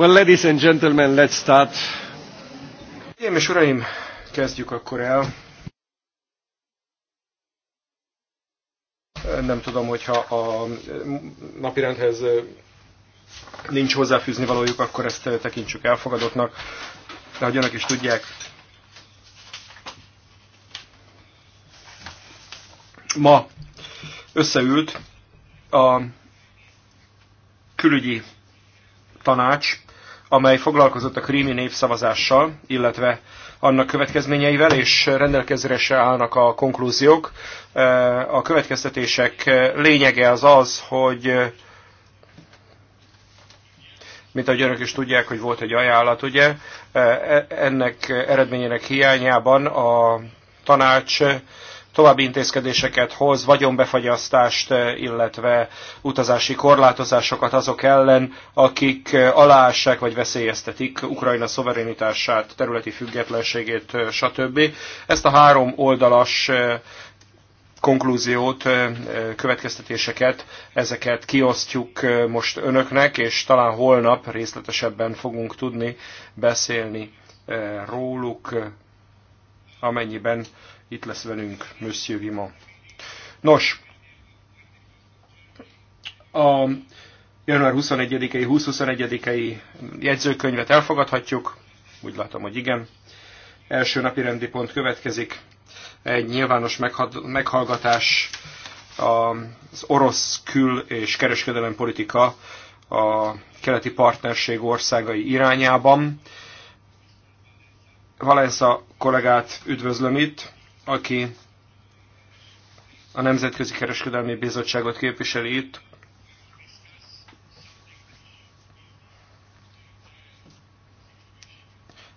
Well, ladies and gentlemen, let's start. Hölgyeim és uraim, kezdjük akkor el. Nem tudom, hogyha a napirendhez nincs hozzáfűzni valójuk, akkor ezt tekintsük elfogadottnak. De hogy önök is tudják, ma összeült a külügyi tanács amely foglalkozott a krími népszavazással, illetve annak következményeivel, és rendelkezésre állnak a konklúziók. E, a következtetések lényege az az, hogy mint a önök is tudják, hogy volt egy ajánlat, ugye, e, e, ennek eredményének hiányában a tanács további intézkedéseket hoz, vagyonbefagyasztást, eh, illetve utazási korlátozásokat azok ellen, akik eh, aláássák vagy veszélyeztetik Ukrajna szoverenitását, területi függetlenségét, eh, stb. Ezt a három oldalas konklúziót, következtetéseket, ezeket kiosztjuk most önöknek, és talán holnap részletesebben fogunk tudni beszélni róluk, amennyiben itt lesz velünk Monsieur Vima. Nos, a január 21-i, 20-21-i jegyzőkönyvet elfogadhatjuk. Úgy látom, hogy igen. Első napi rendi pont következik. Egy nyilvános meghallgatás az orosz kül- és politika a keleti partnerség országai irányában. Valensza kollégát üdvözlöm itt aki a Nemzetközi Kereskedelmi Bizottságot képviseli itt.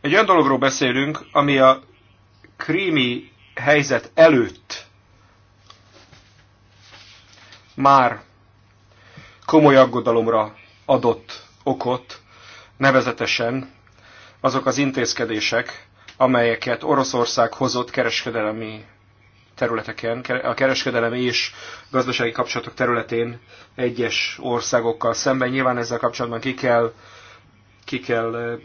Egy olyan dologról beszélünk, ami a krími helyzet előtt már komoly aggodalomra adott okot, nevezetesen azok az intézkedések, amelyeket Oroszország hozott kereskedelmi területeken, a kereskedelem és gazdasági kapcsolatok területén egyes országokkal szemben. Nyilván ezzel kapcsolatban ki kell, ki kell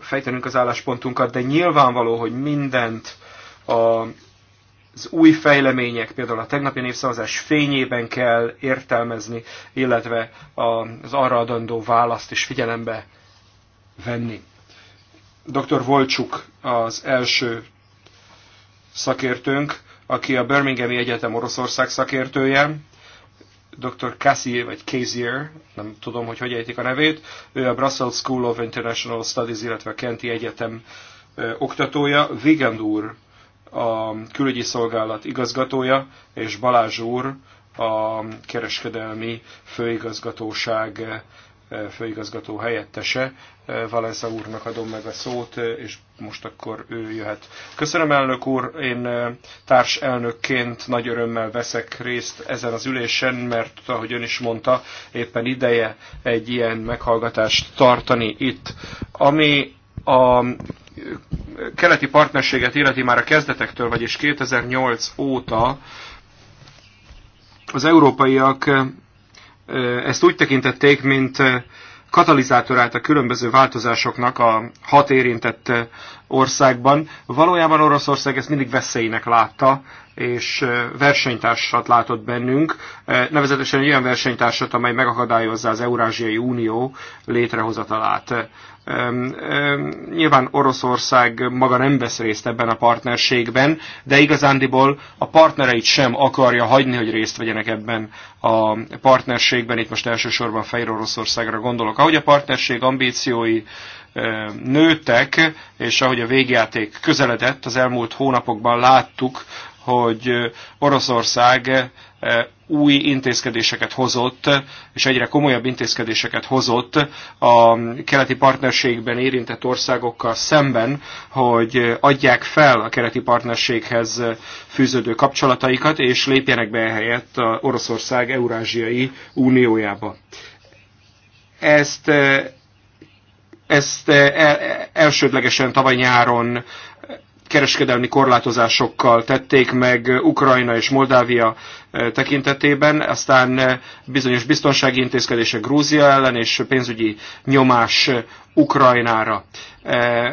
fejtenünk az álláspontunkat, de nyilvánvaló, hogy mindent a, az új fejlemények, például a tegnapi népszavazás fényében kell értelmezni, illetve az arra adandó választ is figyelembe venni. Dr. Volcsuk az első szakértőnk, aki a Birminghami Egyetem Oroszország szakértője, Dr. Cassier, vagy Casier, nem tudom, hogy hogy ejtik a nevét, ő a Brussels School of International Studies, illetve a Kenti Egyetem oktatója, Vigand úr a külügyi szolgálat igazgatója, és Balázs úr a kereskedelmi főigazgatóság főigazgató helyettese. Valensza úrnak adom meg a szót, és most akkor ő jöhet. Köszönöm, elnök úr, én elnökként nagy örömmel veszek részt ezen az ülésen, mert ahogy ön is mondta, éppen ideje egy ilyen meghallgatást tartani itt. Ami a keleti partnerséget illeti már a kezdetektől, vagyis 2008 óta az európaiak ezt úgy tekintették, mint katalizátorát a különböző változásoknak a hat érintett országban. Valójában Oroszország ezt mindig veszélynek látta, és versenytársat látott bennünk, nevezetesen egy olyan versenytársat, amely megakadályozza az Eurázsiai Unió létrehozatalát. Nyilván Oroszország maga nem vesz részt ebben a partnerségben, de igazándiból a partnereit sem akarja hagyni, hogy részt vegyenek ebben a partnerségben. Itt most elsősorban Fejr Oroszországra gondolok. Ahogy a partnerség ambíciói nőttek, és ahogy a végjáték közeledett, az elmúlt hónapokban láttuk, hogy Oroszország új intézkedéseket hozott, és egyre komolyabb intézkedéseket hozott a keleti partnerségben érintett országokkal szemben, hogy adják fel a keleti partnerséghez fűződő kapcsolataikat, és lépjenek be helyett a Oroszország Eurázsiai Uniójába. Ezt, ezt elsődlegesen tavaly nyáron kereskedelmi korlátozásokkal tették meg Ukrajna és Moldávia eh, tekintetében, aztán eh, bizonyos biztonsági intézkedések Grúzia ellen és pénzügyi nyomás eh, Ukrajnára.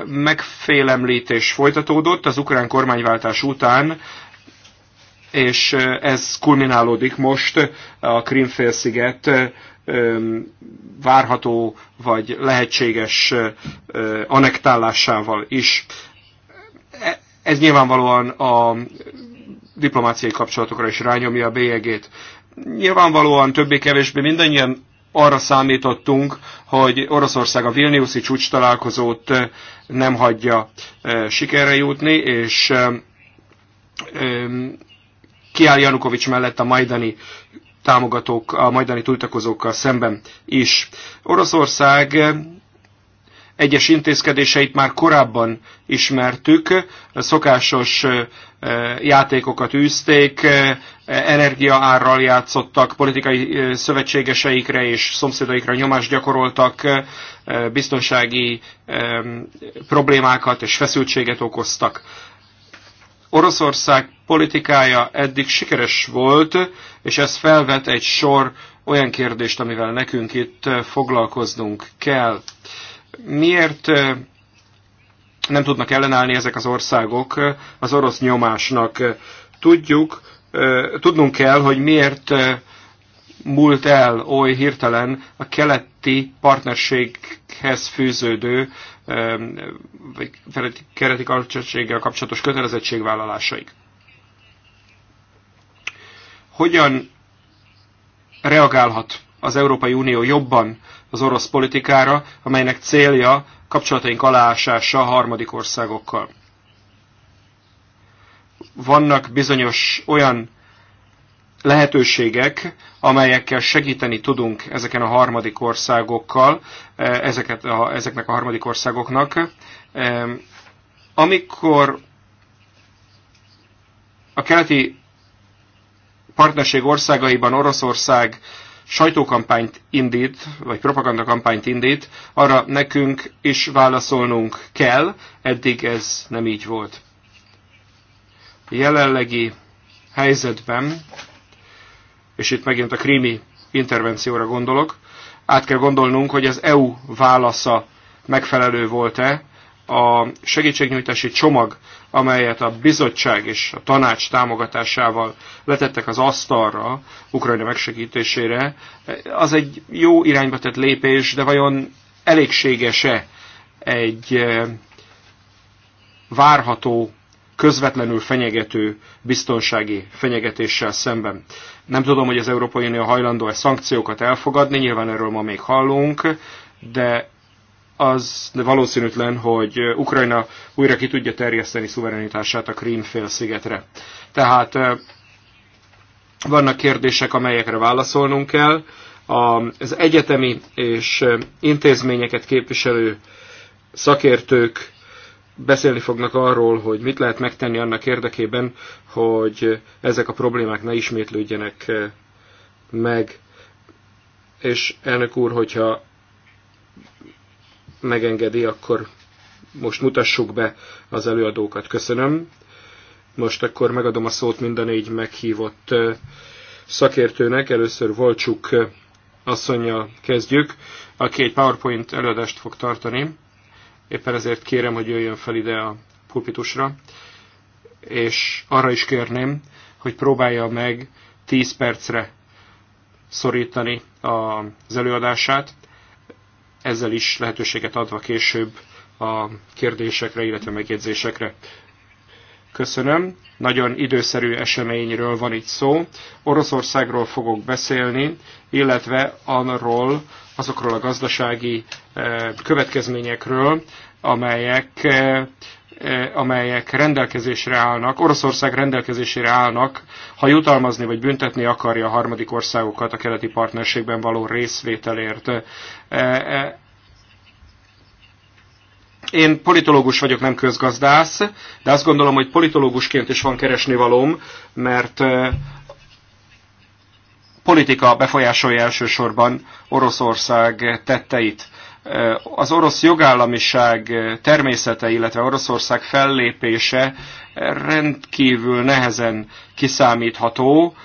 Megfélemlítés folytatódott az ukrán kormányváltás után, és ez kulminálódik most a Krimfélsziget várható vagy lehetséges anektálásával is. Ez nyilvánvalóan a diplomáciai kapcsolatokra is rányomja a bélyegét. Nyilvánvalóan többé-kevésbé mindannyian arra számítottunk, hogy Oroszország a Vilniuszi csúcs találkozót eh, nem hagyja eh, sikerre jutni, és eh, kiáll Janukovics mellett a majdani támogatók, a majdani tiltakozókkal szemben is. Oroszország egyes intézkedéseit már korábban ismertük, szokásos játékokat űzték, energiaárral játszottak, politikai szövetségeseikre és szomszédaikra nyomást gyakoroltak, biztonsági problémákat és feszültséget okoztak. Oroszország politikája eddig sikeres volt, és ez felvet egy sor olyan kérdést, amivel nekünk itt foglalkoznunk kell miért nem tudnak ellenállni ezek az országok az orosz nyomásnak. Tudjuk, tudnunk kell, hogy miért múlt el oly hirtelen a keleti partnerséghez fűződő, vagy keleti kapcsolatséggel kapcsolatos kötelezettségvállalásaik. Hogyan reagálhat az Európai Unió jobban az orosz politikára, amelynek célja kapcsolataink aláásása a harmadik országokkal. Vannak bizonyos olyan lehetőségek, amelyekkel segíteni tudunk ezeken a harmadik országokkal, eh, ezeket a, ezeknek a harmadik országoknak. Amikor a keleti partnerség országaiban Oroszország sajtókampányt indít, vagy propagandakampányt indít, arra nekünk is válaszolnunk kell, eddig ez nem így volt. Jelenlegi helyzetben, és itt megint a krími intervencióra gondolok, át kell gondolnunk, hogy az EU válasza megfelelő volt-e, a segítségnyújtási csomag amelyet a bizottság és a tanács támogatásával letettek az asztalra, Ukrajna megsegítésére, az egy jó irányba tett lépés, de vajon elégséges-e egy eh, várható, közvetlenül fenyegető biztonsági fenyegetéssel szemben. Nem tudom, hogy az Európai Unió hajlandó-e szankciókat elfogadni, nyilván erről ma még hallunk, de az valószínűtlen, hogy Ukrajna újra ki tudja terjeszteni szuverenitását a Krím félszigetre. Tehát vannak kérdések, amelyekre válaszolnunk kell. Az egyetemi és intézményeket képviselő szakértők beszélni fognak arról, hogy mit lehet megtenni annak érdekében, hogy ezek a problémák ne ismétlődjenek meg. És elnök úr, hogyha megengedi, akkor most mutassuk be az előadókat. Köszönöm. Most akkor megadom a szót mind a négy meghívott szakértőnek. Először Volcsuk asszonya kezdjük, aki egy PowerPoint előadást fog tartani. Éppen ezért kérem, hogy jöjjön fel ide a pulpitusra, és arra is kérném, hogy próbálja meg 10 percre szorítani az előadását, ezzel is lehetőséget adva később a kérdésekre, illetve megjegyzésekre. Köszönöm. Nagyon időszerű eseményről van itt szó. Oroszországról fogok beszélni, illetve arról, azokról a gazdasági eh, következményekről, amelyek eh, E, amelyek rendelkezésre állnak, Oroszország rendelkezésére állnak, ha jutalmazni vagy büntetni akarja a harmadik országokat a keleti partnerségben való részvételért. E, e, én politológus vagyok, nem közgazdász, de azt gondolom, hogy politológusként is van keresni valóm mert politika befolyásolja elsősorban Oroszország tetteit az orosz jogállamiság természete, illetve Oroszország fellépése rendkívül nehezen kiszámítható,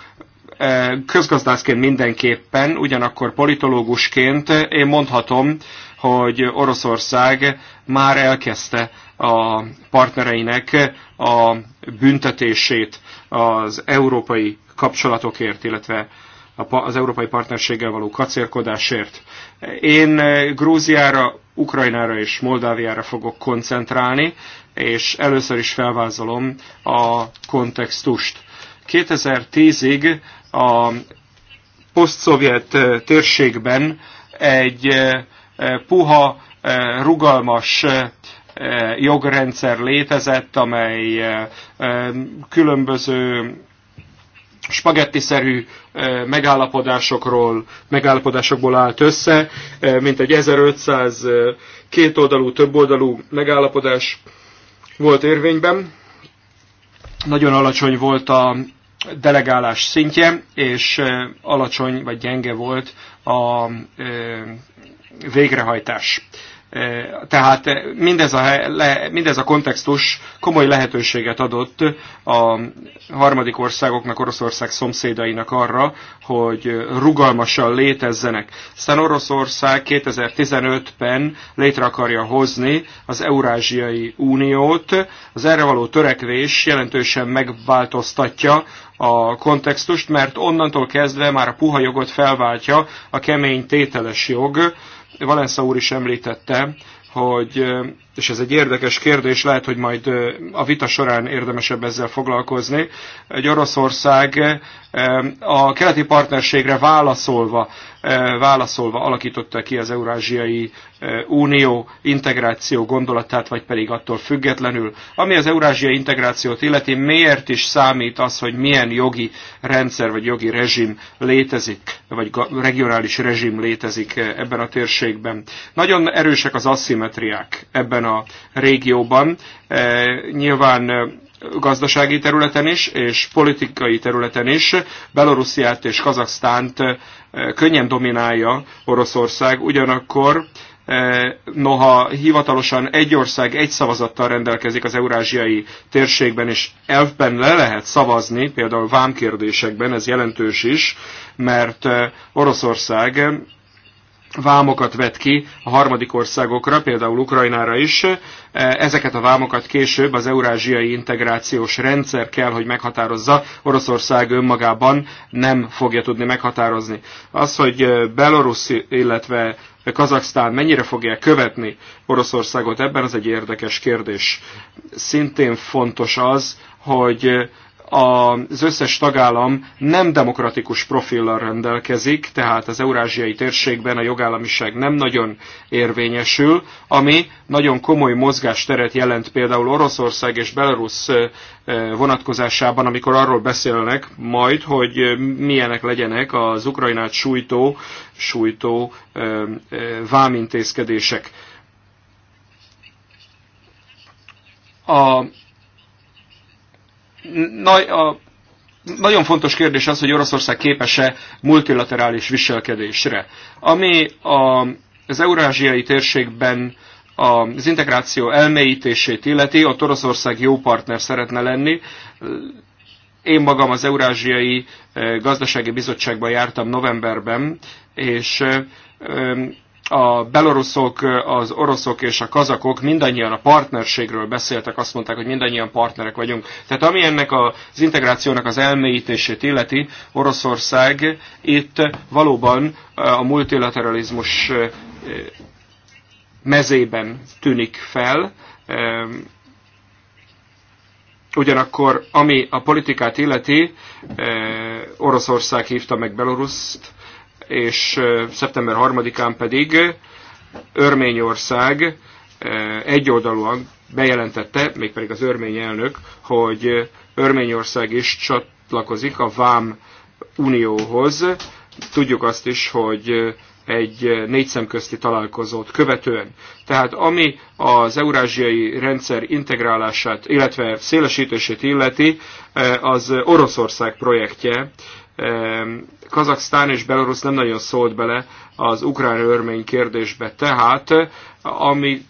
közgazdászként mindenképpen, ugyanakkor politológusként én mondhatom, hogy Oroszország már elkezdte a partnereinek a büntetését az európai kapcsolatokért, illetve az európai partnerséggel való kacérkodásért. Én eh, Grúziára, Ukrajnára és Moldáviára fogok koncentrálni, és először is felvázolom a kontextust. 2010-ig a posztszovjet eh, térségben egy eh, puha, rugalmas jogrendszer létezett, amely különböző spagettiszerű megállapodásokról, megállapodásokból állt össze, mint egy 1500 kétoldalú, többoldalú megállapodás volt érvényben. Nagyon alacsony volt a delegálás szintje, és alacsony vagy gyenge volt a végrehajtás. Tehát mindez a, mindez a kontextus komoly lehetőséget adott a harmadik országoknak, Oroszország szomszédainak arra, hogy rugalmasan létezzenek. Aztán Oroszország 2015-ben létre akarja hozni az Eurázsiai Uniót. Az erre való törekvés jelentősen megváltoztatja a kontextust, mert onnantól kezdve már a puha jogot felváltja a kemény tételes jog, Valensza úr is említette, hogy és ez egy érdekes kérdés, lehet, hogy majd a vita során érdemesebb ezzel foglalkozni, egy Oroszország a keleti partnerségre válaszolva, válaszolva alakította ki az Eurázsiai Unió integráció gondolatát, vagy pedig attól függetlenül. Ami az Eurázsiai integrációt illeti, miért is számít az, hogy milyen jogi rendszer vagy jogi rezsim létezik, vagy regionális rezsim létezik ebben a térségben. Nagyon erősek az asszimetriák ebben ebben a régióban. E, nyilván e, gazdasági területen is, és politikai területen is. Belorussziát és Kazaksztánt e, könnyen dominálja Oroszország, ugyanakkor noha hivatalosan egy ország egy szavazattal rendelkezik az eurázsiai térségben, és elfben le lehet szavazni, például vámkérdésekben, ez jelentős is, mert Oroszország vámokat vet ki a harmadik országokra, például Ukrajnára is. E, ezeket a vámokat később az eurázsiai integrációs rendszer kell, hogy meghatározza. Oroszország önmagában nem fogja tudni meghatározni. Az, hogy e, Belarus, illetve Kazaksztán mennyire fogja követni Oroszországot ebben, az egy érdekes kérdés. Szintén fontos az, hogy az összes tagállam nem demokratikus profillal rendelkezik, tehát az eurázsiai térségben a jogállamiság nem nagyon érvényesül, ami nagyon komoly mozgásteret jelent például Oroszország és Belarus vonatkozásában, amikor arról beszélnek majd, hogy milyenek legyenek az Ukrajnát sújtó, sújtó vámintézkedések. A nagy, a, nagyon fontos kérdés az, hogy Oroszország képes-e multilaterális viselkedésre. Ami a, az eurázsiai térségben az integráció elmélyítését illeti, ott Oroszország jó partner szeretne lenni. Én magam az Eurázsiai eh, Gazdasági Bizottságban jártam novemberben, és eh, a beloruszok, az oroszok és a kazakok mindannyian a partnerségről beszéltek, azt mondták, hogy mindannyian partnerek vagyunk. Tehát ami ennek az integrációnak az elmélyítését illeti, Oroszország itt valóban a multilateralizmus mezében tűnik fel, ugyanakkor ami a politikát illeti, Oroszország hívta meg Beloruszt, és szeptember 3-án pedig Örményország egyoldalúan bejelentette, mégpedig az örmény elnök, hogy Örményország is csatlakozik a Vám Unióhoz. Tudjuk azt is, hogy egy szemközti találkozót követően. Tehát ami az eurázsiai rendszer integrálását, illetve szélesítését illeti, az Oroszország projektje Kazaksztán és Belarus nem nagyon szólt bele az ukrán-örmény kérdésbe. Tehát, ami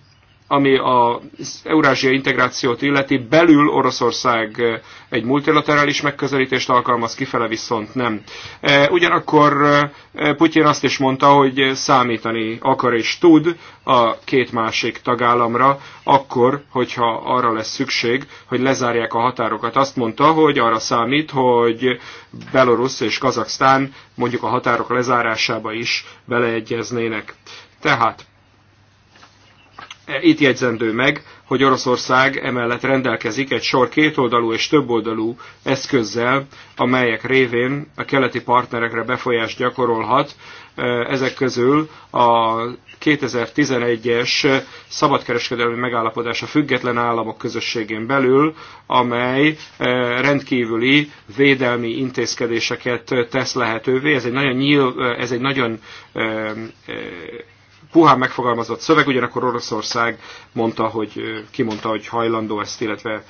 ami az eurázsia integrációt illeti, belül Oroszország eh, egy multilaterális megközelítést alkalmaz, kifele viszont nem. Eh, ugyanakkor eh, Putyin azt is mondta, hogy számítani akar és tud a két másik tagállamra, akkor, hogyha arra lesz szükség, hogy lezárják a határokat. Azt mondta, hogy arra számít, hogy Belarus és Kazaksztán mondjuk a határok lezárásába is beleegyeznének. Tehát itt jegyzendő meg, hogy Oroszország emellett rendelkezik egy sor kétoldalú és többoldalú eszközzel, amelyek révén a keleti partnerekre befolyást gyakorolhat. Ezek közül a 2011-es szabadkereskedelmi megállapodás a független államok közösségén belül, amely rendkívüli védelmi intézkedéseket tesz lehetővé. Ez egy nagyon, nyíl, ez egy nagyon puhán megfogalmazott szöveg, ugyanakkor Oroszország mondta, hogy kimondta, hogy hajlandó ezt, illetve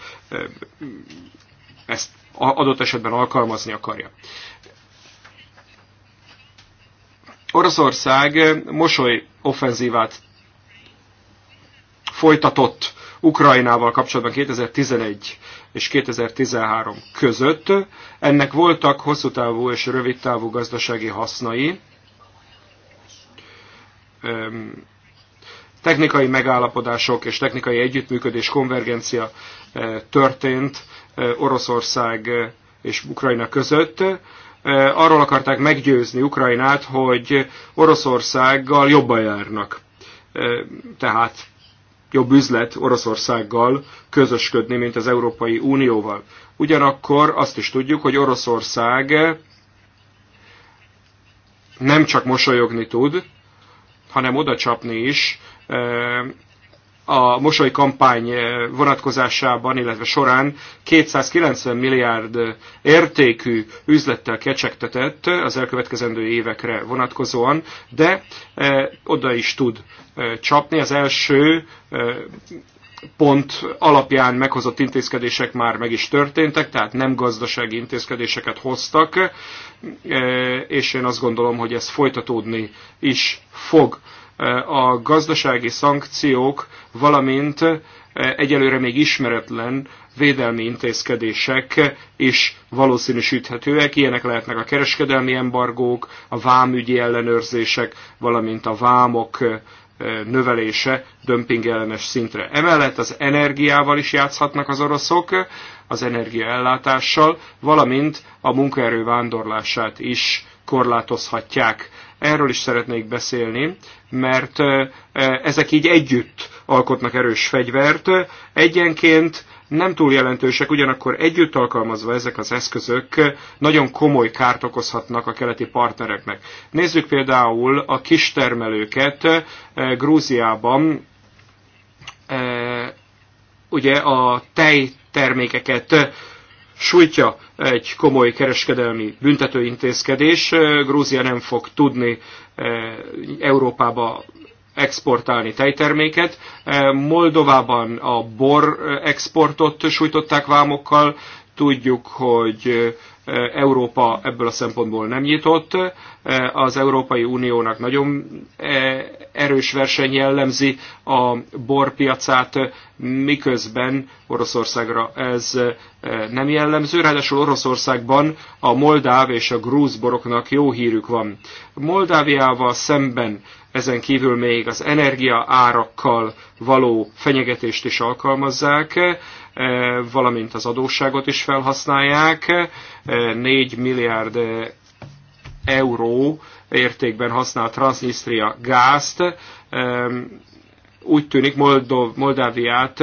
ezt adott esetben alkalmazni akarja. Oroszország mosoly offenzívát folytatott Ukrajnával kapcsolatban 2011 és 2013 között. Ennek voltak hosszú távú és rövid távú gazdasági hasznai, technikai megállapodások és technikai együttműködés, konvergencia történt Oroszország és Ukrajna között. Arról akarták meggyőzni Ukrajnát, hogy Oroszországgal jobban járnak. Tehát jobb üzlet Oroszországgal közösködni, mint az Európai Unióval. Ugyanakkor azt is tudjuk, hogy Oroszország nem csak mosolyogni tud, hanem oda csapni is a mosoly kampány vonatkozásában, illetve során 290 milliárd értékű üzlettel kecsegtetett az elkövetkezendő évekre vonatkozóan, de oda is tud csapni. Az első pont alapján meghozott intézkedések már meg is történtek, tehát nem gazdasági intézkedéseket hoztak, e, és én azt gondolom, hogy ez folytatódni is fog. E, a gazdasági szankciók, valamint e, egyelőre még ismeretlen védelmi intézkedések is valószínűsíthetőek. Ilyenek lehetnek a kereskedelmi embargók, a vámügyi ellenőrzések, valamint a vámok növelése dömpingellenes szintre. Emellett az energiával is játszhatnak az oroszok, az energiaellátással, valamint a munkaerő vándorlását is korlátozhatják. Erről is szeretnék beszélni, mert ezek így együtt alkotnak erős fegyvert. Egyenként nem túl jelentősek, ugyanakkor együtt alkalmazva ezek az eszközök nagyon komoly kárt okozhatnak a keleti partnereknek. Nézzük például a kistermelőket eh, Grúziában, eh, ugye a tejtermékeket sújtja egy komoly kereskedelmi büntetőintézkedés. Eh, Grúzia nem fog tudni Európába exportálni tejterméket. E, Moldovában a bor exportot sújtották vámokkal, tudjuk, hogy e, Európa ebből a szempontból nem nyitott. E, Az Európai Uniónak nagyon erős verseny jellemzi a borpiacát, miközben Oroszországra ez nem jellemző. Ráadásul Oroszországban a moldáv és a grúz boroknak jó hírük van. Moldáviával szemben ezen kívül még az energia árakkal való fenyegetést is alkalmazzák, eh, valamint az adósságot is felhasználják. 4 eh, milliárd eh, euró értékben használ Transnistria gázt, úgy tűnik Moldov, Moldáviát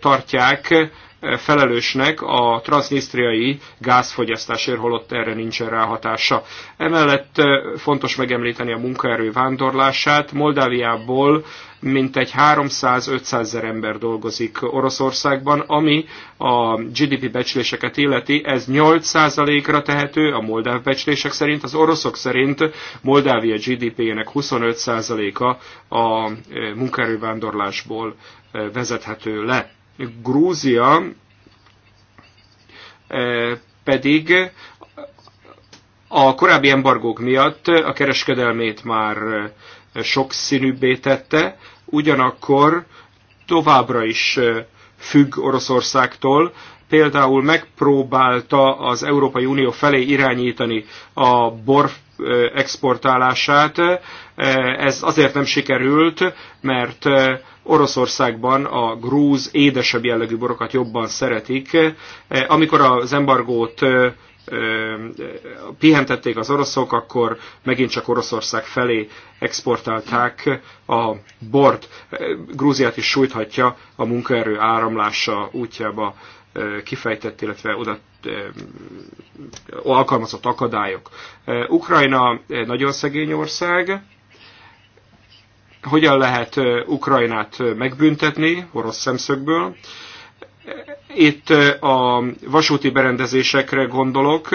tartják felelősnek a transznisztriai gázfogyasztásért, holott erre nincsen ráhatása. Emellett fontos megemlíteni a munkaerő vándorlását. Moldáviából mintegy 300-500 ezer ember dolgozik Oroszországban, ami a GDP becsléseket illeti, ez 8%-ra tehető, a moldáv becslések szerint, az oroszok szerint Moldávia GDP-jének 25%-a a munkaerővándorlásból vezethető le. Grúzia eh, pedig a korábbi embargók miatt a kereskedelmét már eh, sokszínűbbé tette, ugyanakkor továbbra is eh, függ Oroszországtól, például megpróbálta az Európai Unió felé irányítani a bor exportálását. Ez azért nem sikerült, mert Oroszországban a grúz édesebb jellegű borokat jobban szeretik. E, amikor az embargót e, e, pihentették az oroszok, akkor megint csak Oroszország felé exportálták a bort. Grúziát is sújthatja a munkaerő áramlása útjába kifejtett, illetve oda alkalmazott akadályok. Ukrajna nagyon szegény ország, hogyan lehet Ukrajnát megbüntetni orosz szemszögből, itt a vasúti berendezésekre gondolok.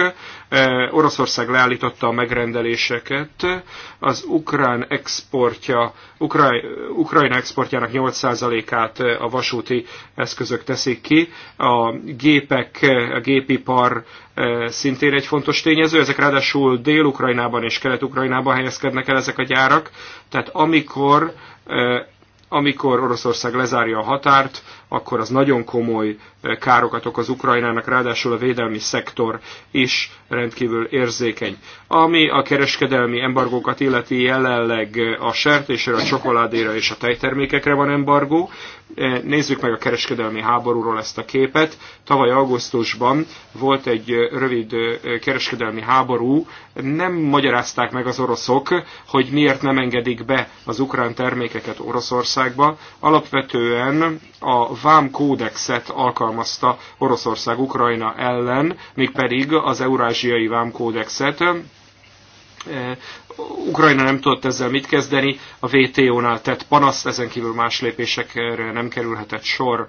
Oroszország leállította a megrendeléseket. Az ukrán exportja, Ukrai, Ukrajna exportjának 8%-át a vasúti eszközök teszik ki. A gépek, a gépipar szintén egy fontos tényező. Ezek ráadásul Dél-Ukrajnában és Kelet-Ukrajnában helyezkednek el ezek a gyárak. Tehát amikor amikor Oroszország lezárja a határt, akkor az nagyon komoly eh, károkat okoz Ukrajnának, ráadásul a védelmi szektor is rendkívül érzékeny. Ami a kereskedelmi embargókat illeti jelenleg eh, a sertésre, a csokoládéra és a tejtermékekre van embargó. Eh, nézzük meg a kereskedelmi háborúról ezt a képet. Tavaly augusztusban volt egy rövid kereskedelmi háború. Nem magyarázták meg az oroszok, hogy miért nem engedik be az ukrán termékeket Oroszországba. Alapvetően a kódexet alkalmazta Oroszország Ukrajna ellen, mégpedig az eurázsiai kódexet. Ukrajna nem tudott ezzel mit kezdeni, a VTO-nál tett panaszt, ezen kívül más lépésekre nem kerülhetett sor.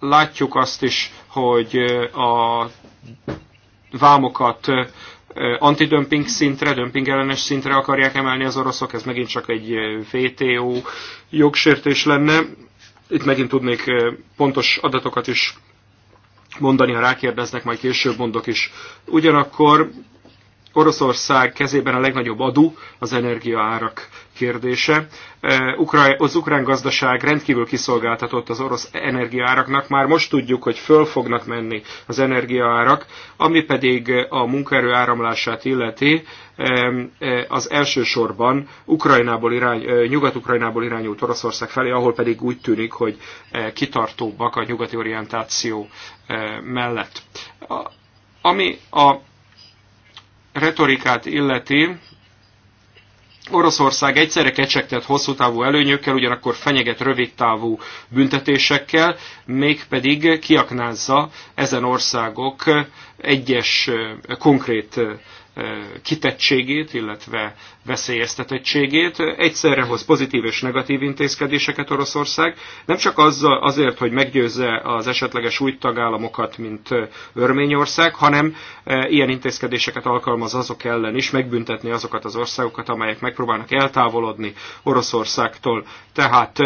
Látjuk azt is, hogy a vámokat antidömping szintre, dömpingellenes szintre akarják emelni az oroszok, ez megint csak egy VTO jogsértés lenne. Itt megint tudnék pontos adatokat is mondani, ha rákérdeznek, majd később mondok is. Ugyanakkor Oroszország kezében a legnagyobb adó az energiaárak kérdése. Eh, az ukrán gazdaság rendkívül kiszolgáltatott az orosz energiaáraknak, már most tudjuk, hogy föl fognak menni az energiaárak, ami pedig a munkaerő áramlását illeti, eh, az elsősorban Ukrajnából irány, eh, Nyugat-Ukrajnából irányult Oroszország felé, ahol pedig úgy tűnik, hogy kitartóbbak a nyugati orientáció mellett. Ami a retorikát illeti, Oroszország egyszerre kecsegtett hosszú távú előnyökkel, ugyanakkor fenyeget rövid távú büntetésekkel, mégpedig kiaknázza ezen országok egyes konkrét kitettségét, illetve veszélyeztetettségét. Egyszerre hoz pozitív és negatív intézkedéseket Oroszország, nem csak azzal, azért, hogy meggyőzze az esetleges új tagállamokat, mint Örményország, hanem ilyen intézkedéseket alkalmaz azok ellen is, megbüntetni azokat az országokat, amelyek megpróbálnak eltávolodni Oroszországtól. Tehát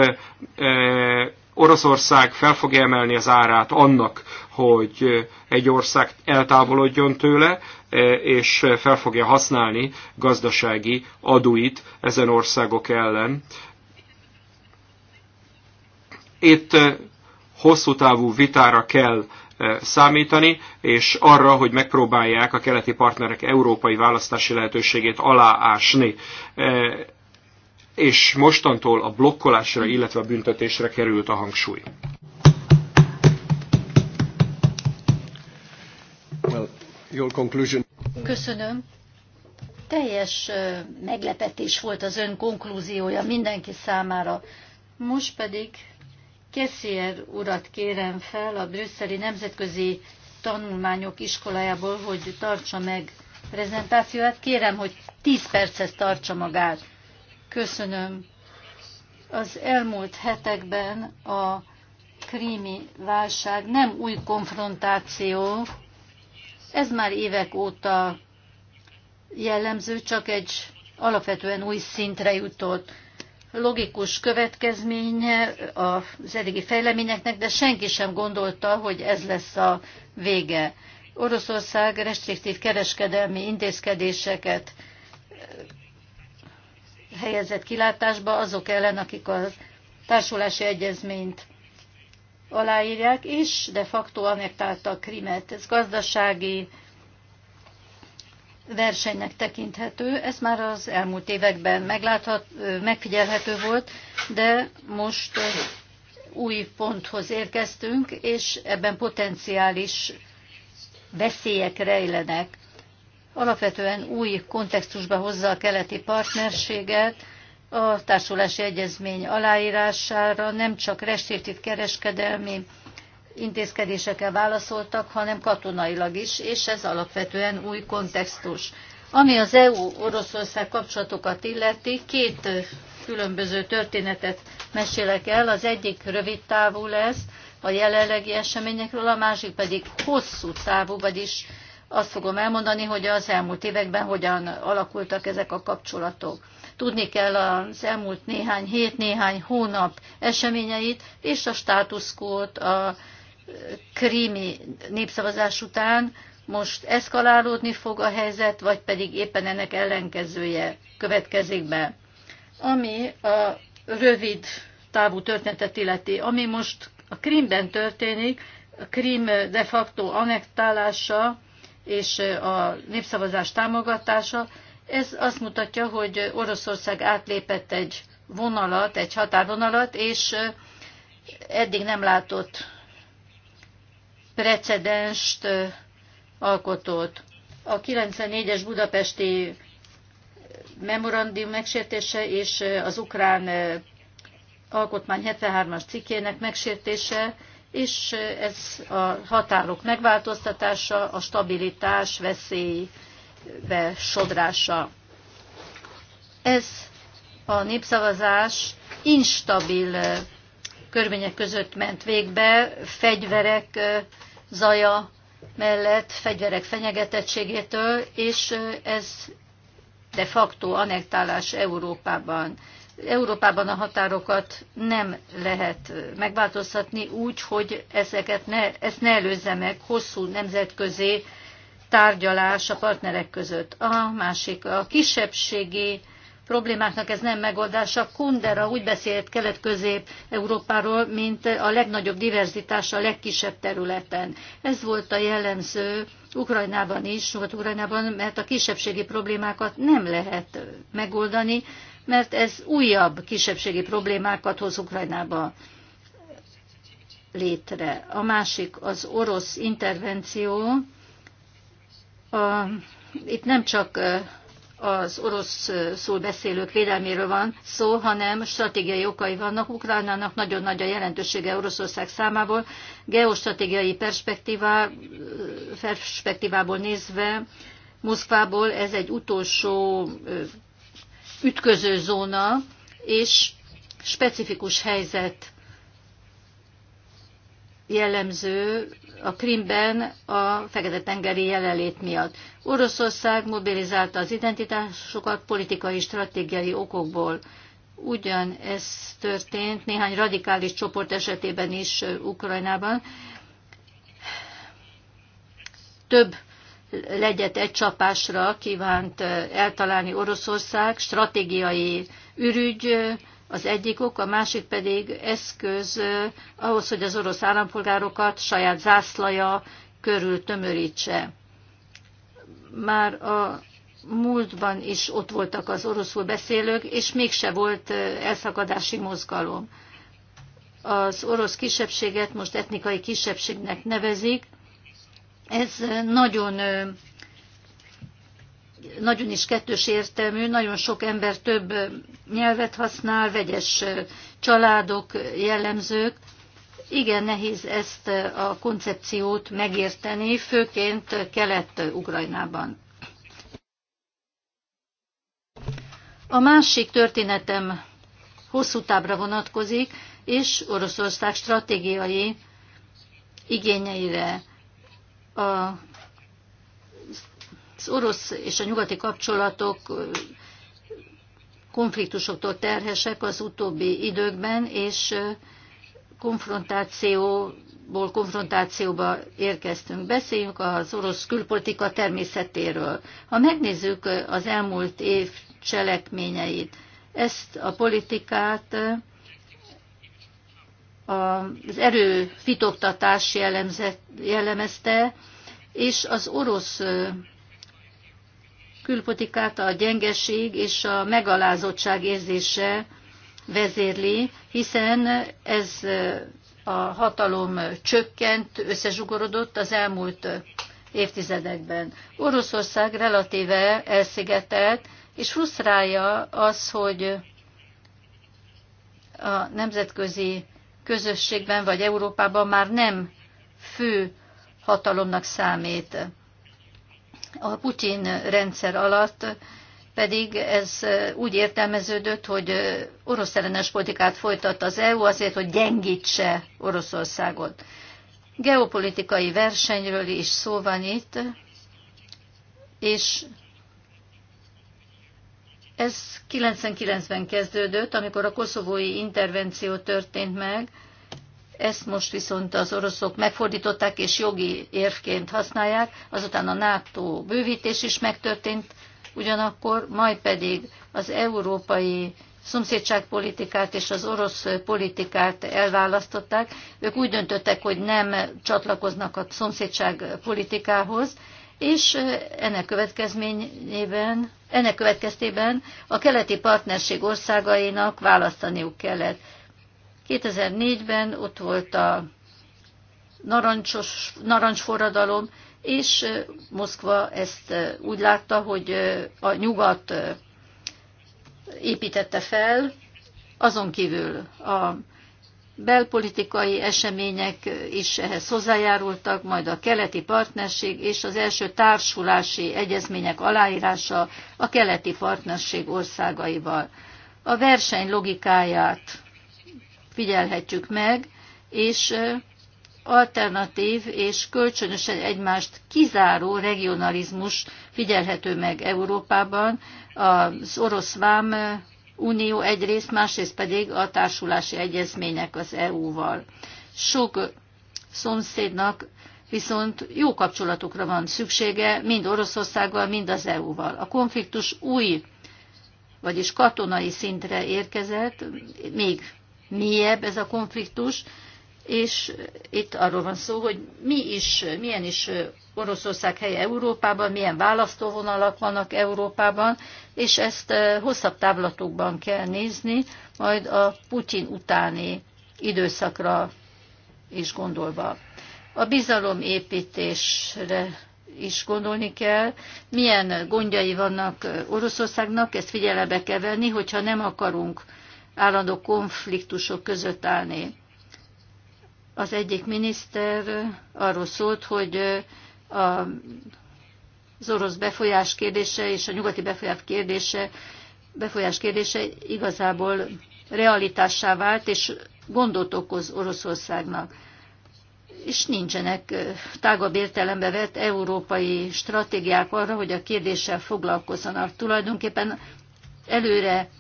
Oroszország fel fogja emelni az árát annak, hogy egy ország eltávolodjon tőle, e, és fel fogja használni gazdasági adóit ezen országok ellen. Itt e, hosszú távú vitára kell e, számítani, és arra, hogy megpróbálják a keleti partnerek európai választási lehetőségét aláásni. És mostantól a blokkolásra, illetve a büntetésre került a hangsúly. Köszönöm. Teljes meglepetés volt az ön konklúziója mindenki számára. Most pedig Kessier urat kérem fel a brüsszeli nemzetközi tanulmányok iskolájából, hogy tartsa meg prezentációját. Kérem, hogy 10 perchez tartsa magát. Köszönöm. Az elmúlt hetekben a krími válság nem új konfrontáció, ez már évek óta jellemző, csak egy alapvetően új szintre jutott logikus következménye az eddigi fejleményeknek, de senki sem gondolta, hogy ez lesz a vége. Oroszország restriktív kereskedelmi intézkedéseket helyezett kilátásba azok ellen, akik a társulási egyezményt aláírják, és de facto annektálta Krimet. Ez gazdasági versenynek tekinthető, ez már az elmúlt években megláthat, megfigyelhető volt, de most új ponthoz érkeztünk, és ebben potenciális veszélyek rejlenek. Alapvetően új kontextusba hozza a keleti partnerséget, a társulási egyezmény aláírására nem csak restriktív kereskedelmi intézkedésekkel válaszoltak, hanem katonailag is, és ez alapvetően új kontextus. Ami az EU-Oroszország kapcsolatokat illeti, két különböző történetet mesélek el. Az egyik rövid távú lesz a jelenlegi eseményekről, a másik pedig hosszú távú, vagyis azt fogom elmondani, hogy az elmúlt években hogyan alakultak ezek a kapcsolatok. Tudni kell az elmúlt néhány hét, néhány hónap eseményeit és a státuszkót a krími népszavazás után. Most eszkalálódni fog a helyzet, vagy pedig éppen ennek ellenkezője következik be. Ami a rövid távú történetet illeti, ami most a Krímben történik, a Krím de facto annektálása és a népszavazás támogatása, ez azt mutatja, hogy Oroszország átlépett egy vonalat, egy határvonalat, és eddig nem látott precedenst alkotott. A 94-es budapesti memorandum megsértése és az ukrán alkotmány 73-as cikkének megsértése, és ez a határok megváltoztatása, a stabilitás veszély besodrása. Ez a népszavazás instabil körmények között ment végbe, fegyverek zaja mellett, fegyverek fenyegetettségétől, és ez de facto anektálás Európában. Európában a határokat nem lehet megváltoztatni úgy, hogy ezeket ne, ezt ne előzze meg hosszú nemzetközi tárgyalás a partnerek között. A másik, a kisebbségi problémáknak ez nem megoldása. Kundera úgy beszélt Kelet-Közép-Európáról, mint a legnagyobb diverzitás a legkisebb területen. Ez volt a jellemző Ukrajnában is, Nyugat-Ukrajnában, mert a kisebbségi problémákat nem lehet megoldani, mert ez újabb kisebbségi problémákat hoz Ukrajnába létre. A másik az orosz intervenció, a, itt nem csak az orosz szól beszélők védelméről van szó, hanem stratégiai okai vannak. Ukrajnának nagyon nagy a jelentősége Oroszország számából. Geostratégiai perspektívá, perspektívából nézve Moszkvából ez egy utolsó ütköző zóna, és specifikus helyzet jellemző a Krimben a Fekete-tengeri jelenlét miatt. Oroszország mobilizálta az identitásokat politikai és stratégiai okokból. Ugyan ez történt néhány radikális csoport esetében is Ukrajnában. Több legyet egy csapásra kívánt eltalálni Oroszország, stratégiai ürügy, az egyik ok, a másik pedig eszköz ahhoz, hogy az orosz állampolgárokat saját zászlaja körül tömörítse. Már a múltban is ott voltak az oroszul beszélők, és mégse volt elszakadási mozgalom. Az orosz kisebbséget most etnikai kisebbségnek nevezik. Ez nagyon nagyon is kettős értelmű, nagyon sok ember több nyelvet használ, vegyes családok jellemzők. Igen nehéz ezt a koncepciót megérteni, főként Kelet-Ukrajnában. A másik történetem hosszú tábra vonatkozik, és Oroszország stratégiai igényeire. A az orosz és a nyugati kapcsolatok konfliktusoktól terhesek az utóbbi időkben, és konfrontációból konfrontációba érkeztünk. Beszéljünk az orosz külpolitika természetéről. Ha megnézzük az elmúlt év cselekményeit, ezt a politikát az erő fitoktatás jellemezte, és az orosz külpolitikát a gyengeség és a megalázottság érzése vezérli, hiszen ez a hatalom csökkent, összezsugorodott az elmúlt évtizedekben. Oroszország relatíve elszigetelt, és frusztrálja az, hogy a nemzetközi közösségben vagy Európában már nem fő hatalomnak számít. A Putyin rendszer alatt pedig ez úgy értelmeződött, hogy orosz ellenes politikát folytatta az EU azért, hogy gyengítse Oroszországot. Geopolitikai versenyről is szó van itt, és ez 99-ben kezdődött, amikor a koszovói intervenció történt meg, ezt most viszont az oroszok megfordították és jogi érvként használják, azután a NATO bővítés is megtörtént, ugyanakkor majd pedig az európai szomszédságpolitikát és az orosz politikát elválasztották. Ők úgy döntöttek, hogy nem csatlakoznak a szomszédságpolitikához, és ennek következményében, ennek következtében a keleti partnerség országainak választaniuk kellett. 2004-ben ott volt a narancsos, narancsforradalom, és Moszkva ezt úgy látta, hogy a nyugat építette fel, azon kívül a belpolitikai események is ehhez hozzájárultak, majd a keleti partnerség és az első társulási egyezmények aláírása a keleti partnerség országaival. A verseny logikáját figyelhetjük meg, és alternatív és kölcsönösen egymást kizáró regionalizmus figyelhető meg Európában, az orosz vám unió egyrészt, másrészt pedig a társulási egyezmények az EU-val. Sok szomszédnak viszont jó kapcsolatokra van szüksége, mind Oroszországgal, mind az EU-val. A konfliktus új, vagyis katonai szintre érkezett, még mélyebb ez a konfliktus, és itt arról van szó, hogy mi is, milyen is Oroszország helye Európában, milyen választóvonalak vannak Európában, és ezt hosszabb távlatokban kell nézni, majd a Putyin utáni időszakra is gondolva. A bizalomépítésre is gondolni kell, milyen gondjai vannak Oroszországnak, ezt figyelembe kell venni, hogyha nem akarunk állandó konfliktusok között állni. Az egyik miniszter arról szólt, hogy a az orosz befolyás kérdése és a nyugati befolyás kérdése, befolyás kérdése igazából realitássá vált, és gondot okoz Oroszországnak. És nincsenek tágabb értelembe vett európai stratégiák arra, hogy a kérdéssel foglalkozzanak. Tulajdonképpen előre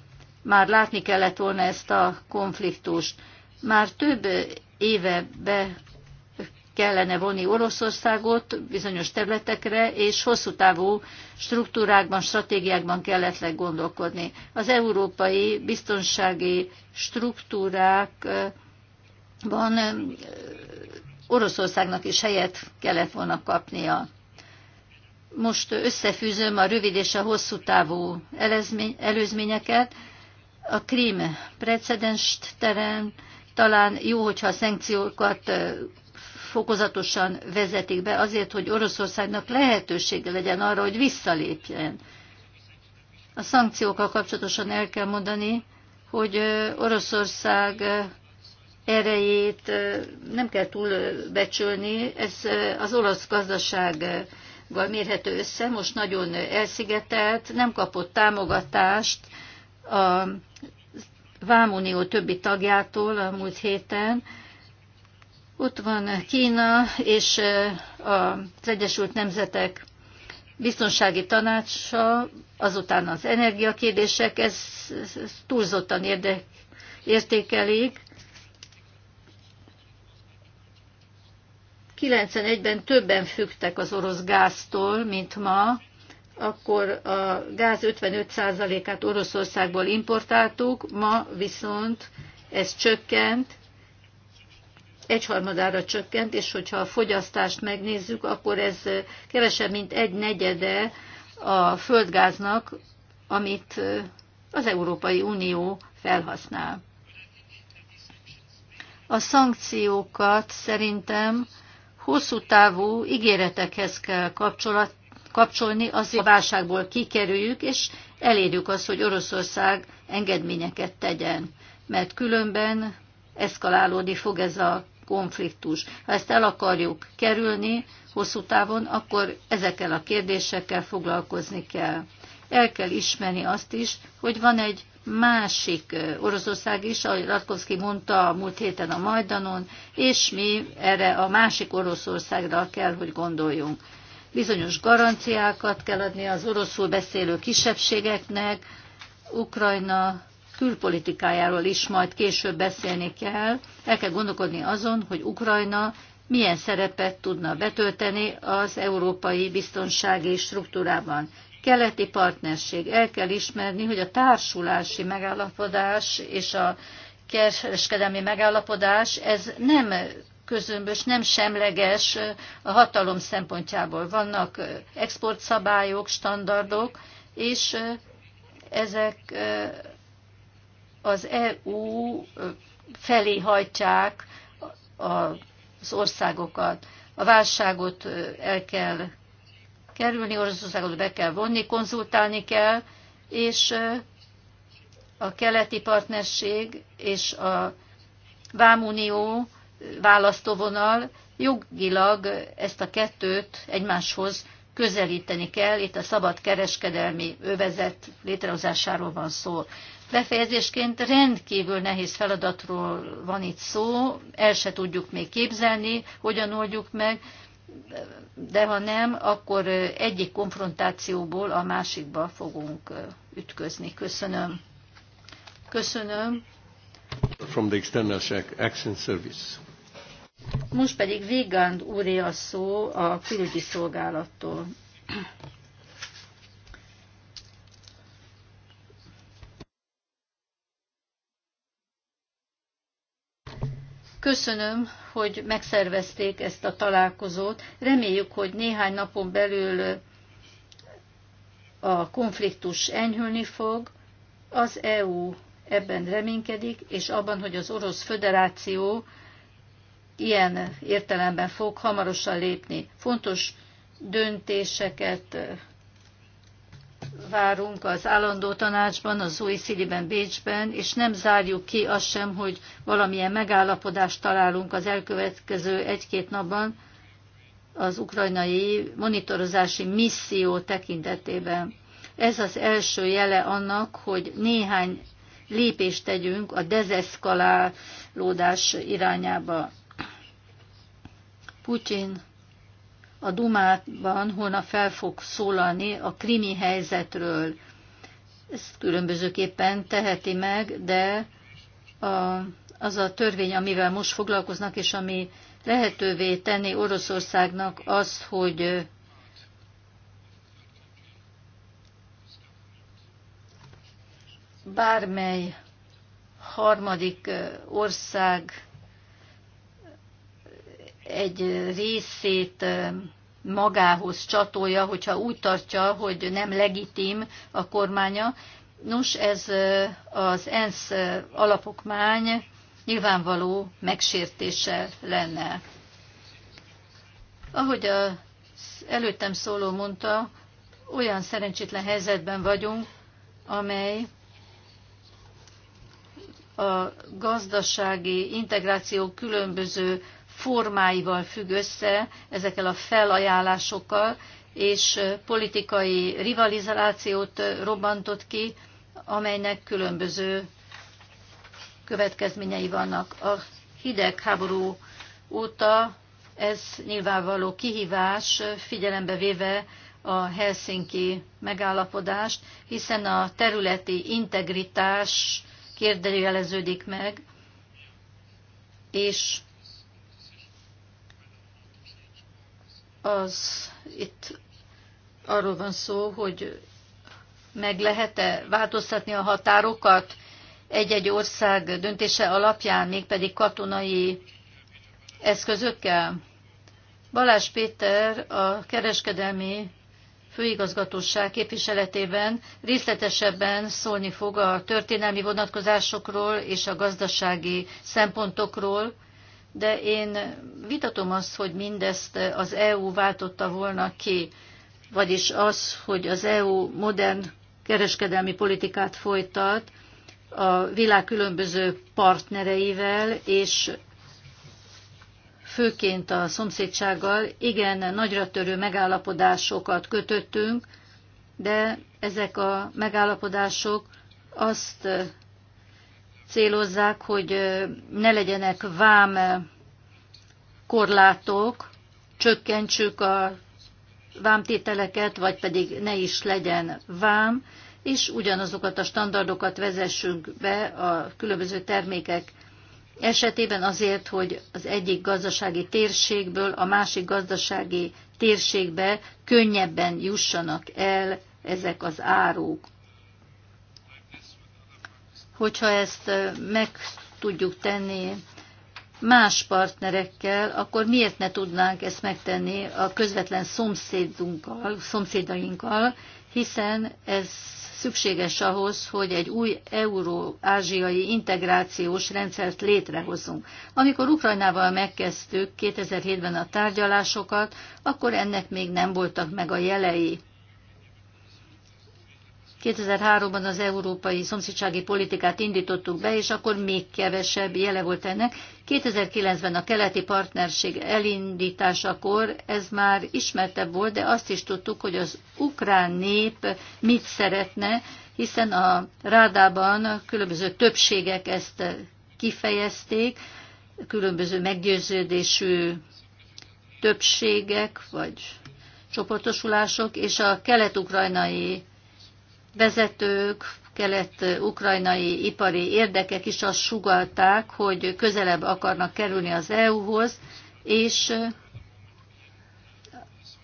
már látni kellett volna ezt a konfliktust. Már több éve be kellene vonni Oroszországot bizonyos területekre, és hosszú távú struktúrákban, stratégiákban kellett gondolkodni. Az európai biztonsági struktúrákban eh, Oroszországnak is helyet kellett volna kapnia. Most összefűzöm a rövid és a hosszú távú előzményeket a krím precedenst terem, talán jó, hogyha a szankciókat fokozatosan vezetik be azért, hogy Oroszországnak lehetősége legyen arra, hogy visszalépjen. A szankciókkal kapcsolatosan el kell mondani, hogy Oroszország erejét nem kell túlbecsülni, ez az orosz gazdaság mérhető össze, most nagyon elszigetelt, nem kapott támogatást a Vámunió többi tagjától a múlt héten. Ott van Kína és az Egyesült Nemzetek biztonsági tanácsa, azután az energiakérdések, ez, ez túlzottan érdek, értékelik. 91-ben többen fügtek az orosz gáztól, mint ma, akkor a gáz 55%-át Oroszországból importáltuk, ma viszont ez csökkent, egyharmadára csökkent, és hogyha a fogyasztást megnézzük, akkor ez kevesebb, mint egy negyede a földgáznak, amit az Európai Unió felhasznál. A szankciókat szerintem hosszú távú ígéretekhez kell kapcsolat, kapcsolni, azért a válságból kikerüljük, és elérjük azt, hogy Oroszország engedményeket tegyen. Mert különben eszkalálódni fog ez a konfliktus. Ha ezt el akarjuk kerülni hosszú távon, akkor ezekkel a kérdésekkel foglalkozni kell. El kell ismerni azt is, hogy van egy másik Oroszország is, ahogy Ratkovszki mondta a múlt héten a Majdanon, és mi erre a másik Oroszországra kell, hogy gondoljunk bizonyos garanciákat kell adni az oroszul beszélő kisebbségeknek, Ukrajna külpolitikájáról is majd később beszélni kell. El kell gondolkodni azon, hogy Ukrajna milyen szerepet tudna betölteni az európai biztonsági struktúrában. Keleti partnerség. El kell ismerni, hogy a társulási megállapodás és a kereskedelmi megállapodás, ez nem közömbös, nem semleges a hatalom szempontjából. Vannak exportszabályok, standardok, és ezek az EU felé hajtják az országokat. A válságot el kell kerülni, Oroszországot be kell vonni, konzultálni kell, és a keleti partnerség és a vámunió választóvonal, jogilag ezt a kettőt egymáshoz közelíteni kell, itt a szabad kereskedelmi övezet létrehozásáról van szó. Befejezésként rendkívül nehéz feladatról van itt szó, el se tudjuk még képzelni, hogyan oldjuk meg, de ha nem, akkor egyik konfrontációból a másikba fogunk ütközni. Köszönöm. Köszönöm. From the External Action Service. Most pedig Végand úré a szó a külügyi szolgálattól. Köszönöm, hogy megszervezték ezt a találkozót. Reméljük, hogy néhány napon belül a konfliktus enyhülni fog. Az EU ebben reménykedik, és abban, hogy az Orosz Föderáció ilyen értelemben fog hamarosan lépni. Fontos döntéseket várunk az állandó tanácsban, az új sziliben Bécsben, és nem zárjuk ki azt sem, hogy valamilyen megállapodást találunk az elkövetkező egy-két napban az ukrajnai monitorozási misszió tekintetében. Ez az első jele annak, hogy néhány lépést tegyünk a dezeszkalálódás irányába. Putyin a Dumában holnap fel fog szólalni a krimi helyzetről. Ezt különbözőképpen teheti meg, de a, az a törvény, amivel most foglalkoznak, és ami lehetővé tenni Oroszországnak azt, hogy bármely harmadik ország egy részét magához csatolja, hogyha úgy tartja, hogy nem legitim a kormánya. Nos, ez az ENSZ alapokmány nyilvánvaló megsértése lenne. Ahogy az előttem szóló mondta, olyan szerencsétlen helyzetben vagyunk, amely a gazdasági integráció különböző formáival függ össze, ezekkel a felajánlásokkal, és politikai rivalizációt robbantott ki, amelynek különböző következményei vannak. A hidegháború óta ez nyilvánvaló kihívás, figyelembe véve a Helsinki megállapodást, hiszen a területi integritás kérdőjeleződik meg, és az itt arról van szó, hogy meg lehet-e változtatni a határokat egy-egy ország döntése alapján, mégpedig katonai eszközökkel? Balázs Péter a kereskedelmi főigazgatóság képviseletében részletesebben szólni fog a történelmi vonatkozásokról és a gazdasági szempontokról, de én vitatom azt, hogy mindezt az EU váltotta volna ki, vagyis az, hogy az EU modern kereskedelmi politikát folytat a világ különböző partnereivel, és főként a szomszédsággal igen nagyra törő megállapodásokat kötöttünk, de ezek a megállapodások azt célozzák, hogy ne legyenek vám korlátok, csökkentsük a vámtételeket, vagy pedig ne is legyen vám, és ugyanazokat a standardokat vezessünk be a különböző termékek esetében azért, hogy az egyik gazdasági térségből a másik gazdasági térségbe könnyebben jussanak el ezek az áruk hogyha ezt meg tudjuk tenni más partnerekkel, akkor miért ne tudnánk ezt megtenni a közvetlen szomszédunkkal, szomszédainkkal, hiszen ez szükséges ahhoz, hogy egy új euró-ázsiai integrációs rendszert létrehozzunk. Amikor Ukrajnával megkezdtük 2007-ben a tárgyalásokat, akkor ennek még nem voltak meg a jelei. 2003-ban az európai szomszédsági politikát indítottuk be, és akkor még kevesebb jele volt ennek. 2009-ben a keleti partnerség elindításakor ez már ismertebb volt, de azt is tudtuk, hogy az ukrán nép mit szeretne, hiszen a rádában különböző többségek ezt kifejezték, különböző meggyőződésű többségek vagy csoportosulások, és a kelet-ukrajnai vezetők, kelet-ukrajnai ipari érdekek is azt sugalták, hogy közelebb akarnak kerülni az EU-hoz, és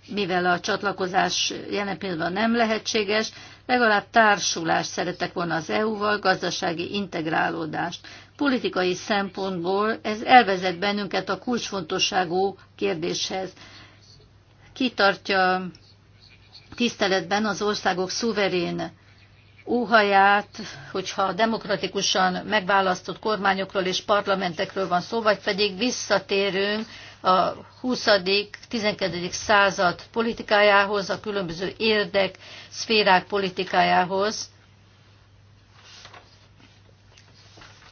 mivel a csatlakozás jelen pillanatban nem lehetséges, legalább társulást szeretek volna az EU-val, gazdasági integrálódást. Politikai szempontból ez elvezet bennünket a kulcsfontosságú kérdéshez. Kitartja tiszteletben az országok szuverén óhaját, hogyha demokratikusan megválasztott kormányokról és parlamentekről van szó, vagy pedig visszatérünk a 20. 12. század politikájához, a különböző érdek, szférák politikájához.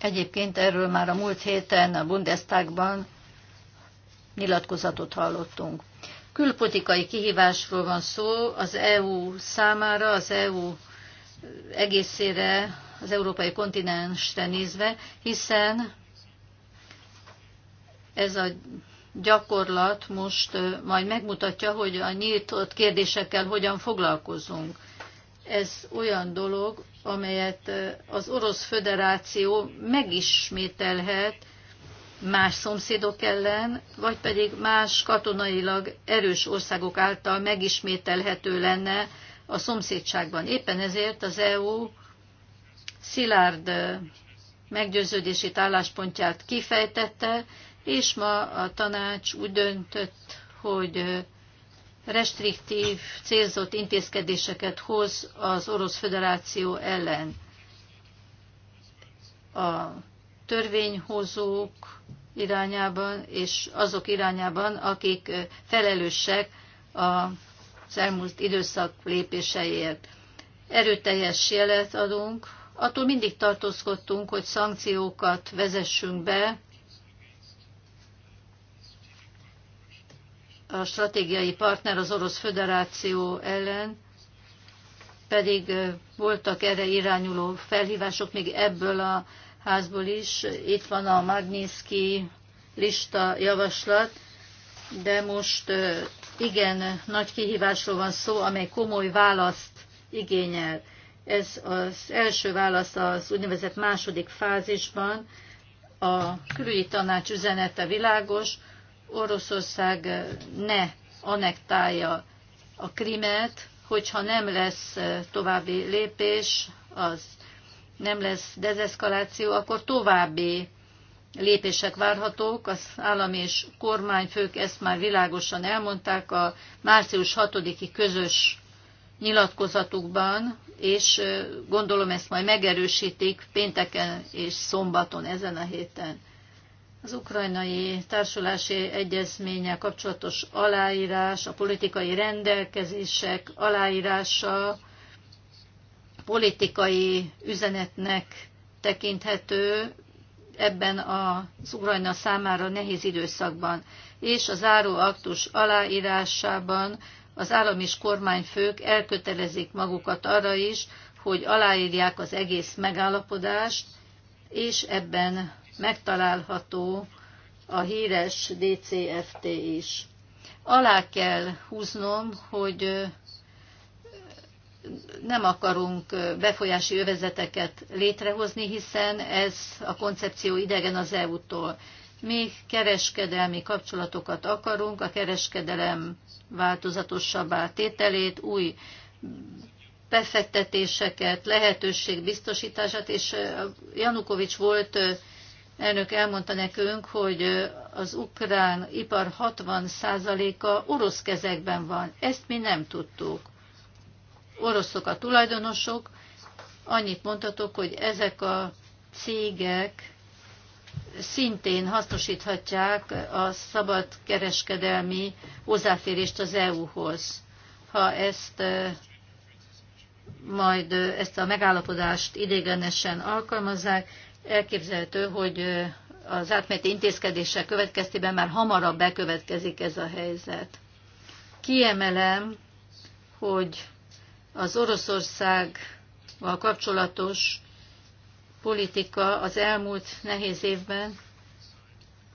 Egyébként erről már a múlt héten a Bundestagban nyilatkozatot hallottunk. Külpolitikai kihívásról van szó az EU számára, az EU egészére az európai kontinensre nézve, hiszen ez a gyakorlat most majd megmutatja, hogy a nyitott kérdésekkel hogyan foglalkozunk. Ez olyan dolog, amelyet az Orosz Föderáció megismételhet más szomszédok ellen, vagy pedig más katonailag erős országok által megismételhető lenne a szomszédságban. Éppen ezért az EU szilárd meggyőződését, álláspontját kifejtette, és ma a tanács úgy döntött, hogy restriktív, célzott intézkedéseket hoz az Orosz Föderáció ellen. A törvényhozók irányában és azok irányában, akik felelősek a az elmúlt időszak lépéseiért. Erőteljes jelet adunk, attól mindig tartózkodtunk, hogy szankciókat vezessünk be a stratégiai partner az Orosz Föderáció ellen, pedig voltak erre irányuló felhívások még ebből a házból is. Itt van a Magnitsky lista javaslat de most igen nagy kihívásról van szó, amely komoly választ igényel. Ez az első válasz az úgynevezett második fázisban. A külügyi tanács üzenete világos, Oroszország ne anektálja a krimet, hogyha nem lesz további lépés, az nem lesz dezeszkaláció, akkor további lépések várhatók, az állam és kormányfők ezt már világosan elmondták a március 6-i közös nyilatkozatukban, és gondolom ezt majd megerősítik pénteken és szombaton ezen a héten. Az ukrajnai társulási egyezménye kapcsolatos aláírás, a politikai rendelkezések aláírása politikai üzenetnek tekinthető, ebben az Ukrajna számára nehéz időszakban, és a záró aktus aláírásában az állam és kormányfők elkötelezik magukat arra is, hogy aláírják az egész megállapodást, és ebben megtalálható a híres DCFT is. Alá kell húznom, hogy nem akarunk befolyási övezeteket létrehozni, hiszen ez a koncepció idegen az EU-tól. Mi kereskedelmi kapcsolatokat akarunk, a kereskedelem változatosabb tételét, új befektetéseket, lehetőség biztosítását, és Janukovics volt elnök elmondta nekünk, hogy az ukrán ipar 60%-a orosz kezekben van. Ezt mi nem tudtuk oroszok a tulajdonosok, annyit mondhatok, hogy ezek a cégek szintén hasznosíthatják a szabad kereskedelmi hozzáférést az EU-hoz. Ha ezt majd ezt a megállapodást idéglenesen alkalmazzák, elképzelhető, hogy az átmeneti intézkedések következtében már hamarabb bekövetkezik ez a helyzet. Kiemelem, hogy az Oroszországgal kapcsolatos politika az elmúlt nehéz évben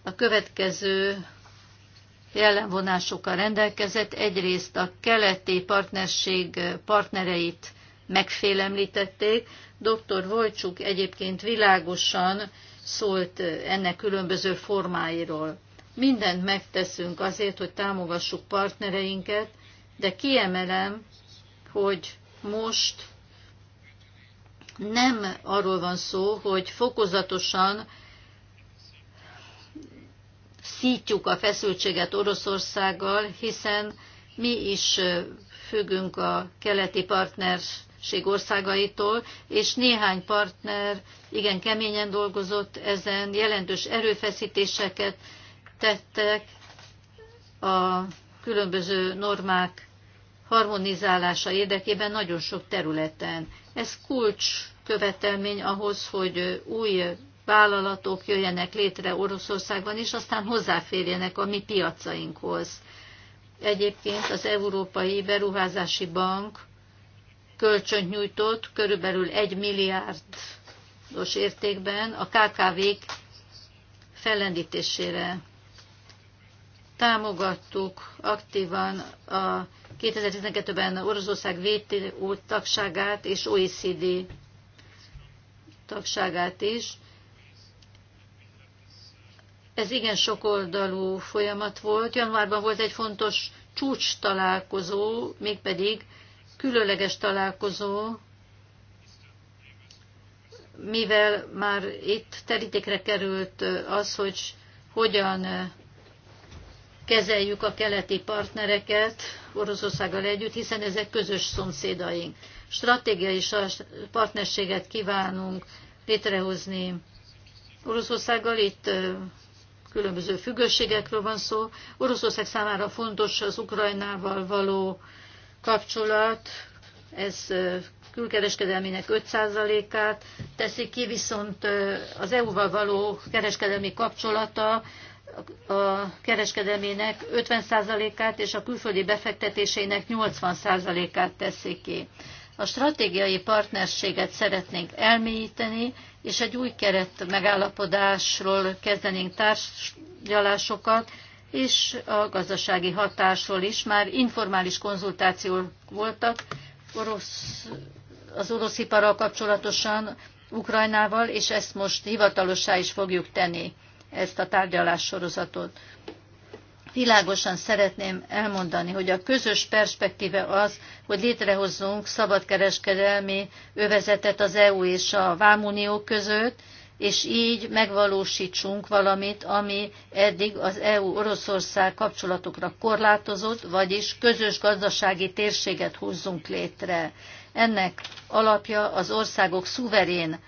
a következő jellemvonásokkal rendelkezett. Egyrészt a keleti partnerség partnereit megfélemlítették. Dr. Vojcsuk egyébként világosan szólt ennek különböző formáiról. Mindent megteszünk azért, hogy támogassuk partnereinket, de kiemelem, hogy most nem arról van szó, hogy fokozatosan szítjuk a feszültséget Oroszországgal, hiszen mi is függünk a keleti partnerség országaitól, és néhány partner igen keményen dolgozott ezen, jelentős erőfeszítéseket tettek a különböző normák harmonizálása érdekében nagyon sok területen. Ez kulcs követelmény ahhoz, hogy új vállalatok jöjjenek létre Oroszországban, és aztán hozzáférjenek a mi piacainkhoz. Egyébként az Európai Beruházási Bank kölcsönt nyújtott körülbelül egy milliárdos értékben a KKV-k fellendítésére. Támogattuk aktívan a 2012-ben Oroszország WTO tagságát és OECD tagságát is. Ez igen sokoldalú folyamat volt. Januárban volt egy fontos csúcs találkozó, mégpedig különleges találkozó, mivel már itt terítékre került az, hogy hogyan kezeljük a keleti partnereket, Oroszországgal együtt, hiszen ezek közös szomszédaink. Stratégiai partnerséget kívánunk létrehozni Oroszországgal, itt különböző függőségekről van szó. Oroszország számára fontos az Ukrajnával való kapcsolat, ez külkereskedelmének 5%-át teszi ki, viszont az EU-val való kereskedelmi kapcsolata a kereskedelmének 50%-át és a külföldi befektetéseinek 80%-át teszi ki. A stratégiai partnerséget szeretnénk elmélyíteni, és egy új keret megállapodásról kezdenénk tárgyalásokat, és a gazdasági hatásról is. Már informális konzultációk voltak orosz, az orosz iparral kapcsolatosan Ukrajnával, és ezt most hivatalossá is fogjuk tenni ezt a tárgyalássorozatot. Világosan szeretném elmondani, hogy a közös perspektíve az, hogy létrehozzunk szabadkereskedelmi övezetet az EU és a Vámunió között, és így megvalósítsunk valamit, ami eddig az EU-Oroszország kapcsolatokra korlátozott, vagyis közös gazdasági térséget húzzunk létre. Ennek alapja az országok szuverén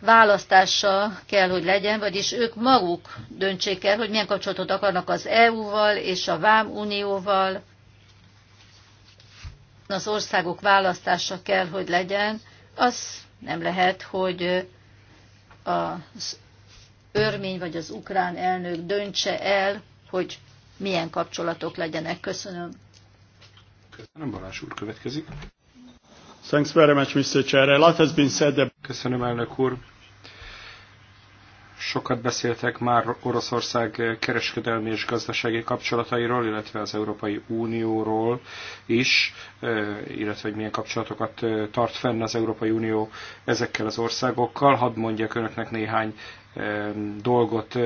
választása kell, hogy legyen, vagyis ők maguk döntsék el, hogy milyen kapcsolatot akarnak az EU-val és a Vám Unióval. Az országok választása kell, hogy legyen. Az nem lehet, hogy az örmény vagy az ukrán elnök döntse el, hogy milyen kapcsolatok legyenek. Köszönöm. Köszönöm, Balázs úr következik. Thanks very much, Mr. Chair. A lot has been said that... Köszönöm, elnök úr. Sokat beszéltek már Oroszország kereskedelmi és gazdasági kapcsolatairól, illetve az Európai Unióról is, eh, illetve hogy milyen kapcsolatokat eh, tart fenn az Európai Unió ezekkel az országokkal. Hadd mondjak önöknek néhány eh, dolgot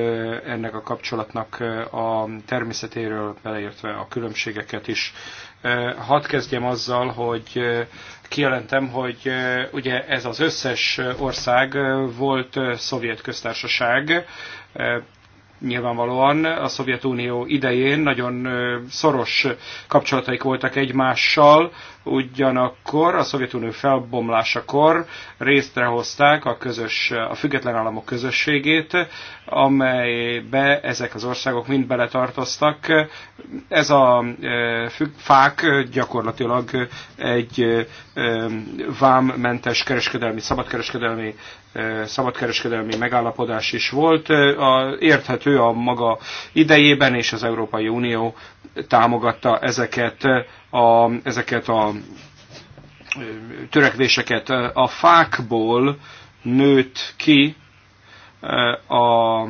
ennek a kapcsolatnak a természetéről, beleértve a különbségeket is. Hadd kezdjem azzal, hogy kijelentem, hogy ugye ez az összes ország volt szovjet köztársaság, nyilvánvalóan a Szovjetunió idején nagyon szoros kapcsolataik voltak egymással, ugyanakkor a Szovjetunió felbomlásakor résztrehozták a, közös, a független államok közösségét, amelybe ezek az országok mind beletartoztak. Ez a e, fák gyakorlatilag egy e, vámmentes kereskedelmi, szabadkereskedelmi e, szabadkereskedelmi megállapodás is volt. A, érthető a maga idejében, és az Európai Unió támogatta ezeket a, ezeket a törekvéseket. A fákból nőtt ki a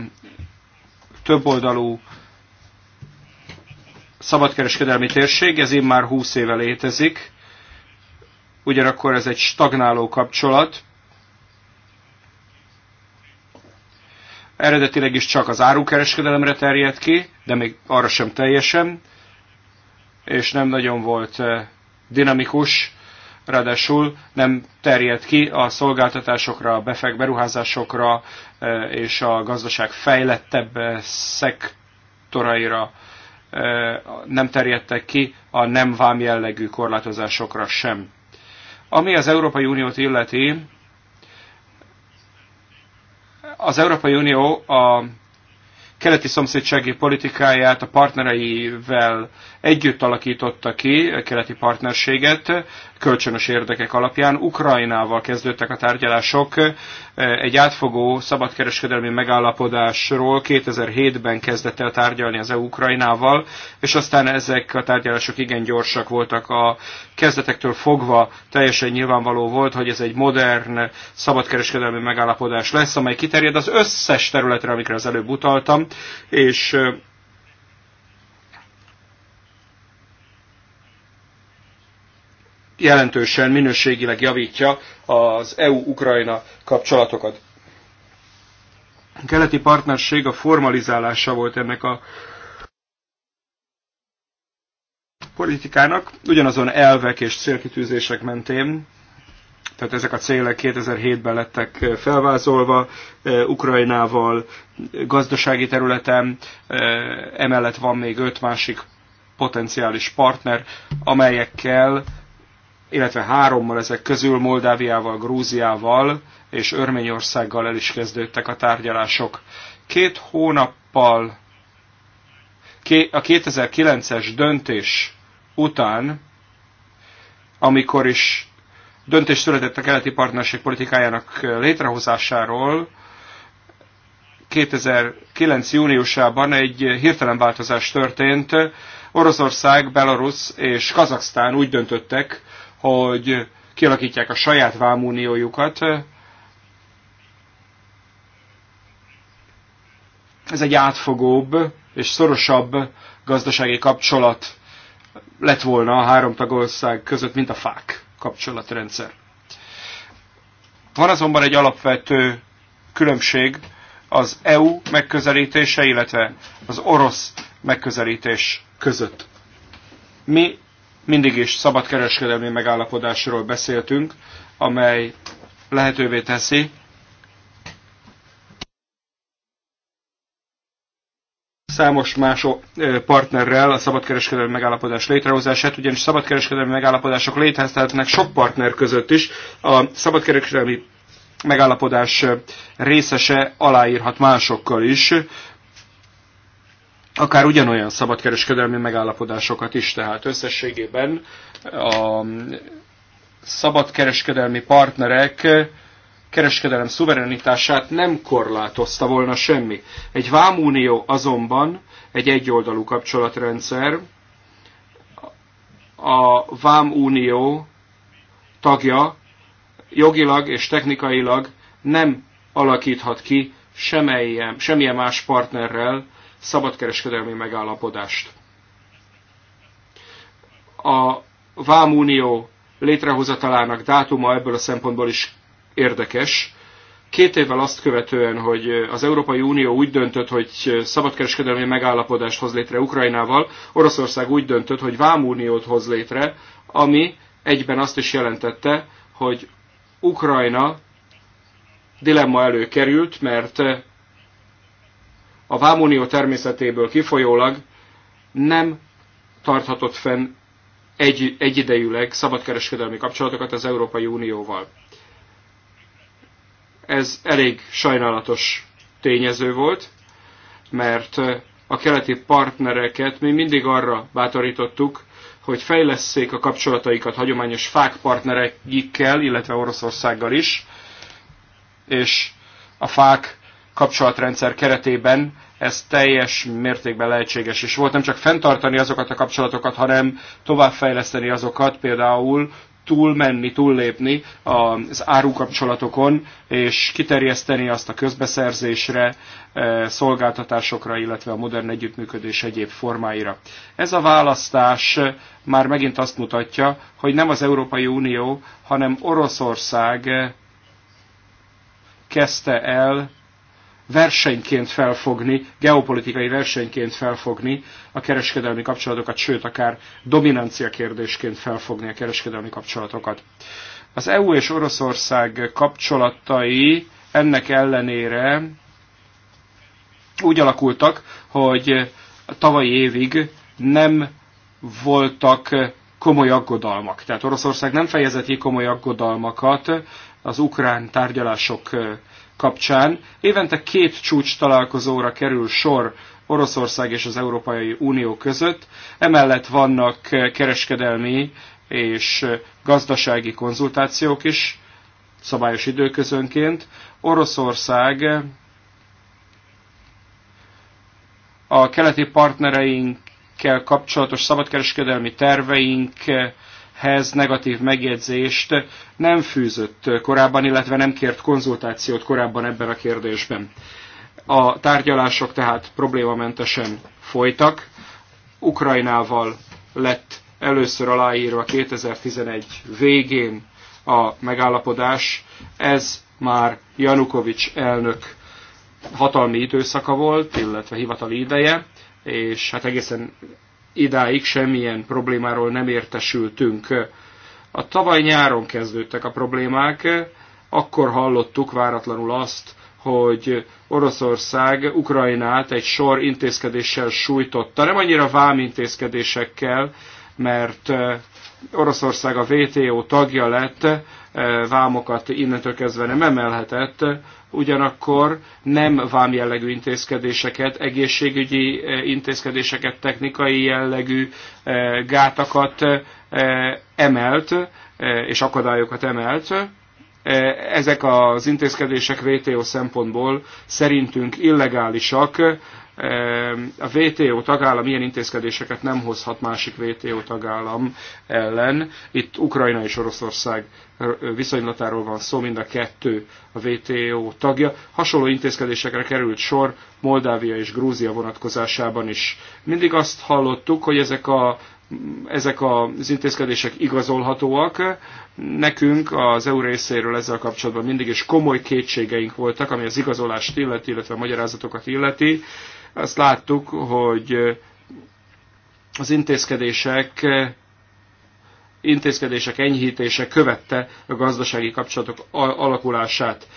többoldalú szabadkereskedelmi térség, ez én már 20 éve létezik, ugyanakkor ez egy stagnáló kapcsolat. Eredetileg is csak az árukereskedelemre terjed ki, de még arra sem teljesen és nem nagyon volt eh, dinamikus, ráadásul nem terjed ki a szolgáltatásokra, a befek beruházásokra eh, és a gazdaság fejlettebb eh, szektoraira nem terjedtek ki a nem vám jellegű korlátozásokra sem. Ami az Európai Uniót illeti, az Európai Unió a keleti szomszédsági politikáját a partnereivel együtt alakította ki, a keleti partnerséget, kölcsönös érdekek alapján. Ukrajnával kezdődtek a tárgyalások e, egy átfogó szabadkereskedelmi megállapodásról 2007-ben kezdett el tárgyalni az EU Ukrajnával, és aztán ezek a tárgyalások igen gyorsak voltak. A kezdetektől fogva teljesen nyilvánvaló volt, hogy ez egy modern szabadkereskedelmi megállapodás lesz, amely kiterjed az összes területre, amikre az előbb utaltam, és jelentősen minőségileg javítja az EU-Ukrajna kapcsolatokat. A keleti partnerség a formalizálása volt ennek a politikának, ugyanazon elvek és célkitűzések mentén, tehát ezek a célek 2007-ben lettek felvázolva, e, Ukrajnával, gazdasági területen, e, emellett van még öt másik potenciális partner, amelyekkel illetve hárommal ezek közül Moldáviával, Grúziával és Örményországgal el is kezdődtek a tárgyalások. Két hónappal a 2009-es döntés után, amikor is döntés született a keleti partnerség politikájának létrehozásáról, 2009. júniusában egy hirtelen változás történt. Oroszország, Belarus és Kazaksztán úgy döntöttek, hogy kialakítják a saját vámuniójukat. Ez egy átfogóbb és szorosabb gazdasági kapcsolat lett volna a három tagország között, mint a fák kapcsolatrendszer. Van azonban egy alapvető különbség az EU megközelítése, illetve az orosz megközelítés között. Mi mindig is szabadkereskedelmi megállapodásról beszéltünk, amely lehetővé teszi, számos más partnerrel a szabadkereskedelmi megállapodás létrehozását, ugyanis szabadkereskedelmi megállapodások létezhetnek sok partner között is. A szabadkereskedelmi megállapodás részese aláírhat másokkal is, akár ugyanolyan szabadkereskedelmi megállapodásokat is, tehát összességében a szabadkereskedelmi partnerek kereskedelem szuverenitását nem korlátozta volna semmi. Egy vámunió azonban egy egyoldalú kapcsolatrendszer, a vámunió tagja jogilag és technikailag nem alakíthat ki semmilyen, semmilyen más partnerrel szabadkereskedelmi megállapodást. A Vámunió létrehozatalának dátuma ebből a szempontból is érdekes. Két évvel azt követően, hogy az Európai Unió úgy döntött, hogy szabadkereskedelmi megállapodást hoz létre Ukrajnával, Oroszország úgy döntött, hogy Vámuniót hoz létre, ami egyben azt is jelentette, hogy Ukrajna dilemma előkerült, mert a Vámunió természetéből kifolyólag nem tarthatott fenn egy, egyidejűleg szabadkereskedelmi kapcsolatokat az Európai Unióval. Ez elég sajnálatos tényező volt, mert a keleti partnereket mi mindig arra bátorítottuk, hogy fejlesszék a kapcsolataikat hagyományos fák partnereikkel, illetve Oroszországgal is, és a fák kapcsolatrendszer keretében ez teljes mértékben lehetséges és volt. Nem csak fenntartani azokat a kapcsolatokat, hanem továbbfejleszteni azokat, például túlmenni, túllépni az árukapcsolatokon, és kiterjeszteni azt a közbeszerzésre, eh, szolgáltatásokra, illetve a modern együttműködés egyéb formáira. Ez a választás már megint azt mutatja, hogy nem az Európai Unió, hanem Oroszország eh, kezdte el versenyként felfogni, geopolitikai versenyként felfogni a kereskedelmi kapcsolatokat, sőt, akár dominancia kérdésként felfogni a kereskedelmi kapcsolatokat. Az EU és Oroszország kapcsolatai ennek ellenére úgy alakultak, hogy a tavalyi évig nem voltak komoly aggodalmak. Tehát Oroszország nem fejezett ki komoly aggodalmakat az ukrán tárgyalások kapcsán. Évente két csúcs találkozóra kerül sor Oroszország és az Európai Unió között. Emellett vannak eh, kereskedelmi és eh, gazdasági konzultációk is, szabályos időközönként. Oroszország eh, a keleti partnereinkkel kapcsolatos szabadkereskedelmi terveink hez negatív megjegyzést nem fűzött korábban, illetve nem kért konzultációt korábban ebben a kérdésben. A tárgyalások tehát problémamentesen folytak. Ukrajnával lett először aláírva 2011 végén a megállapodás. Ez már Janukovics elnök hatalmi időszaka volt, illetve hivatali ideje, és hát egészen idáig semmilyen problémáról nem értesültünk. A tavaly nyáron kezdődtek a problémák, akkor hallottuk váratlanul azt, hogy Oroszország Ukrajnát egy sor intézkedéssel sújtotta, nem annyira intézkedésekkel, mert Oroszország a WTO tagja lett, e, vámokat innentől kezdve nem emelhetett, ugyanakkor nem vám jellegű intézkedéseket, egészségügyi e, intézkedéseket, technikai jellegű e, gátakat emelt, és akadályokat emelt. Ezek az intézkedések WTO szempontból szerintünk illegálisak, a VTO tagállam ilyen intézkedéseket nem hozhat másik VTO tagállam ellen. Itt Ukrajna és Oroszország viszonylatáról van szó, mind a kettő a VTO tagja. Hasonló intézkedésekre került sor Moldávia és Grúzia vonatkozásában is. Mindig azt hallottuk, hogy ezek a ezek az intézkedések igazolhatóak. Nekünk az EU részéről ezzel kapcsolatban mindig is komoly kétségeink voltak, ami az igazolást illeti, illetve a magyarázatokat illeti. Azt láttuk, hogy az intézkedések intézkedések enyhítése követte a gazdasági kapcsolatok alakulását.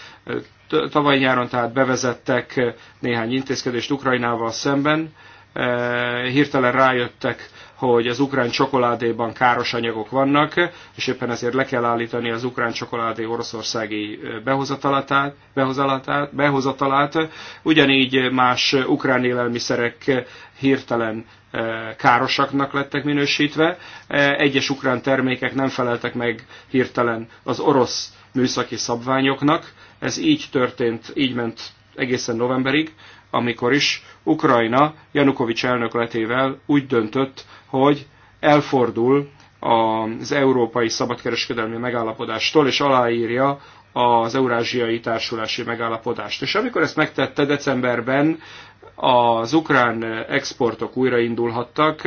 Tavaly nyáron tehát bevezettek néhány intézkedést Ukrajnával szemben, Eh, hirtelen rájöttek, hogy az ukrán csokoládéban káros anyagok vannak, és éppen ezért le kell állítani az ukrán csokoládé oroszországi eh, behozatalát, behozatalát, behozatalát. ugyanígy más ukrán élelmiszerek eh, hirtelen károsaknak lettek minősítve, egyes ukrán termékek nem feleltek meg hirtelen az orosz műszaki szabványoknak, ez így történt, így ment egészen novemberig, amikor is Ukrajna Janukovics elnökletével úgy döntött, hogy elfordul az európai szabadkereskedelmi megállapodástól, és aláírja az Eurázsiai Társulási Megállapodást. És amikor ezt megtette decemberben, az ukrán exportok újraindulhattak,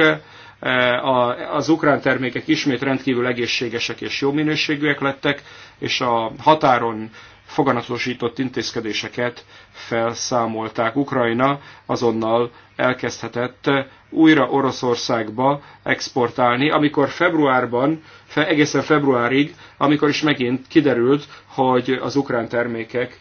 az ukrán termékek ismét rendkívül egészségesek és jó minőségűek lettek, és a határon foganatosított intézkedéseket felszámolták. Ukrajna azonnal elkezdhetett újra Oroszországba exportálni, amikor februárban, egészen februárig, amikor is megint kiderült, hogy az ukrán termékek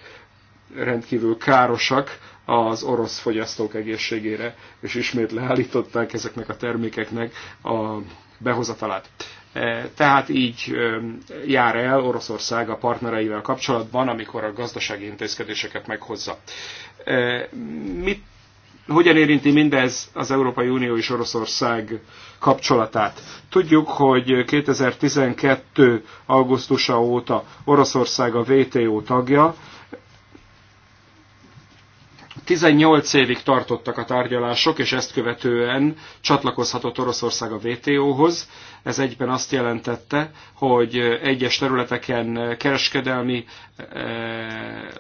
rendkívül károsak az orosz fogyasztók egészségére, és ismét leállították ezeknek a termékeknek a behozatalát. E, tehát így e, jár el Oroszország a partnereivel kapcsolatban, amikor a gazdasági intézkedéseket meghozza. E, mit, hogyan érinti mindez az Európai Unió és Oroszország kapcsolatát? Tudjuk, hogy 2012. augusztusa óta Oroszország a WTO tagja, 18 évig tartottak a tárgyalások, és ezt követően csatlakozhatott Oroszország a WTO-hoz. Ez egyben azt jelentette, hogy egyes területeken kereskedelmi eh,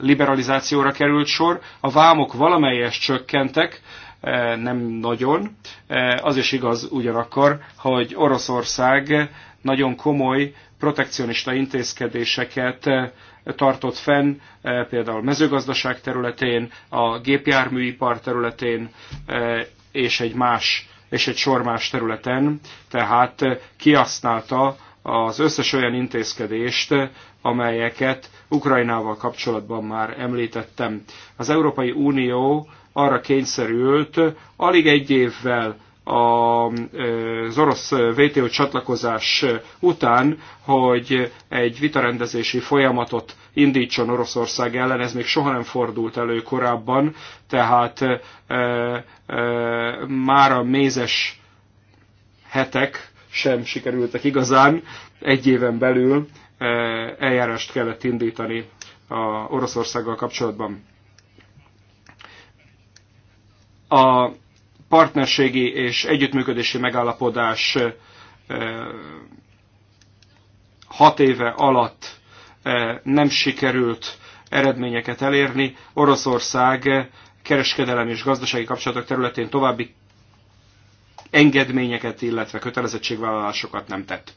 liberalizációra került sor. A vámok valamelyes csökkentek, eh, nem nagyon. Eh, az is igaz ugyanakkor, hogy Oroszország nagyon komoly protekcionista intézkedéseket tartott fenn, eh, például mezőgazdaság területén, a gépjárműipar területén eh, és egy más és egy sor más területen, tehát eh, kiasználta az összes olyan intézkedést, amelyeket Ukrajnával kapcsolatban már említettem. Az Európai Unió arra kényszerült alig egy évvel az orosz VTO csatlakozás után, hogy egy vitarendezési folyamatot indítson Oroszország ellen, ez még soha nem fordult elő korábban, tehát e, e, már a mézes hetek sem sikerültek igazán, egy éven belül e, eljárást kellett indítani a Oroszországgal kapcsolatban. A partnerségi és együttműködési megállapodás hat éve alatt nem sikerült eredményeket elérni. Oroszország kereskedelem és gazdasági kapcsolatok területén további engedményeket, illetve kötelezettségvállalásokat nem tett.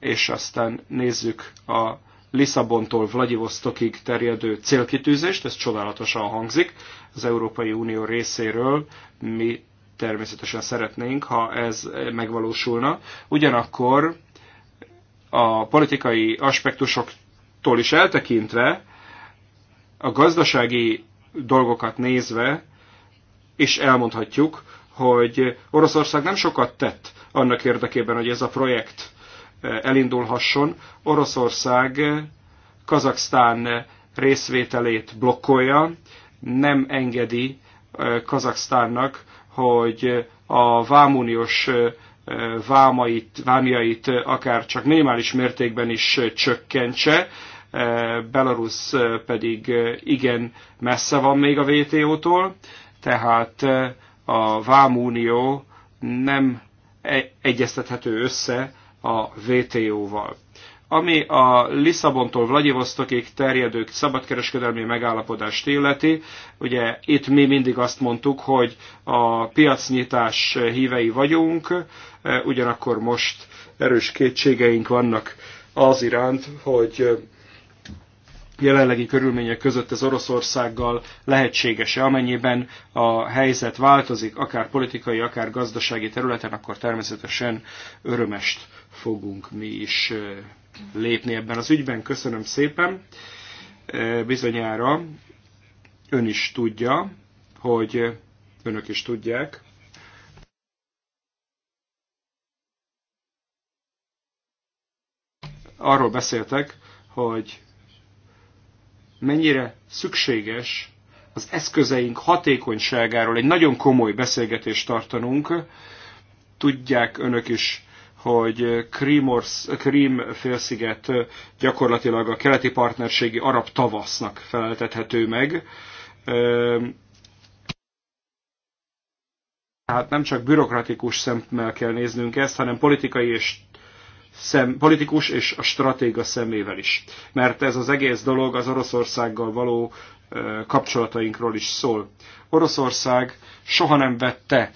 És aztán nézzük a Lisszabontól Vladivostokig terjedő célkitűzést, ez csodálatosan hangzik az Európai Unió részéről, mi természetesen szeretnénk, ha ez megvalósulna. Ugyanakkor a politikai aspektusoktól is eltekintve, a gazdasági dolgokat nézve, és elmondhatjuk, hogy Oroszország nem sokat tett annak érdekében, hogy ez a projekt elindulhasson. Oroszország Kazaksztán részvételét blokkolja, nem engedi Kazaksztánnak, hogy a vámuniós vámait, vámjait akár csak minimális mértékben is csökkentse, Belarus pedig igen messze van még a vto tól tehát a vámunió nem e-, egyeztethető össze a VTO-val. Ami a Lisszabontól Vladivostokig terjedő szabadkereskedelmi megállapodást illeti, ugye itt mi mindig azt mondtuk, hogy a piacnyitás hívei vagyunk, ugyanakkor most erős kétségeink vannak az iránt, hogy jelenlegi körülmények között ez Oroszországgal lehetséges-e. Amennyiben a helyzet változik, akár politikai, akár gazdasági területen, akkor természetesen örömest fogunk mi is lépni ebben az ügyben. Köszönöm szépen. Bizonyára ön is tudja, hogy önök is tudják, arról beszéltek, hogy mennyire szükséges az eszközeink hatékonyságáról egy nagyon komoly beszélgetést tartanunk. Tudják önök is, hogy Krím félsziget gyakorlatilag a keleti partnerségi arab tavasznak feleltethető meg. Ehm, tehát nem csak bürokratikus szemmel kell néznünk ezt, hanem politikai és szem, politikus és a stratéga szemével is. Mert ez az egész dolog az Oroszországgal való kapcsolatainkról is szól. Oroszország soha nem vette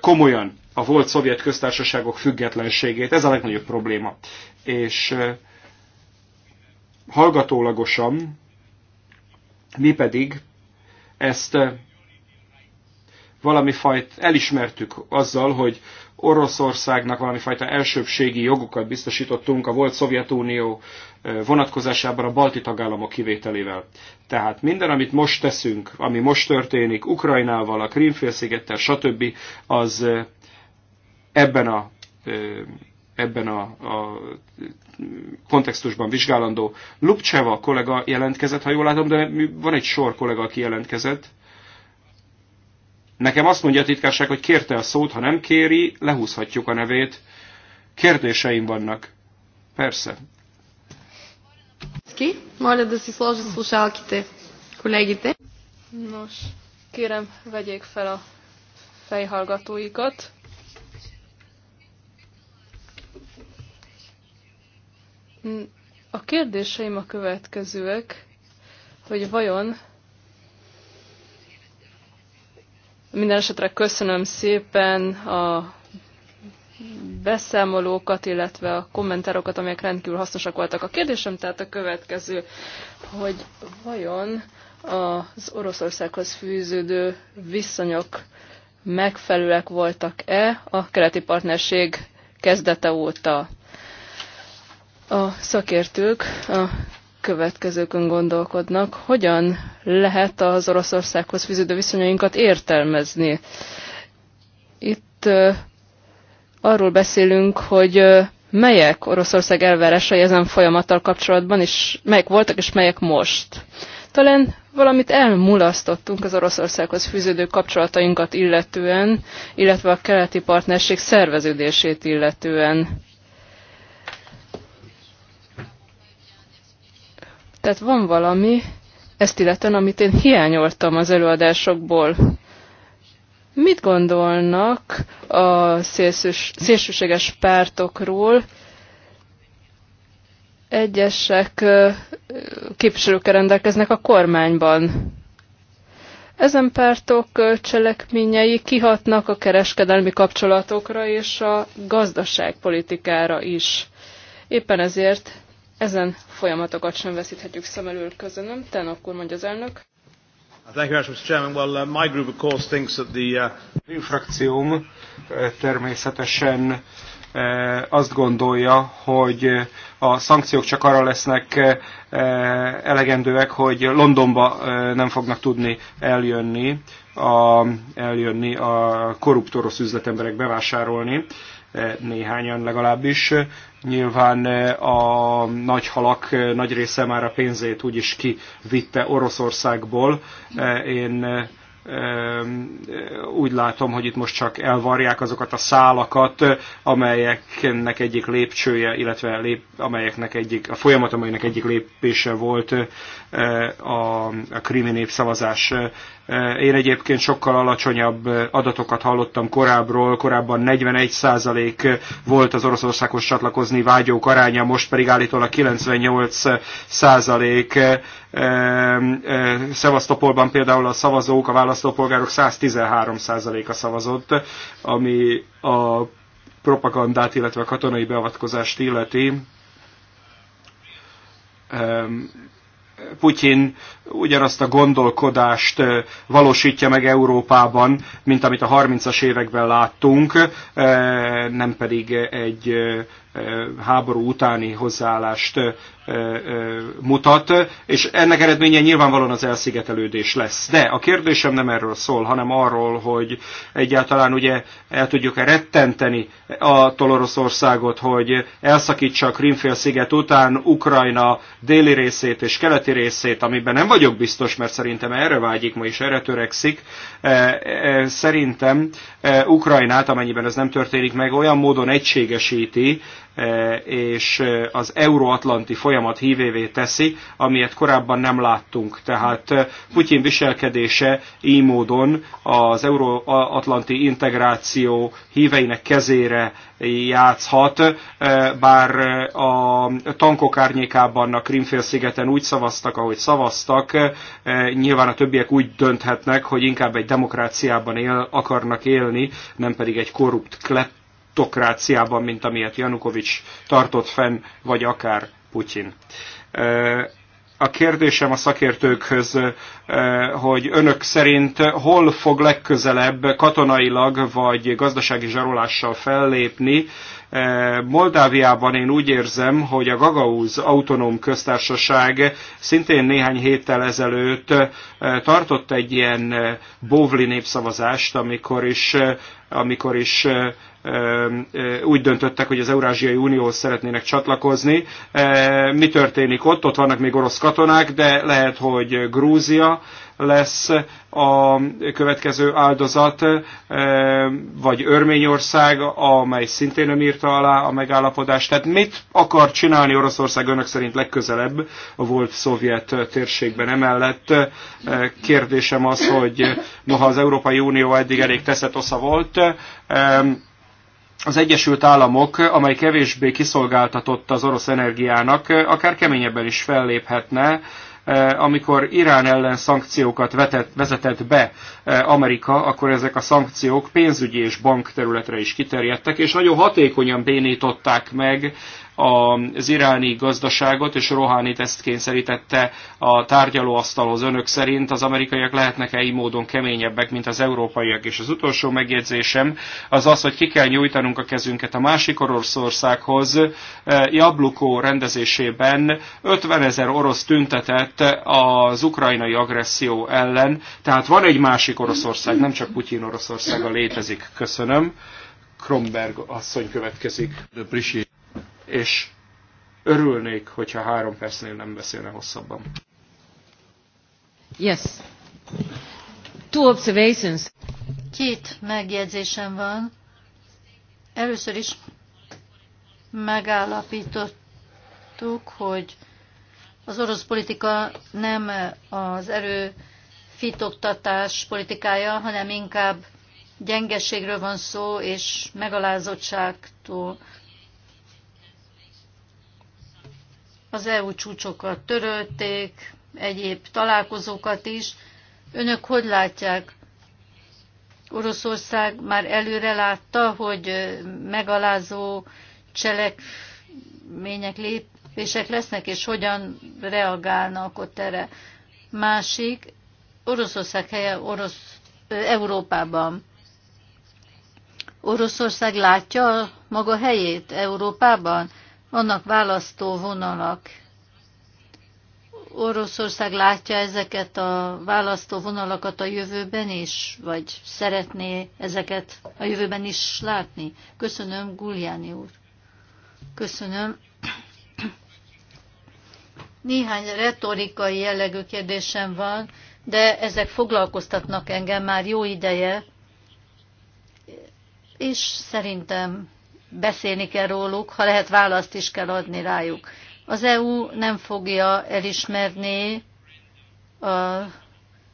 komolyan a volt szovjet köztársaságok függetlenségét, ez a legnagyobb probléma. És hallgatólagosan mi pedig ezt valami fajt elismertük azzal, hogy Oroszországnak valami fajta elsőbségi jogokat biztosítottunk a volt Szovjetunió vonatkozásában a balti tagállamok kivételével. Tehát minden, amit most teszünk, ami most történik Ukrajnával, a Krímfélszigettel, stb., az ebben a ebben a, a kontextusban vizsgálandó. Lupcseva kollega jelentkezett, ha jól látom, de van egy sor kollega, aki jelentkezett. Nekem azt mondja a titkárság, hogy kérte a szót, ha nem kéri, lehúzhatjuk a nevét. Kérdéseim vannak. Persze. Ki? Моля да си сложат слушалките, колегите. Nos, kérem, vegyék fel a fejhallgatóikat. A kérdéseim a következőek, hogy vajon Minden esetre köszönöm szépen a beszámolókat, illetve a kommentárokat, amelyek rendkívül hasznosak voltak. A kérdésem tehát a következő, hogy vajon az Oroszországhoz fűződő viszonyok megfelelőek voltak-e a keleti partnerség kezdete óta. A szakértők a következőkön gondolkodnak, hogyan lehet az Oroszországhoz fűződő viszonyainkat értelmezni. Itt arról beszélünk, hogy melyek Oroszország elvárásai ezen folyamattal kapcsolatban, és melyek voltak, és melyek most. Talán valamit elmulasztottunk az Oroszországhoz fűződő kapcsolatainkat illetően, illetve a keleti partnerség szerveződését illetően Tehát van valami, ezt illetően, amit én hiányoltam az előadásokból. Mit gondolnak a szélsős, szélsőséges pártokról? Egyesek képviselőkkel rendelkeznek a kormányban. Ezen pártok cselekményei kihatnak a kereskedelmi kapcsolatokra és a gazdaságpolitikára is. Éppen ezért ezen folyamatokat sem veszíthetjük szem elől. Köszönöm. Ten akkor mondja az elnök. Thank you very much, Mr. Chairman. Well, uh, my group, of course, thinks that the... Uh... Én frakcióm uh, természetesen uh, azt gondolja, hogy uh, a szankciók csak arra lesznek elegendőek, hogy Londonba nem fognak tudni eljönni a, eljönni a korrupt orosz üzletemberek bevásárolni néhányan legalábbis. Nyilván eh, a nagy halak eh, nagy része már a pénzét úgyis kivitte Oroszországból. Eh, én úgy látom, hogy itt most csak elvarják azokat a szálakat, amelyeknek egyik lépcsője, illetve lép, amelyeknek egyik, a folyamat, amelynek egyik lépése volt a, a krimi népszavazás. Én egyébként sokkal alacsonyabb adatokat hallottam korábbról, korábban 41% volt az Oroszországhoz csatlakozni vágyók aránya, most pedig állítólag 98%. Szevasztopolban például a szavazók, a választópolgárok 113%-a szavazott, ami a propagandát, illetve a katonai beavatkozást illeti Putyin ugyanazt a gondolkodást valósítja meg Európában, mint amit a 30-as években láttunk, nem pedig egy háború utáni hozzáállást mutat, és ennek eredménye nyilvánvalóan az elszigetelődés lesz. De a kérdésem nem erről szól, hanem arról, hogy egyáltalán ugye el tudjuk-e rettenteni a Oroszországot, hogy elszakítsa a Krimfél-sziget után Ukrajna déli részét és keleti részét, amiben nem vagyok biztos, mert szerintem erre vágyik ma is, erre törekszik. Szerintem Ukrajnát, amennyiben ez nem történik meg, olyan módon egységesíti, E, és e, az euróatlanti folyamat hívévé teszi, amilyet korábban nem láttunk. Tehát e, Putyin viselkedése így módon az euróatlanti integráció híveinek kezére játszhat, bár a tankok árnyékában a Krimfélszigeten úgy szavaztak, ahogy szavaztak, nyilván a többiek úgy dönthetnek, hogy inkább egy demokráciában él, akarnak élni, nem pedig egy korrupt autokráciában, mint amilyet Janukovics tartott fenn, vagy akár Putyin. A kérdésem a szakértőkhöz, hogy önök szerint hol fog legközelebb katonailag vagy gazdasági zsarolással fellépni, Moldáviában én úgy érzem, hogy a Gagauz autonóm köztársaság szintén néhány héttel ezelőtt tartott egy ilyen bóvli népszavazást, amikor is, amikor is úgy döntöttek, hogy az Eurázsiai Unióhoz szeretnének csatlakozni. Mi történik ott? Ott vannak még orosz katonák, de lehet, hogy Grúzia lesz a következő áldozat, vagy Örményország, amely szintén nem írta alá a megállapodást. Tehát mit akar csinálni Oroszország önök szerint legközelebb a volt szovjet térségben? Emellett kérdésem az, hogy noha az Európai Unió eddig elég teszett osza volt, az Egyesült Államok, amely kevésbé kiszolgáltatott az orosz energiának, akár keményebben is felléphetne, eh, amikor Irán ellen szankciókat vetett, vezetett be eh, Amerika, akkor ezek a szankciók pénzügyi és bankterületre is kiterjedtek, és nagyon hatékonyan bénították meg az iráni gazdaságot, és Rohanit ezt kényszerítette a tárgyalóasztalhoz önök szerint. Az amerikaiak lehetnek-e így módon keményebbek, mint az európaiak? És az utolsó megjegyzésem az az, hogy ki kell nyújtanunk a kezünket a másik Oroszországhoz. E, Jablukó rendezésében 50 ezer orosz tüntetett az ukrajnai agresszió ellen, tehát van egy másik Oroszország, nem csak Putyin Oroszországa létezik. Köszönöm. Kromberg asszony következik és örülnék, hogyha három percnél nem beszélne hosszabban. Yes. Two observations. Két megjegyzésem van. Először is megállapítottuk, hogy az orosz politika nem az erő fitoktatás politikája, hanem inkább gyengeségről van szó, és megalázottságtól. az EU csúcsokat törölték, egyéb találkozókat is. Önök hogy látják? Oroszország már előre látta, hogy megalázó cselekmények, lépések lesznek, és hogyan reagálnak ott erre. Másik, Oroszország helye Orosz, Európában. Oroszország látja maga helyét Európában? vannak választó vonalak. Oroszország látja ezeket a választó vonalakat a jövőben is, vagy szeretné ezeket a jövőben is látni? Köszönöm, Guljáni úr. Köszönöm. Néhány retorikai jellegű kérdésem van, de ezek foglalkoztatnak engem már jó ideje, és szerintem beszélni kell róluk, ha lehet választ is kell adni rájuk. Az EU nem fogja elismerni a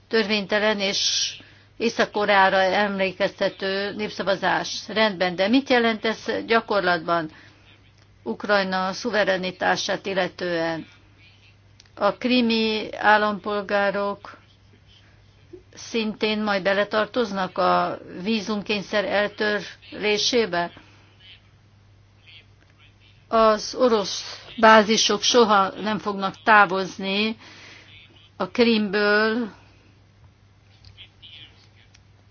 törvénytelen és Észak-Koreára emlékeztető népszavazás. Rendben, de mit jelent ez gyakorlatban Ukrajna szuverenitását illetően? A krimi állampolgárok szintén majd beletartoznak a vízumkényszer eltörlésébe? az orosz bázisok soha nem fognak távozni a Krimből.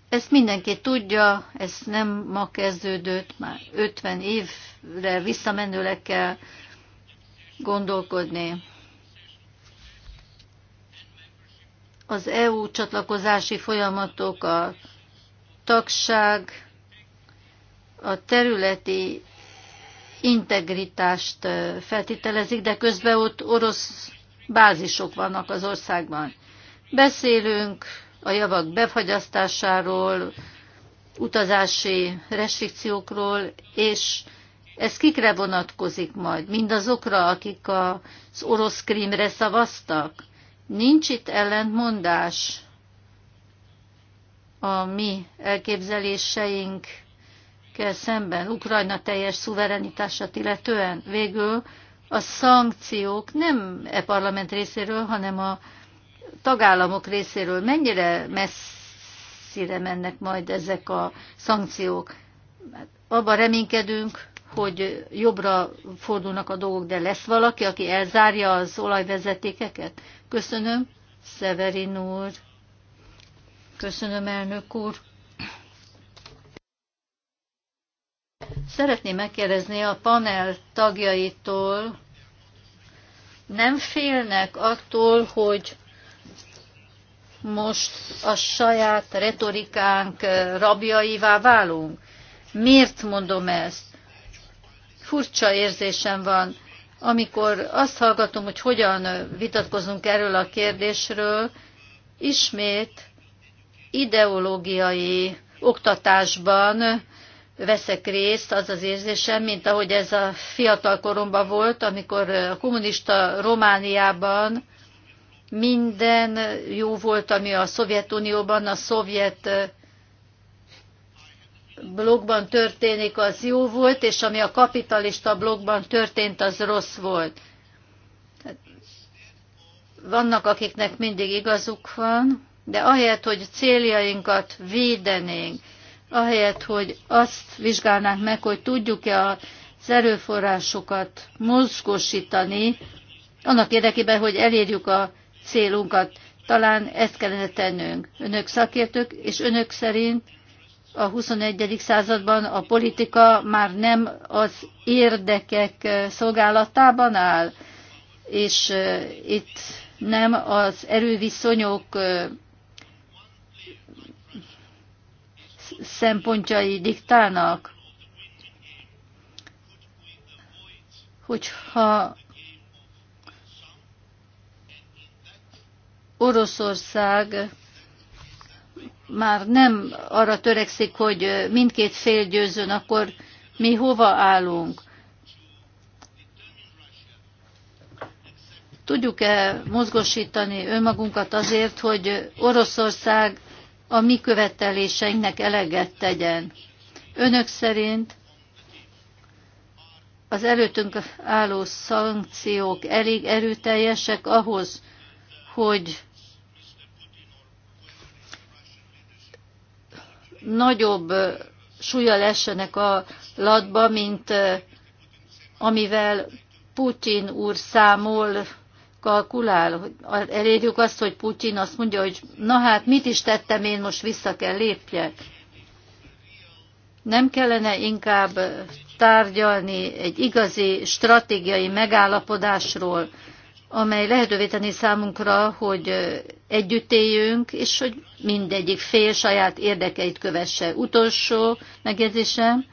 Ezt mindenki tudja, ez nem ma kezdődött, már 50 évre visszamenőleg kell gondolkodni. Az EU csatlakozási folyamatok, a tagság, a területi integritást feltételezik, de közben ott orosz bázisok vannak az országban. Beszélünk a javak befagyasztásáról, utazási restrikciókról, és ez kikre vonatkozik majd? Mindazokra, akik az orosz krímre szavaztak? Nincs itt ellentmondás a mi elképzeléseink szemben, Ukrajna teljes szuverenitását illetően. Végül a szankciók nem e parlament részéről, hanem a tagállamok részéről. Mennyire messzire mennek majd ezek a szankciók? Abban reménykedünk, hogy jobbra fordulnak a dolgok, de lesz valaki, aki elzárja az olajvezetékeket? Köszönöm, Szeverin úr. Köszönöm, elnök úr. Szeretném megkérdezni a panel tagjaitól, nem félnek attól, hogy most a saját retorikánk eh, rabjaivá válunk? Miért mondom ezt? Furcsa érzésem van, amikor azt hallgatom, hogy hogyan eh, vitatkozunk erről a kérdésről, ismét ideológiai oktatásban veszek részt, az az érzésem, mint ahogy ez a fiatal koromban volt, amikor a kommunista Romániában minden jó volt, ami a Szovjetunióban, a szovjet blogban történik, az jó volt, és ami a kapitalista blogban történt, az rossz volt. Vannak, akiknek mindig igazuk van, de ahelyett, hogy céljainkat védenénk, ahelyett, hogy azt vizsgálnánk meg, hogy tudjuk-e az erőforrásokat mozgósítani, annak érdekében, hogy elérjük a célunkat. Talán ezt kellene tennünk. Önök szakértők, és önök szerint a 21. században a politika már nem az érdekek szolgálatában áll, és eh, itt nem az erőviszonyok eh, szempontjai diktálnak? Hogyha Oroszország már nem arra törekszik, hogy mindkét fél győzön, akkor mi hova állunk? Tudjuk-e mozgosítani önmagunkat azért, hogy Oroszország a mi követeléseinknek eleget tegyen. Önök szerint az előttünk álló szankciók elég erőteljesek ahhoz, hogy nagyobb súlya lessenek a latba, mint eh, amivel Putin úr számol kalkulál, hogy elérjük azt, hogy Putyin azt mondja, hogy na hát mit is tettem én, most vissza kell lépjek. Nem kellene inkább tárgyalni egy igazi stratégiai megállapodásról, amely lehetővé tenni számunkra, hogy együtt éljünk, és hogy mindegyik fél saját érdekeit kövesse. Utolsó megjegyzésem,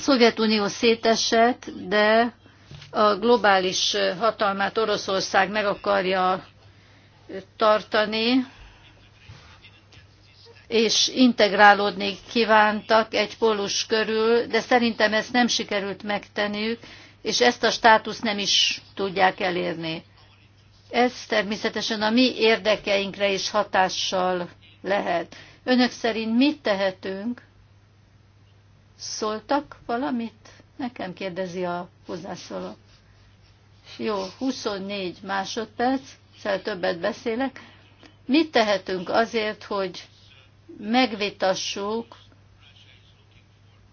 A Szovjetunió szétesett, de a globális hatalmát Oroszország meg akarja tartani, és integrálódni kívántak egy polus körül, de szerintem ezt nem sikerült megtenniük, és ezt a státuszt nem is tudják elérni. Ez természetesen a mi érdekeinkre is hatással lehet. Önök szerint mit tehetünk? Szóltak valamit? Nekem kérdezi a hozzászóló. Jó, 24 másodperc, szóval többet beszélek. Mit tehetünk azért, hogy megvitassuk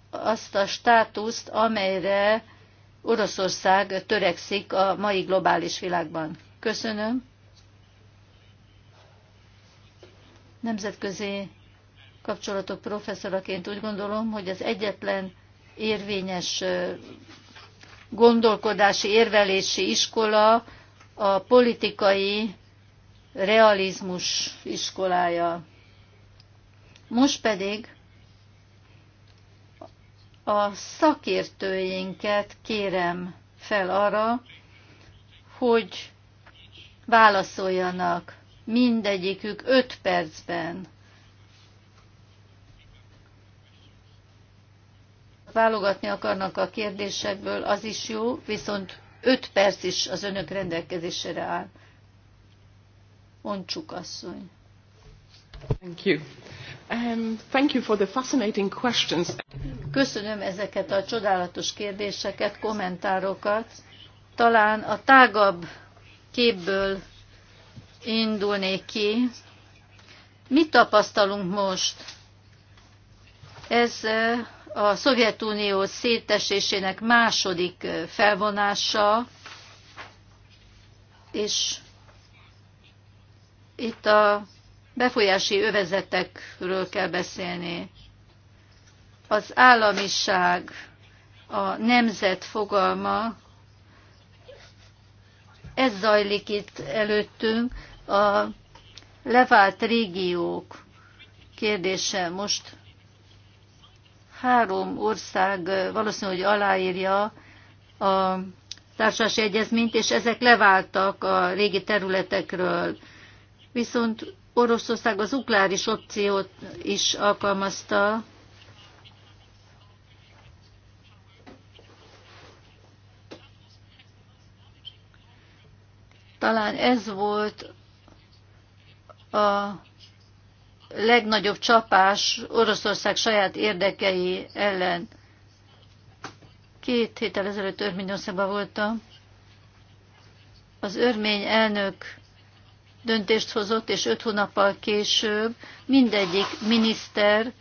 azt a státuszt, amelyre Oroszország törekszik a mai globális világban? Köszönöm. Nemzetközi kapcsolatok professzoraként úgy gondolom, hogy az egyetlen érvényes gondolkodási, érvelési iskola a politikai realizmus iskolája. Most pedig a szakértőinket kérem fel arra, hogy válaszoljanak mindegyikük öt percben válogatni akarnak a kérdésekből, az is jó, viszont 5 perc is az önök rendelkezésére áll. Mondjuk asszony. Thank you. Um, thank you for the fascinating questions. Köszönöm ezeket a csodálatos kérdéseket, kommentárokat. Talán a tágabb képből indulnék ki. Mit tapasztalunk most? Ez a Szovjetunió szétesésének második felvonása, és itt a befolyási övezetekről kell beszélni. Az államiság, a nemzet fogalma, ez zajlik itt előttünk, a levált régiók kérdése most három ország valószínű, hogy aláírja a társasi egyezményt, és ezek leváltak a régi területekről. Viszont Oroszország az ukláris opciót is alkalmazta, Talán ez volt a legnagyobb csapás Oroszország saját érdekei ellen. Két héttel ezelőtt Örményországban voltam. Az örmény elnök döntést hozott, és öt hónappal később mindegyik miniszter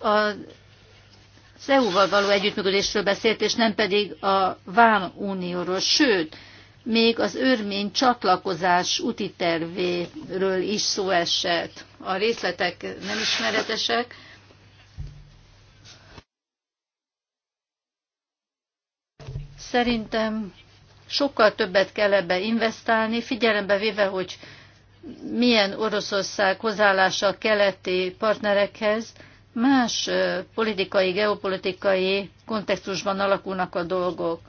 a az EU-val való együttműködésről beszélt, és nem pedig a Vám Unióról. Sőt, még az örmény csatlakozás úti tervéről is szó esett. A részletek nem ismeretesek. Szerintem sokkal többet kell ebbe investálni, figyelembe véve, hogy milyen Oroszország hozzáállása a keleti partnerekhez, más eh, politikai, geopolitikai kontextusban alakulnak a dolgok.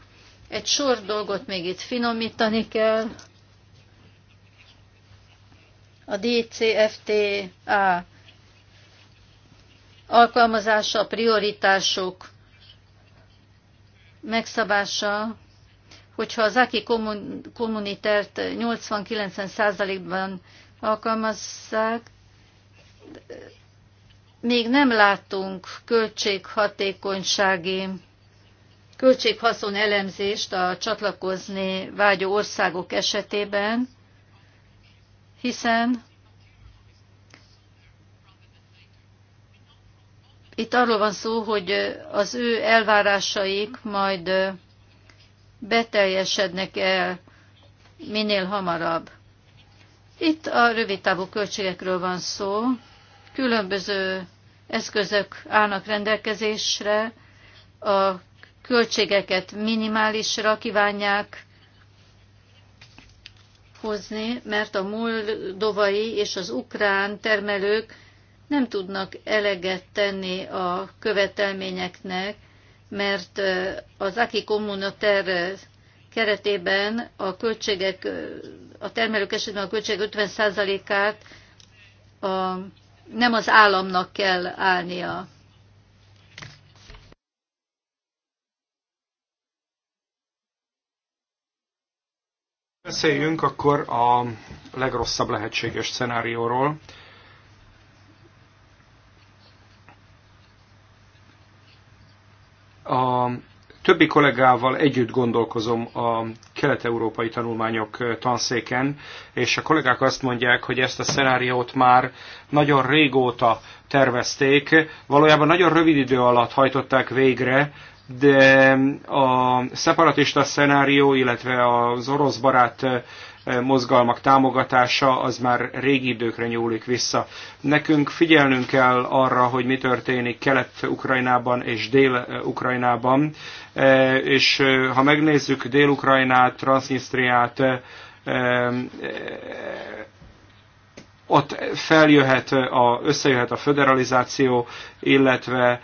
Egy sor dolgot még itt finomítani kell. A DCFTA alkalmazása, a prioritások megszabása, hogyha az AKI kommunitert 80-90%-ban alkalmazzák, még nem látunk költséghatékonysági költséghaszon elemzést a csatlakozni vágyó országok esetében, hiszen itt arról van szó, hogy az ő elvárásaik majd beteljesednek el minél hamarabb. Itt a rövidtávú költségekről van szó, különböző eszközök állnak rendelkezésre a költségeket minimálisra kívánják hozni, mert a moldovai és az ukrán termelők nem tudnak eleget tenni a követelményeknek, mert az aki kommunater keretében a költségek, a termelők esetben a költség 50%-át a, nem az államnak kell állnia. Beszéljünk akkor a legrosszabb lehetséges szenárióról. A többi kollégával együtt gondolkozom a kelet-európai tanulmányok tanszéken, és a kollégák azt mondják, hogy ezt a szenáriót már nagyon régóta tervezték, valójában nagyon rövid idő alatt hajtották végre de a szeparatista szenárió, illetve az orosz barát mozgalmak támogatása az már régi időkre nyúlik vissza. Nekünk figyelnünk kell arra, hogy mi történik Kelet-Ukrajnában és Dél-Ukrajnában, és ha megnézzük Dél-Ukrajnát, Transnistriát, ott feljöhet, a, összejöhet a föderalizáció, illetve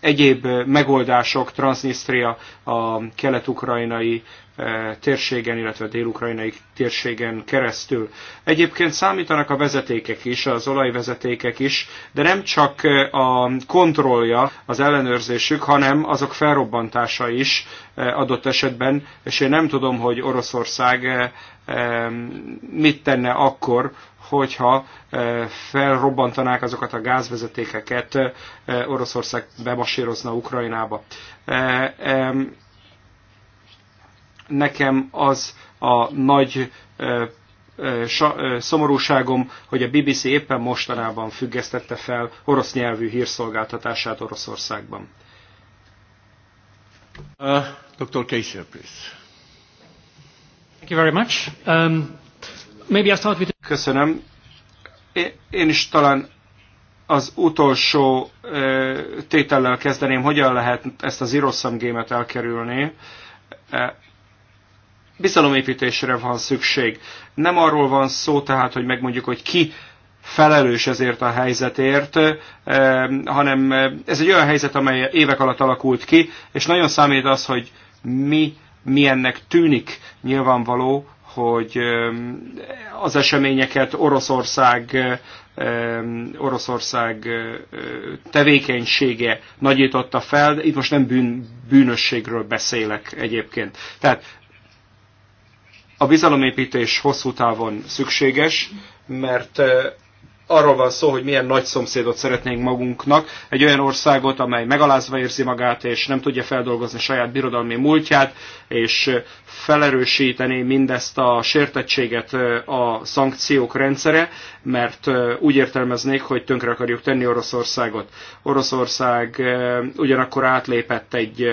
egyéb eh, megoldások Transnistria a kelet-ukrajnai eh, térségen, illetve a dél-ukrajnai térségen keresztül. Egyébként számítanak a vezetékek is, az olajvezetékek is, de nem csak eh, a kontrollja, az ellenőrzésük, hanem azok felrobbantása is adott esetben, és én nem tudom, hogy Oroszország mit tenne akkor, hogyha felrobbantanák azokat a gázvezetékeket, Oroszország bemasírozna Ukrajnába. Nekem az a nagy szomorúságom, hogy a BBC éppen mostanában függesztette fel orosz nyelvű hírszolgáltatását Oroszországban. Uh, Dr. Kaiser, please. Thank you very much. Um, Maybe I'll start with... Köszönöm. Én is talán az utolsó tétellel kezdeném, hogyan lehet ezt az irosszam gémet elkerülni. Bizalomépítésre van szükség. Nem arról van szó tehát, hogy megmondjuk, hogy ki felelős ezért a helyzetért, hanem ez egy olyan helyzet, amely évek alatt alakult ki, és nagyon számít az, hogy mi milyennek tűnik nyilvánvaló, hogy az eseményeket Oroszország Oroszország tevékenysége nagyította fel, itt most nem bűn, bűnösségről beszélek egyébként. Tehát a bizalomépítés hosszú távon szükséges, mert arról van szó, hogy milyen nagy szomszédot szeretnénk magunknak, egy olyan országot, amely megalázva érzi magát, és nem tudja feldolgozni saját birodalmi múltját, és felerősíteni mindezt a sértettséget a szankciók rendszere, mert úgy értelmeznék, hogy tönkre akarjuk tenni Oroszországot. Oroszország ugyanakkor átlépett egy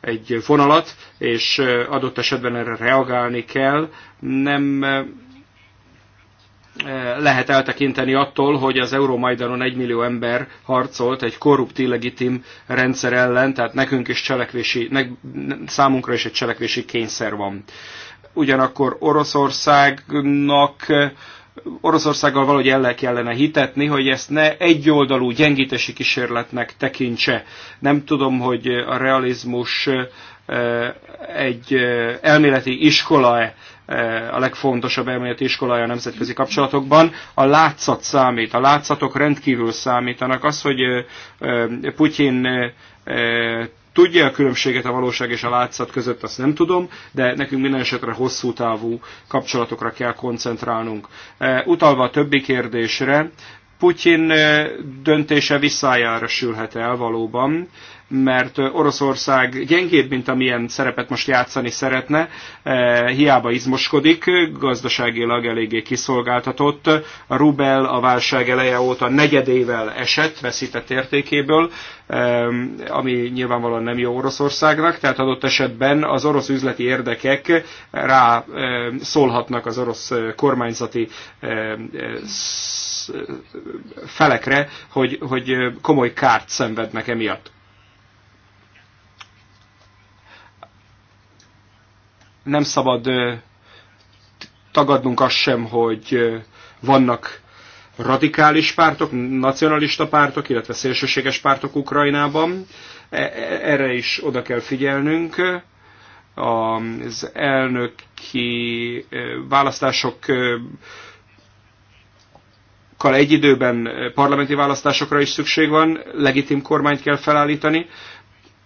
egy vonalat, és adott esetben erre reagálni kell. Nem lehet eltekinteni attól, hogy az Euromajdanon egy millió ember harcolt egy korrupt, illegitim rendszer ellen, tehát nekünk is cselekvési, ne, számunkra is egy cselekvési kényszer van. Ugyanakkor Oroszországnak Oroszországgal valahogy el kellene hitetni, hogy ezt ne egyoldalú gyengítési kísérletnek tekintse. Nem tudom, hogy a realizmus eh, egy eh, elméleti iskola-e, Eh, a legfontosabb elméleti iskolája a nemzetközi kapcsolatokban. A látszat számít, a látszatok rendkívül számítanak. Az, hogy eh, eh, Putyin tudja a különbséget a valóság és a látszat között, azt nem tudom, de nekünk minden esetre hosszú távú kapcsolatokra kell koncentrálnunk. Utalva a többi kérdésre, Putyin döntése visszájára sülhet el valóban, mert Oroszország gyengébb, mint amilyen szerepet most játszani szeretne, hiába izmoskodik, gazdaságilag eléggé kiszolgáltatott. A rubel a válság eleje óta negyedével esett, veszített értékéből, ami nyilvánvalóan nem jó Oroszországnak, tehát adott esetben az orosz üzleti érdekek rá szólhatnak az orosz kormányzati felekre, hogy, hogy komoly kárt szenvednek emiatt. Nem szabad tagadnunk azt sem, hogy vannak radikális pártok, nacionalista pártok, illetve szélsőséges pártok Ukrajnában. E, erre is oda kell figyelnünk. Az elnöki választások választásokkal egy időben eh, parlamenti választásokra is szükség van, legitim kormányt kell felállítani.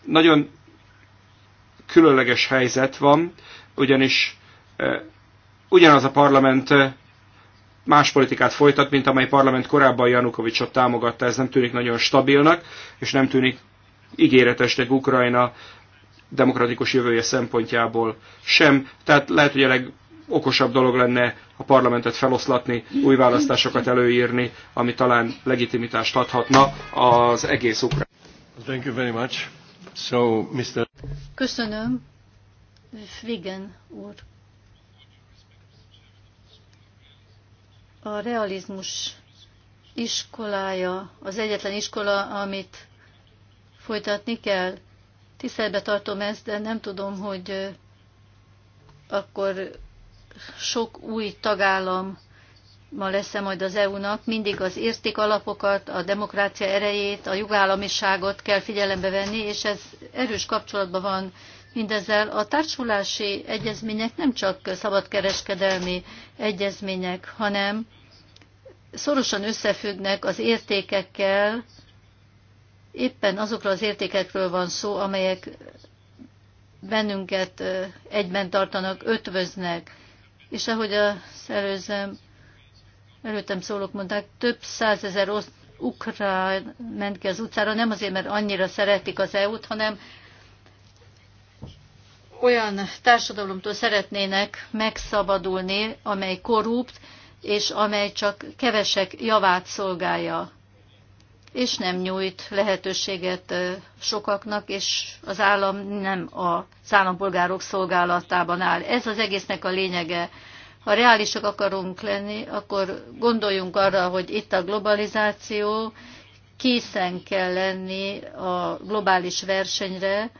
Nagyon különleges helyzet van, ugyanis eh, ugyanaz a parlament eh, más politikát folytat, mint amely parlament korábban Janukovicsot támogatta, ez nem tűnik nagyon stabilnak, és nem tűnik ígéretesnek Ukrajna demokratikus jövője szempontjából sem. Tehát lehet, hogy a leg, okosabb dolog lenne a parlamentet feloszlatni, új választásokat előírni, ami talán legitimitást adhatna az egész ukrán. Thank you very much. So, Mr. Köszönöm, Vigen úr. A realizmus iskolája az egyetlen iskola, amit folytatni kell. Tiszteletbe tartom ezt, de nem tudom, hogy akkor sok új tagállam ma lesz -e majd az EU-nak, mindig az értékalapokat, a demokrácia erejét, a jogállamiságot kell figyelembe venni, és ez erős kapcsolatban van mindezzel. A társulási egyezmények nem csak szabadkereskedelmi egyezmények, hanem szorosan összefüggnek az értékekkel, éppen azokról az értékekről van szó, amelyek bennünket egyben tartanak, ötvöznek és ahogy az előzőm, előttem szólók mondták, több százezer ukrán ment ki az utcára, nem azért, mert annyira szeretik az EU-t, hanem olyan társadalomtól szeretnének megszabadulni, amely korrupt, és amely csak kevesek javát szolgálja és nem nyújt lehetőséget sokaknak, és az állam nem a állampolgárok szolgálatában áll. Ez az egésznek a lényege. Ha reálisak akarunk lenni, akkor gondoljunk arra, hogy itt a globalizáció, készen kell lenni a globális versenyre,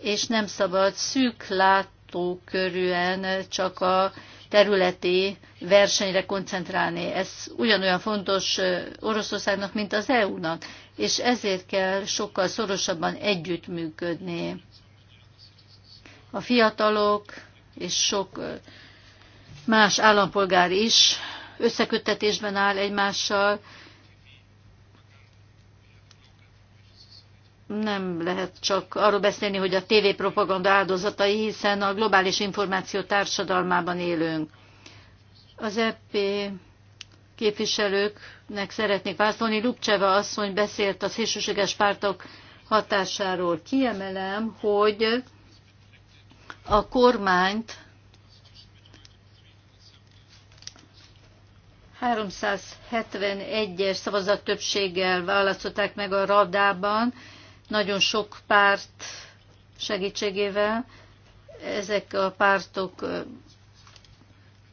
és nem szabad szűk látókörűen csak a területi versenyre koncentrálni. Ez ugyanolyan fontos Oroszországnak, mint az EU-nak, és ezért kell sokkal szorosabban együttműködni. A fiatalok és sok más állampolgár is összeköttetésben áll egymással, nem lehet csak arról beszélni, hogy a TV propaganda áldozatai, hiszen a globális információ társadalmában élünk. Az EP képviselőknek szeretnék válaszolni. Lukcseva asszony beszélt a szélsőséges pártok hatásáról. Kiemelem, hogy a kormányt 371-es szavazat többséggel választották meg a radában, nagyon sok párt segítségével. Ezek a pártok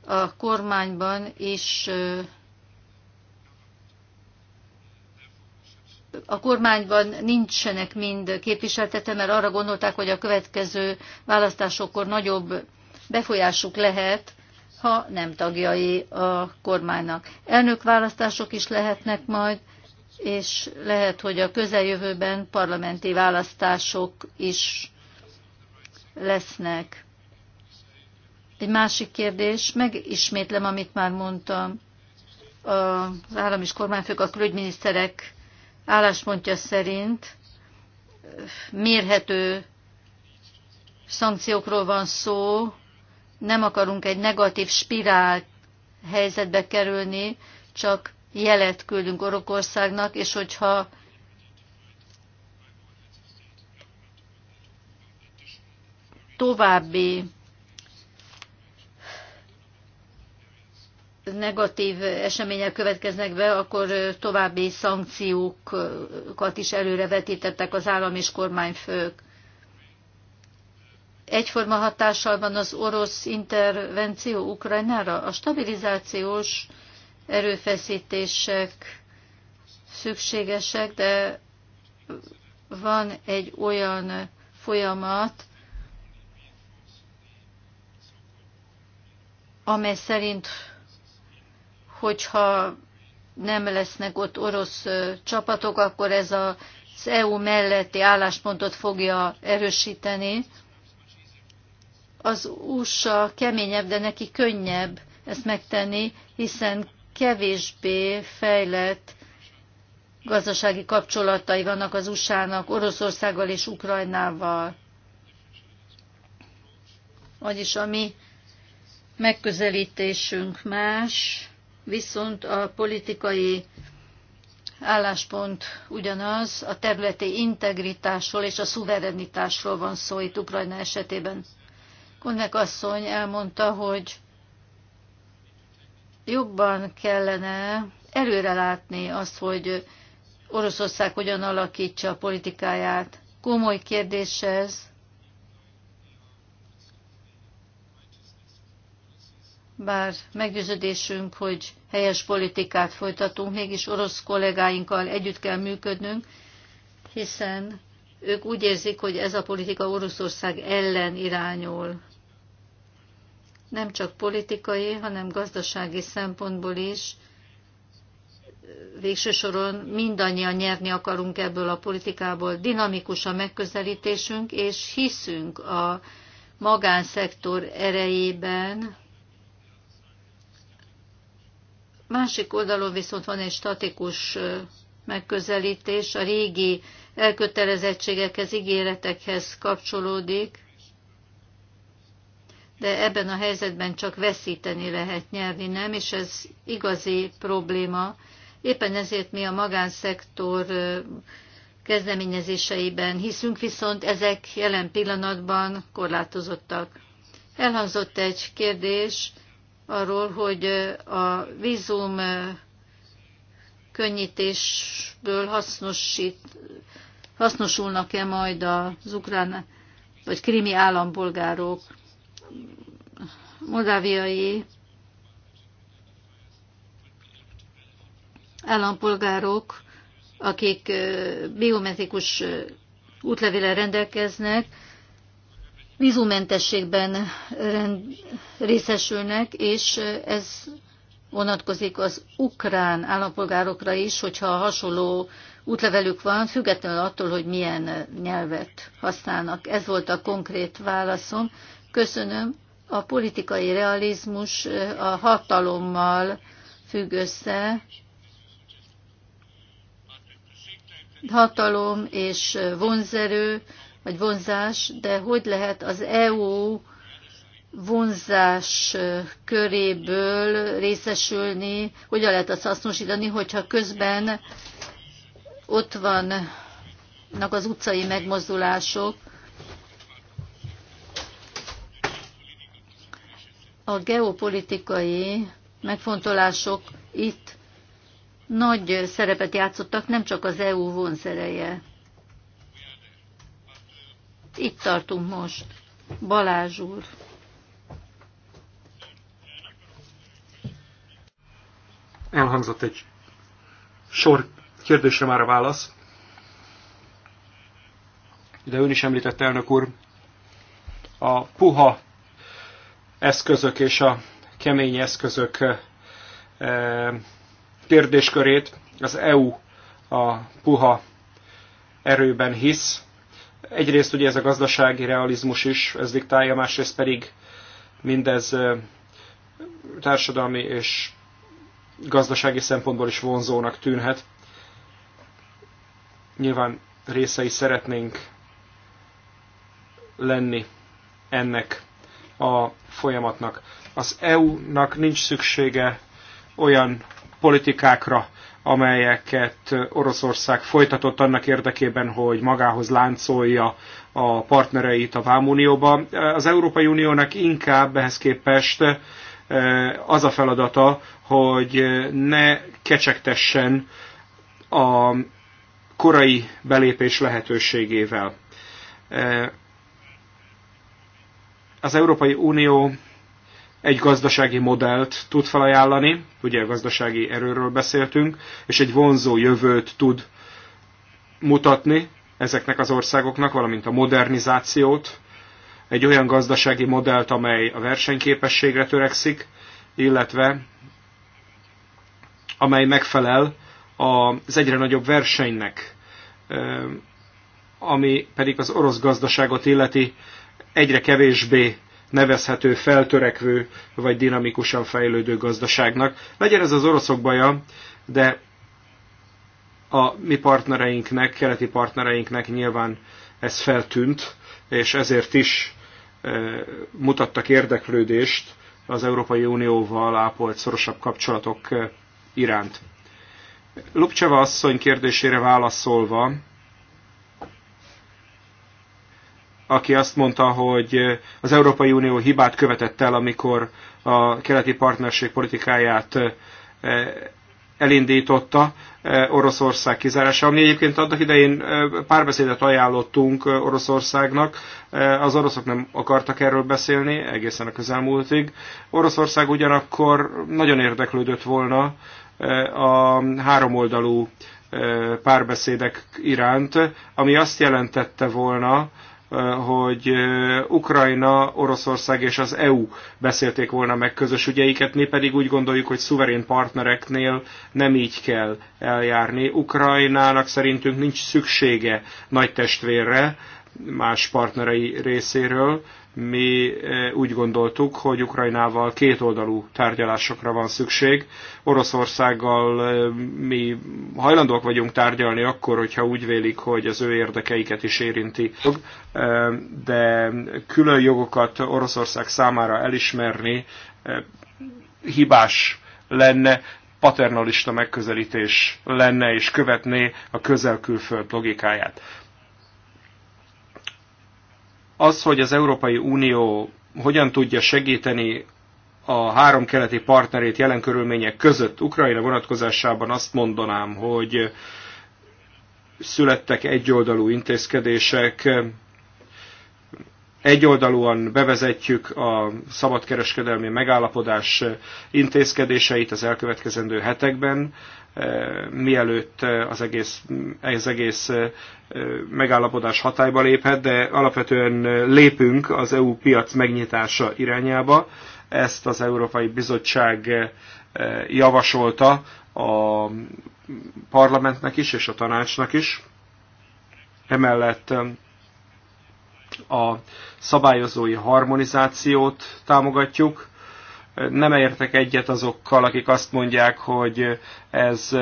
a kormányban is a kormányban nincsenek mind képviseltetve, mert arra gondolták, hogy a következő választásokkor nagyobb befolyásuk lehet, ha nem tagjai a kormánynak. Elnök választások is lehetnek majd, és lehet, hogy a közeljövőben parlamenti választások is lesznek. Egy másik kérdés, megismétlem, amit már mondtam. Az állam és kormányfők, a külügyminiszterek álláspontja szerint mérhető szankciókról van szó, nem akarunk egy negatív spirál helyzetbe kerülni, csak jelet küldünk Orokországnak, és hogyha további negatív események következnek be, akkor további szankciókat is előrevetítettek az állam és kormányfők. Egyforma hatással van az orosz intervenció Ukrajnára. A stabilizációs erőfeszítések szükségesek, de van egy olyan folyamat, amely szerint, hogyha nem lesznek ott orosz csapatok, akkor ez az EU melletti álláspontot fogja erősíteni. Az USA keményebb, de neki könnyebb ezt megtenni, hiszen kevésbé fejlett gazdasági kapcsolatai vannak az USA-nak Oroszországgal és Ukrajnával. Vagyis a mi megközelítésünk más, viszont a politikai álláspont ugyanaz, a területi integritásról és a szuverenitásról van szó itt Ukrajna esetében. Konnek asszony elmondta, hogy jobban kellene előrelátni azt, hogy Oroszország hogyan alakítsa a politikáját. Komoly kérdés ez. Bár meggyőződésünk, hogy helyes politikát folytatunk, mégis orosz kollégáinkkal együtt kell működnünk, hiszen ők úgy érzik, hogy ez a politika Oroszország ellen irányul nem csak politikai, hanem gazdasági szempontból is végső soron mindannyian nyerni akarunk ebből a politikából. Dinamikus a megközelítésünk, és hiszünk a magánszektor erejében. Másik oldalon viszont van egy statikus megközelítés, a régi elkötelezettségekhez, ígéretekhez kapcsolódik, de ebben a helyzetben csak veszíteni lehet nyerni, nem, és ez igazi probléma. Éppen ezért mi a magánszektor kezdeményezéseiben hiszünk, viszont ezek jelen pillanatban korlátozottak. Elhangzott egy kérdés arról, hogy a vízum könnyítésből hasznosít, hasznosulnak-e majd az ukrán vagy krimi állampolgárok moldáviai állampolgárok, akik biometrikus útlevéle rendelkeznek, vízumentességben rend, részesülnek, és ez vonatkozik az ukrán állampolgárokra is, hogyha hasonló útlevelük van, függetlenül attól, hogy milyen nyelvet használnak. Ez volt a konkrét válaszom, Köszönöm. A politikai realizmus eh, a hatalommal függ össze. Hatalom és eh, vonzerő, vagy vonzás, de hogy lehet az EU vonzás eh, köréből részesülni, hogyan lehet azt hasznosítani, hogyha közben ott vannak az utcai megmozdulások, a geopolitikai megfontolások itt nagy szerepet játszottak, nem csak az EU vonzereje. Itt tartunk most. Balázs úr. Elhangzott egy sor kérdésre már a válasz. De ön is említett, elnök úr, a puha eszközök és a kemény eszközök eh, kérdéskörét. Az EU a puha erőben hisz. Egyrészt ugye ez a gazdasági realizmus is, ez diktálja, másrészt pedig mindez eh, társadalmi és gazdasági szempontból is vonzónak tűnhet. Nyilván részei szeretnénk lenni ennek a folyamatnak. Az EU-nak nincs szüksége olyan politikákra, amelyeket Oroszország folytatott annak érdekében, hogy magához láncolja a partnereit a Vámunióba. Az Európai Uniónak inkább ehhez képest eh, az a feladata, hogy ne kecsegtessen a korai belépés lehetőségével. Eh, az Európai Unió egy gazdasági modellt tud felajánlani, ugye a gazdasági erőről beszéltünk, és egy vonzó jövőt tud mutatni ezeknek az országoknak, valamint a modernizációt, egy olyan gazdasági modellt, amely a versenyképességre törekszik, illetve amely megfelel az egyre nagyobb versenynek, ami pedig az orosz gazdaságot illeti, egyre kevésbé nevezhető feltörekvő vagy dinamikusan fejlődő gazdaságnak. Legyen ez az oroszok baja, de a mi partnereinknek, keleti partnereinknek nyilván ez feltűnt, és ezért is e, mutattak érdeklődést az Európai Unióval ápolt szorosabb kapcsolatok e, iránt. Lupcseva asszony kérdésére válaszolva, aki azt mondta, hogy az Európai Unió hibát követett el, amikor a keleti partnerség politikáját elindította Oroszország kizárása, ami egyébként annak idején párbeszédet ajánlottunk Oroszországnak, az oroszok nem akartak erről beszélni egészen a közelmúltig. Oroszország ugyanakkor nagyon érdeklődött volna a háromoldalú párbeszédek iránt, ami azt jelentette volna, hogy Ukrajna, Oroszország és az EU beszélték volna meg közös ügyeiket, mi pedig úgy gondoljuk, hogy szuverén partnereknél nem így kell eljárni. Ukrajnának szerintünk nincs szüksége nagy testvérre, más partnerei részéről, mi eh, úgy gondoltuk, hogy Ukrajnával kétoldalú tárgyalásokra van szükség. Oroszországgal eh, mi hajlandóak vagyunk tárgyalni akkor, hogyha úgy vélik, hogy az ő érdekeiket is érinti. Eh, de külön jogokat Oroszország számára elismerni hibás lenne, paternalista megközelítés lenne, és követné a közel-külföld logikáját. Az, hogy az Európai Unió hogyan tudja segíteni a három keleti partnerét jelen körülmények között Ukrajna vonatkozásában azt mondanám, hogy születtek egyoldalú intézkedések, egyoldalúan bevezetjük a szabadkereskedelmi megállapodás intézkedéseit az elkövetkezendő hetekben. Eh, mielőtt eh, az egész, eh, az egész megállapodás hatályba léphet, de alapvetően lépünk az EU piac megnyitása irányába. Ezt az Európai Bizottság javasolta a parlamentnek is és a tanácsnak is. Emellett a szabályozói harmonizációt támogatjuk, nem értek egyet azokkal, akik azt mondják, hogy ez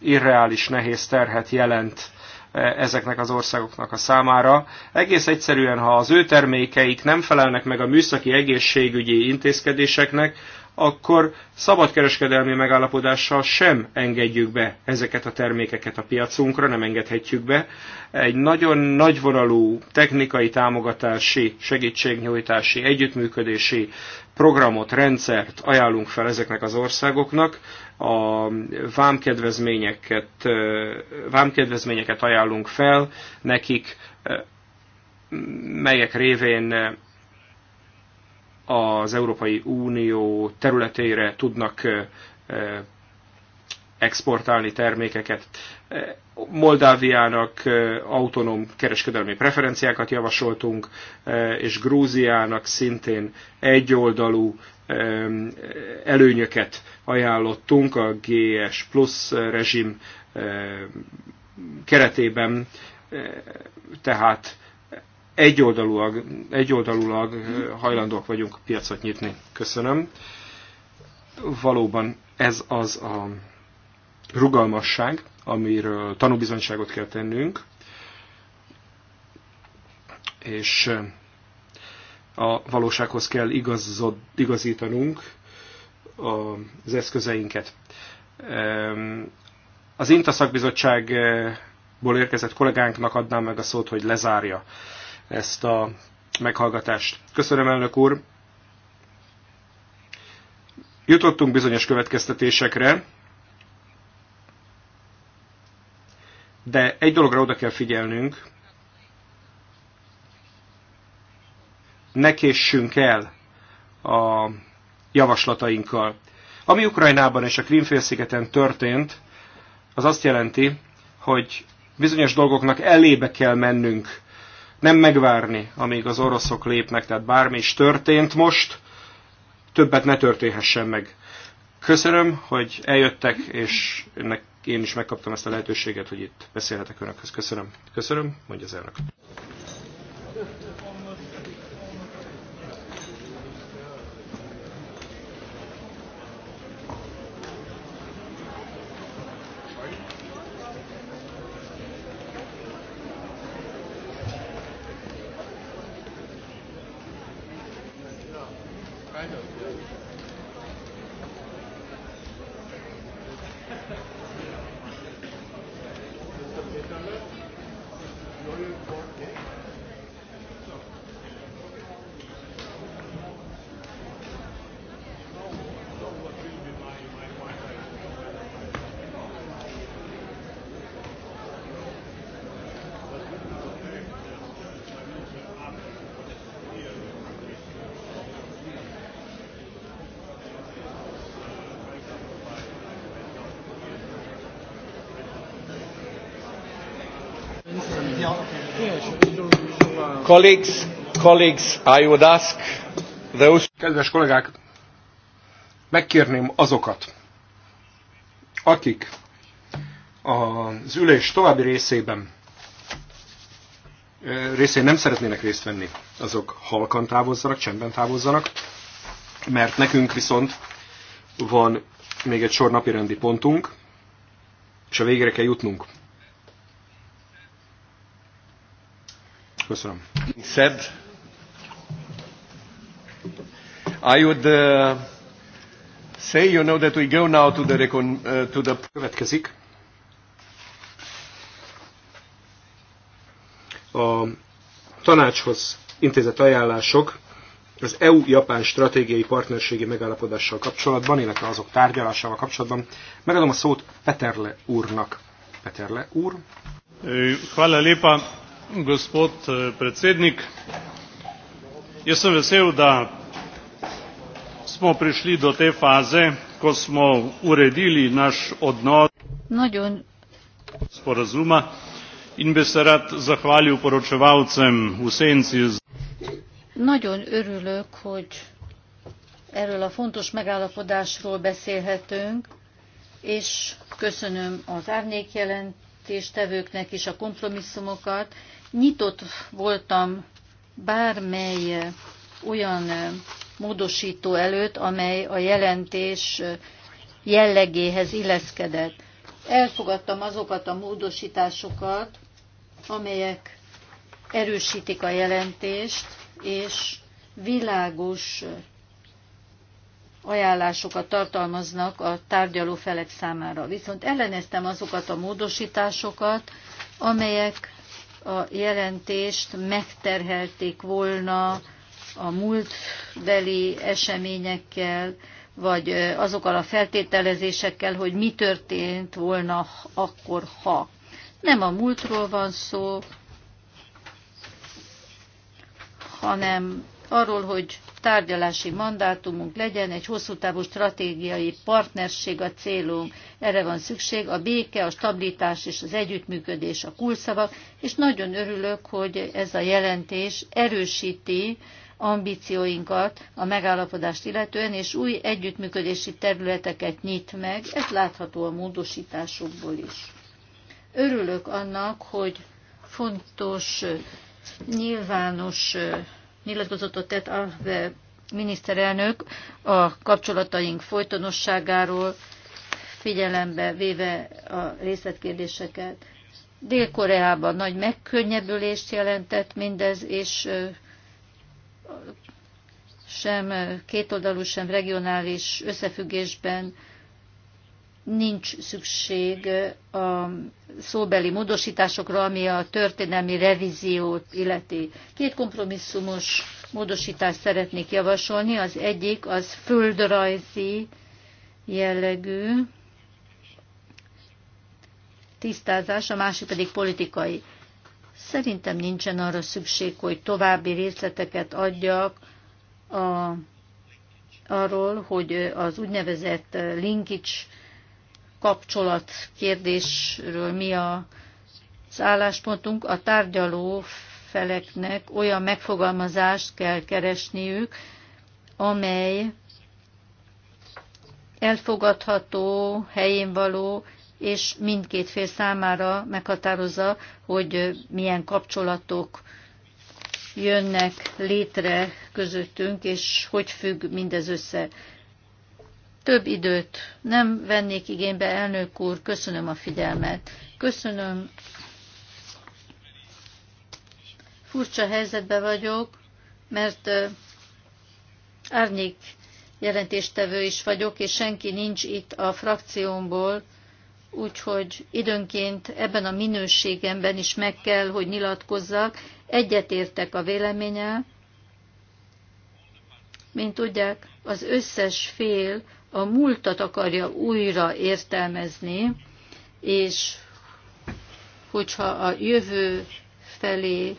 irreális nehéz terhet jelent ezeknek az országoknak a számára. Egész egyszerűen, ha az ő termékeik nem felelnek meg a műszaki egészségügyi intézkedéseknek, akkor szabadkereskedelmi megállapodással sem engedjük be ezeket a termékeket a piacunkra, nem engedhetjük be. Egy nagyon nagyvonalú technikai támogatási, segítségnyújtási, együttműködési programot, rendszert ajánlunk fel ezeknek az országoknak, a vámkedvezményeket, vámkedvezményeket ajánlunk fel nekik, melyek révén az Európai Unió területére tudnak exportálni termékeket. Moldáviának autonóm kereskedelmi preferenciákat javasoltunk, és Grúziának szintén egyoldalú előnyöket ajánlottunk a GS Plus rezsim keretében, tehát egyoldalúlag, egyoldalúlag hajlandóak vagyunk piacot nyitni. Köszönöm. Valóban ez az a rugalmasság, amiről tanúbizonyságot kell tennünk, és a valósághoz kell igazod, igazítanunk az eszközeinket. Az INTA szakbizottságból érkezett kollégánknak adnám meg a szót, hogy lezárja ezt a meghallgatást. Köszönöm, elnök úr! Jutottunk bizonyos következtetésekre, De egy dologra oda kell figyelnünk, ne késsünk el a javaslatainkkal. Ami Ukrajnában és a Krímfélszigeten történt, az azt jelenti, hogy bizonyos dolgoknak elébe kell mennünk, nem megvárni, amíg az oroszok lépnek, tehát bármi is történt most, többet ne történhessen meg. Köszönöm, hogy eljöttek, és ennek én is megkaptam ezt a lehetőséget, hogy itt beszélhetek önökhöz. Köszönöm. Köszönöm, mondja az elnök. Colleagues, colleagues, I would ask those... Kedves kollégák, megkérném azokat, akik az ülés további részében részén nem szeretnének részt venni, azok halkan távozzanak, csendben távozzanak, mert nekünk viszont van még egy sor napirendi pontunk, és a végére kell jutnunk. Köszönöm. Said, I would uh, say, you know, that we go now to the, recon, uh, to the... Következik. A tanácshoz intézett ajánlások az EU-Japán stratégiai partnerségi megállapodással kapcsolatban, illetve azok tárgyalásával kapcsolatban. Megadom a szót Peterle úrnak. Peterle úr. Hvala lépa gospod eh, predsednik jaz sem vesel da smo prišli do te faze ko smo uredili naš odnos sporazuma in bi se rad zahvalil poročevalcem v senci Nagyon örülök, hogy erről a fontos megállapodásról beszélhetünk, és köszönöm az árnyékjelentéstevőknek is a kompromisszumokat, nyitott voltam bármely olyan módosító előtt, amely a jelentés jellegéhez illeszkedett. Elfogadtam azokat a módosításokat, amelyek erősítik a jelentést, és világos ajánlásokat tartalmaznak a tárgyaló felek számára. Viszont elleneztem azokat a módosításokat, amelyek a jelentést megterhelték volna a múltbeli eseményekkel, vagy azokkal a feltételezésekkel, hogy mi történt volna akkor, ha. Nem a múltról van szó, hanem arról, hogy tárgyalási mandátumunk legyen, egy hosszú távú stratégiai partnerség a célunk. Erre van szükség, a béke, a stabilitás és az együttműködés a kulszavak, és nagyon örülök, hogy ez a jelentés erősíti ambícióinkat a megállapodást illetően, és új együttműködési területeket nyit meg, ez látható a módosításokból is. Örülök annak, hogy fontos nyilvános nyilatkozatot tett a e, miniszterelnök a kapcsolataink folytonosságáról, figyelembe véve a részletkérdéseket. Dél-Koreában nagy megkönnyebbülést jelentett mindez, és e, sem kétoldalú, sem regionális összefüggésben nincs szükség a szóbeli módosításokra, ami a történelmi revíziót illeti. Két kompromisszumos módosítást szeretnék javasolni. Az egyik az földrajzi jellegű tisztázás, a másik pedig politikai. Szerintem nincsen arra szükség, hogy további részleteket adjak a, arról, hogy az úgynevezett linkics kapcsolat kérdésről mi a, az álláspontunk. A tárgyaló feleknek olyan megfogalmazást kell keresniük, amely elfogadható, helyén való, és mindkét fél számára meghatározza, hogy milyen kapcsolatok jönnek létre közöttünk, és hogy függ mindez össze. Több időt nem vennék igénybe, elnök úr, köszönöm a figyelmet. Köszönöm. Furcsa helyzetben vagyok, mert árnyék jelentéstevő is vagyok, és senki nincs itt a frakciómból, úgyhogy időnként ebben a minőségemben is meg kell, hogy nyilatkozzak. Egyetértek a véleménye, Mint tudják, az összes fél, a múltat akarja újra értelmezni, és hogyha a jövő felé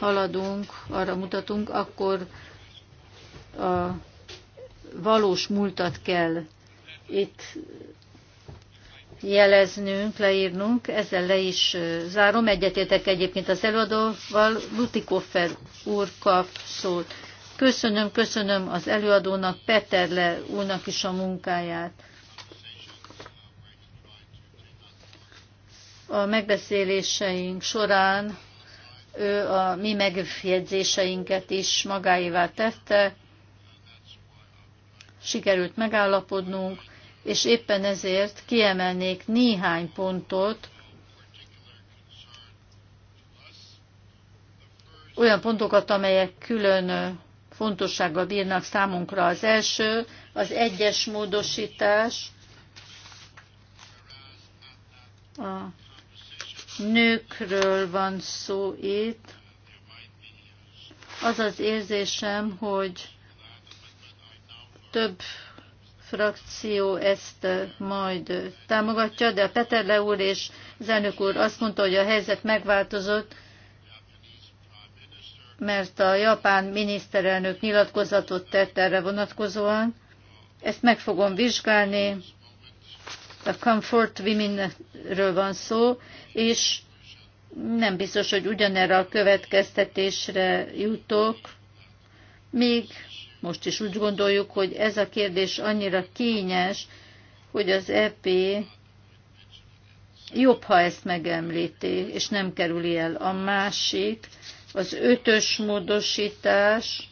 haladunk, arra mutatunk, akkor a valós múltat kell itt jeleznünk, leírnunk, ezzel le is zárom. Egyetértek egyébként az előadóval, Lutikoffer úr kap szót. Köszönöm, köszönöm az előadónak, Peterle úrnak is a munkáját. A megbeszéléseink során ő a mi megjegyzéseinket is magáévá tette, sikerült megállapodnunk, és éppen ezért kiemelnék néhány pontot, olyan pontokat, amelyek külön fontossággal bírnak számunkra. Az első, az egyes módosítás, a nőkről van szó itt. Az az érzésem, hogy több frakció ezt majd támogatja, de a Peterle úr és az elnök úr azt mondta, hogy a helyzet megváltozott, mert a japán miniszterelnök nyilatkozatot tett erre vonatkozóan. Ezt meg fogom vizsgálni. A Comfort Womenről van szó, és nem biztos, hogy ugyanerre a következtetésre jutok. Még most is úgy gondoljuk, hogy ez a kérdés annyira kényes, hogy az EP jobb, ha ezt megemlíti, és nem kerüli el a másik, az ötös módosítás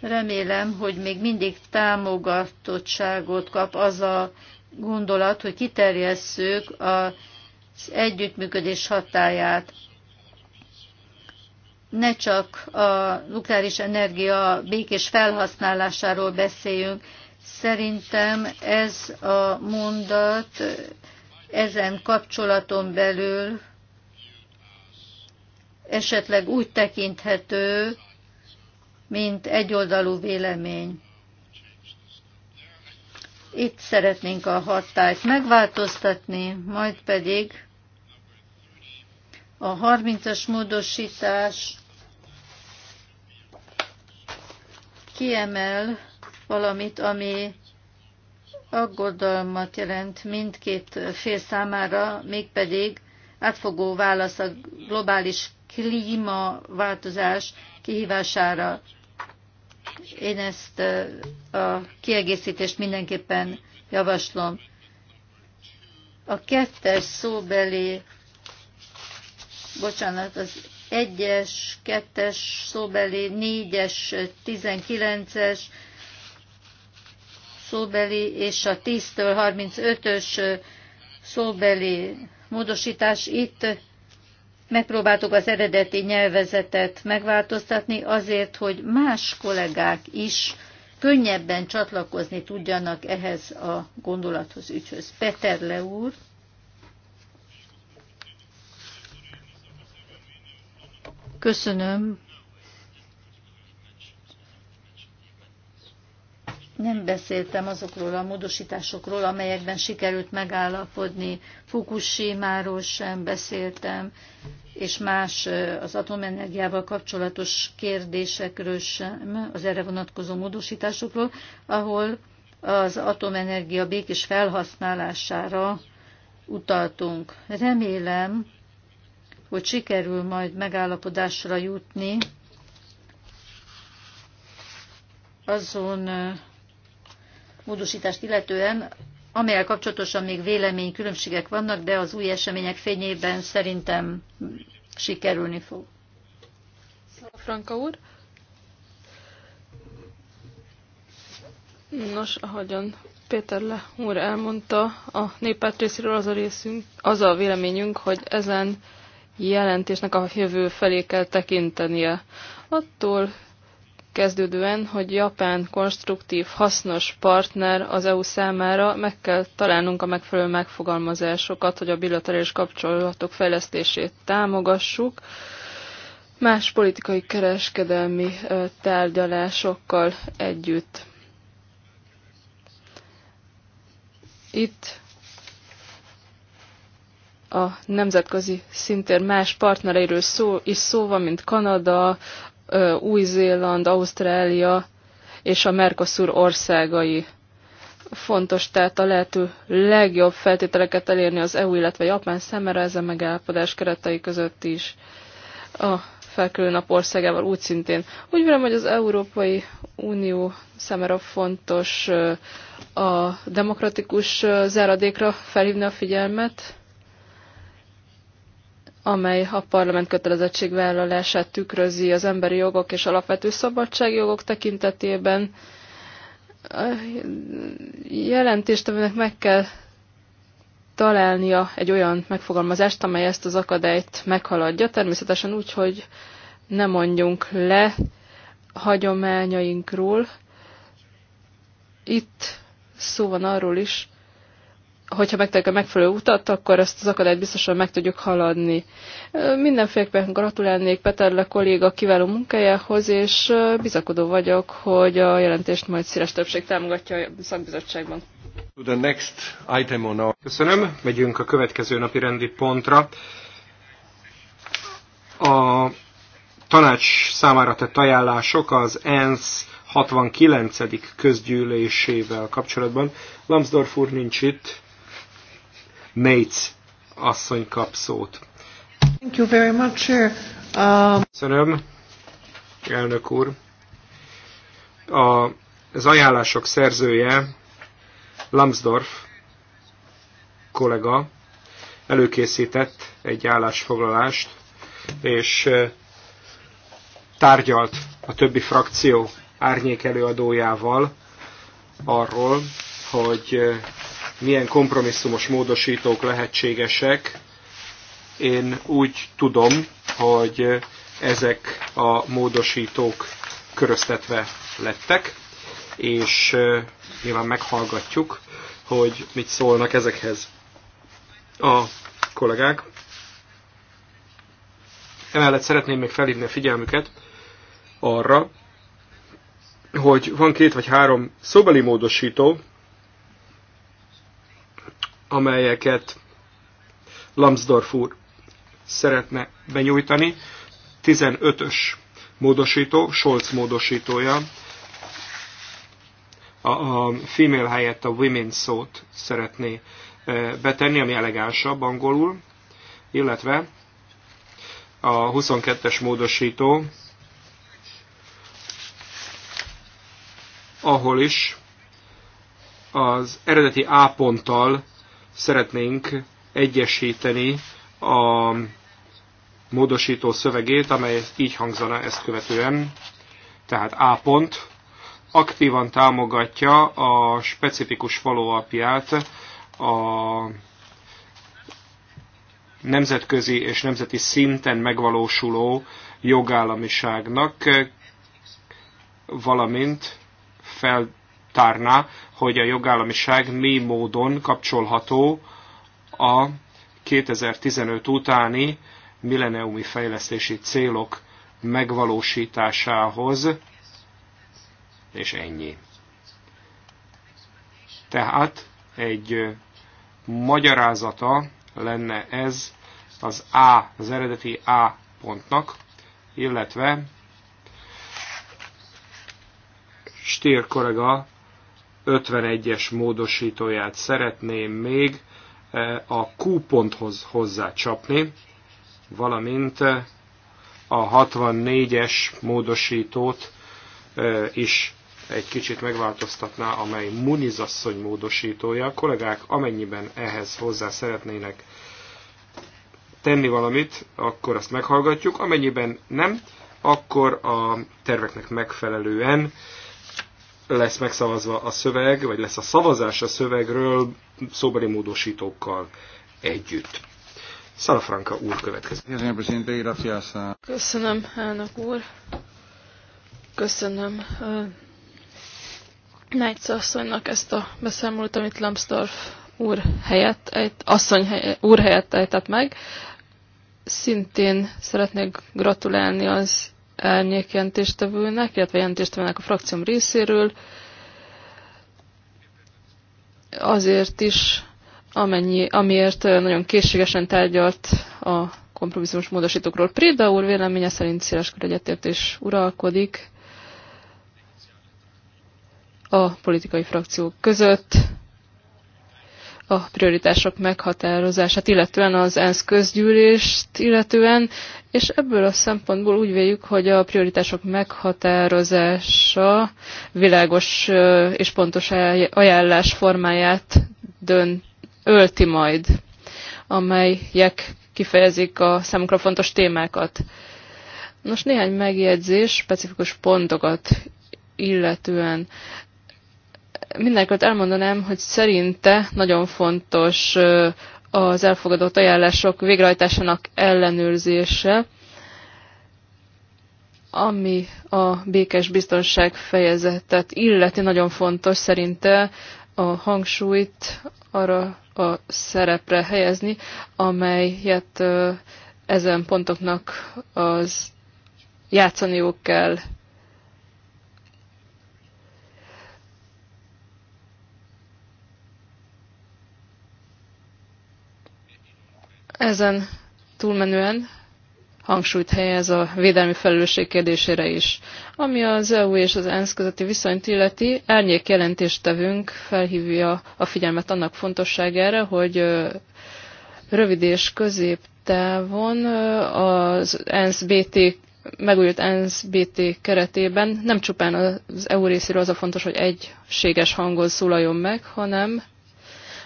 remélem, hogy még mindig támogatottságot kap az a gondolat, hogy kiterjesszük az együttműködés hatáját. Ne csak a nukleáris energia békés felhasználásáról beszéljünk. Szerintem ez a mondat ezen kapcsolaton belül esetleg úgy tekinthető, mint egyoldalú vélemény. Itt szeretnénk a hatályt megváltoztatni, majd pedig a 30-as módosítás kiemel valamit, ami aggodalmat jelent mindkét fél számára, mégpedig átfogó válasz a globális klímaváltozás kihívására. Én ezt a kiegészítést mindenképpen javaslom. A kettes szóbeli, bocsánat, az egyes, kettes szóbeli, négyes, tizenkilences szóbeli és a 10-től 35-ös szóbeli módosítás itt megpróbáltuk az eredeti nyelvezetet megváltoztatni azért, hogy más kollégák is könnyebben csatlakozni tudjanak ehhez a gondolathoz, ügyhöz. Peter Le úr. Köszönöm, Nem beszéltem azokról a módosításokról, amelyekben sikerült megállapodni. Fukushima-ról sem beszéltem, és más az atomenergiával kapcsolatos kérdésekről sem, az erre vonatkozó módosításokról, ahol az atomenergia békés felhasználására utaltunk. Remélem, hogy sikerül majd megállapodásra jutni azon módosítást illetően, amelyel kapcsolatosan még különbségek vannak, de az új események fényében szerintem sikerülni fog. Szóval, Franka úr. Nos, ahogyan Péter Le úr elmondta, a néppárt részéről az a, részünk, az a véleményünk, hogy ezen jelentésnek a jövő felé kell tekintenie. Attól kezdődően, hogy Japán konstruktív, hasznos partner az EU számára, meg kell találnunk a megfelelő megfogalmazásokat, hogy a bilaterális kapcsolatok fejlesztését támogassuk, más politikai kereskedelmi tárgyalásokkal együtt. Itt a nemzetközi szintér más partnereiről szó, is szó van, mint Kanada, új-Zéland, Ausztrália és a Mercosur országai. Fontos tehát a lehető legjobb feltételeket elérni az EU, illetve Japán szemére ezen megállapodás keretei között is. A felkelő nap országával úgy szintén. Úgy vélem, hogy az Európai Unió számára fontos a demokratikus záradékra felhívni a figyelmet, amely a parlament kötelezettségvállalását tükrözi az emberi jogok és alapvető szabadságjogok tekintetében. A jelentéstevőnek meg kell találnia egy olyan megfogalmazást, amely ezt az akadályt meghaladja, természetesen úgy, hogy ne mondjunk le hagyományainkról. Itt szó van arról is, hogyha megtegyük a megfelelő utat, akkor ezt az akadályt biztosan meg tudjuk haladni. Mindenféleképpen gratulálnék Peterle kolléga kiváló munkájához, és bizakodó vagyok, hogy a jelentést majd szíves többség támogatja a szakbizottságban. To the next item on our... Köszönöm, megyünk a következő napi rendi pontra. A tanács számára tett ajánlások az ENSZ 69. közgyűlésével kapcsolatban. Lambsdorff úr nincs itt, Mates asszony kap szót. Thank you very much, sir. Um... Köszönöm, elnök úr. A, az ajánlások szerzője, Lambsdorff kollega előkészített egy állásfoglalást, és tárgyalt a többi frakció árnyék előadójával arról, hogy milyen kompromisszumos módosítók lehetségesek. Én úgy tudom, hogy ezek a módosítók köröztetve lettek, és nyilván meghallgatjuk, hogy mit szólnak ezekhez a kollégák. Emellett szeretném még felhívni a figyelmüket arra, hogy van két vagy három szobeli módosító, amelyeket Lambsdorff úr szeretne benyújtani. 15-ös módosító, Scholz módosítója. A, a female helyett a women szót szeretné e, betenni, ami elegánsabb angolul, illetve a 22-es módosító, ahol is az eredeti A ponttal szeretnénk egyesíteni a módosító szövegét, amely így hangzana ezt követően, tehát A pont, aktívan támogatja a specifikus follow a nemzetközi és nemzeti szinten megvalósuló jogállamiságnak, valamint fel tárná, hogy a jogállamiság mi módon kapcsolható a 2015 utáni milleniumi fejlesztési célok megvalósításához, és ennyi. Tehát egy magyarázata lenne ez az A, az eredeti A pontnak, illetve Stier kollega 51-es módosítóját szeretném még eh, a Q ponthoz hozzácsapni, valamint eh, a 64-es módosítót eh, is egy kicsit megváltoztatná, amely Munizasszony módosítója. Kollégák, amennyiben ehhez hozzá szeretnének tenni valamit, akkor azt meghallgatjuk. Amennyiben nem, akkor a terveknek megfelelően lesz megszavazva a szöveg, vagy lesz a szavazás a szövegről szóbeli módosítókkal együtt. Szalafranka úr következik. Köszönöm, elnök úr. Köszönöm uh, Nájtsz asszonynak ezt a beszámolót, amit Lambsdorff úr helyett, egy asszony hely, úr helyett ejtett meg. Szintén szeretnék gratulálni az árnyék jelentéstevőnek, illetve jelentéstevőnek a frakcióm részéről, azért is, amennyi, amiért nagyon készségesen tárgyalt a kompromisszumos módosítókról. Préda úr véleménye szerint széleskör egyetértés uralkodik a politikai frakciók között a prioritások meghatározását, illetően az ENSZ közgyűlést, illetően, és ebből a szempontból úgy véljük, hogy a prioritások meghatározása világos és pontos ajánlás formáját dönt, ölti majd, amelyek kifejezik a számunkra fontos témákat. Nos, néhány megjegyzés, specifikus pontokat illetően mindenkit elmondanám, hogy szerinte nagyon fontos az elfogadott ajánlások végrehajtásának ellenőrzése, ami a békes biztonság fejezetet illeti, nagyon fontos szerinte a hangsúlyt arra a szerepre helyezni, amelyet ezen pontoknak az játszaniuk kell Ezen túlmenően hangsúlyt helyez a védelmi felelősség kérdésére is. Ami az EU és az ENSZ közötti viszonyt illeti, árnyék tevünk, felhívja a figyelmet annak fontosságára, hogy rövid és középtávon az ENSZ BT megújult e NSBT keretében nem csupán az EU részéről az a fontos, hogy egységes hangon szólaljon meg, hanem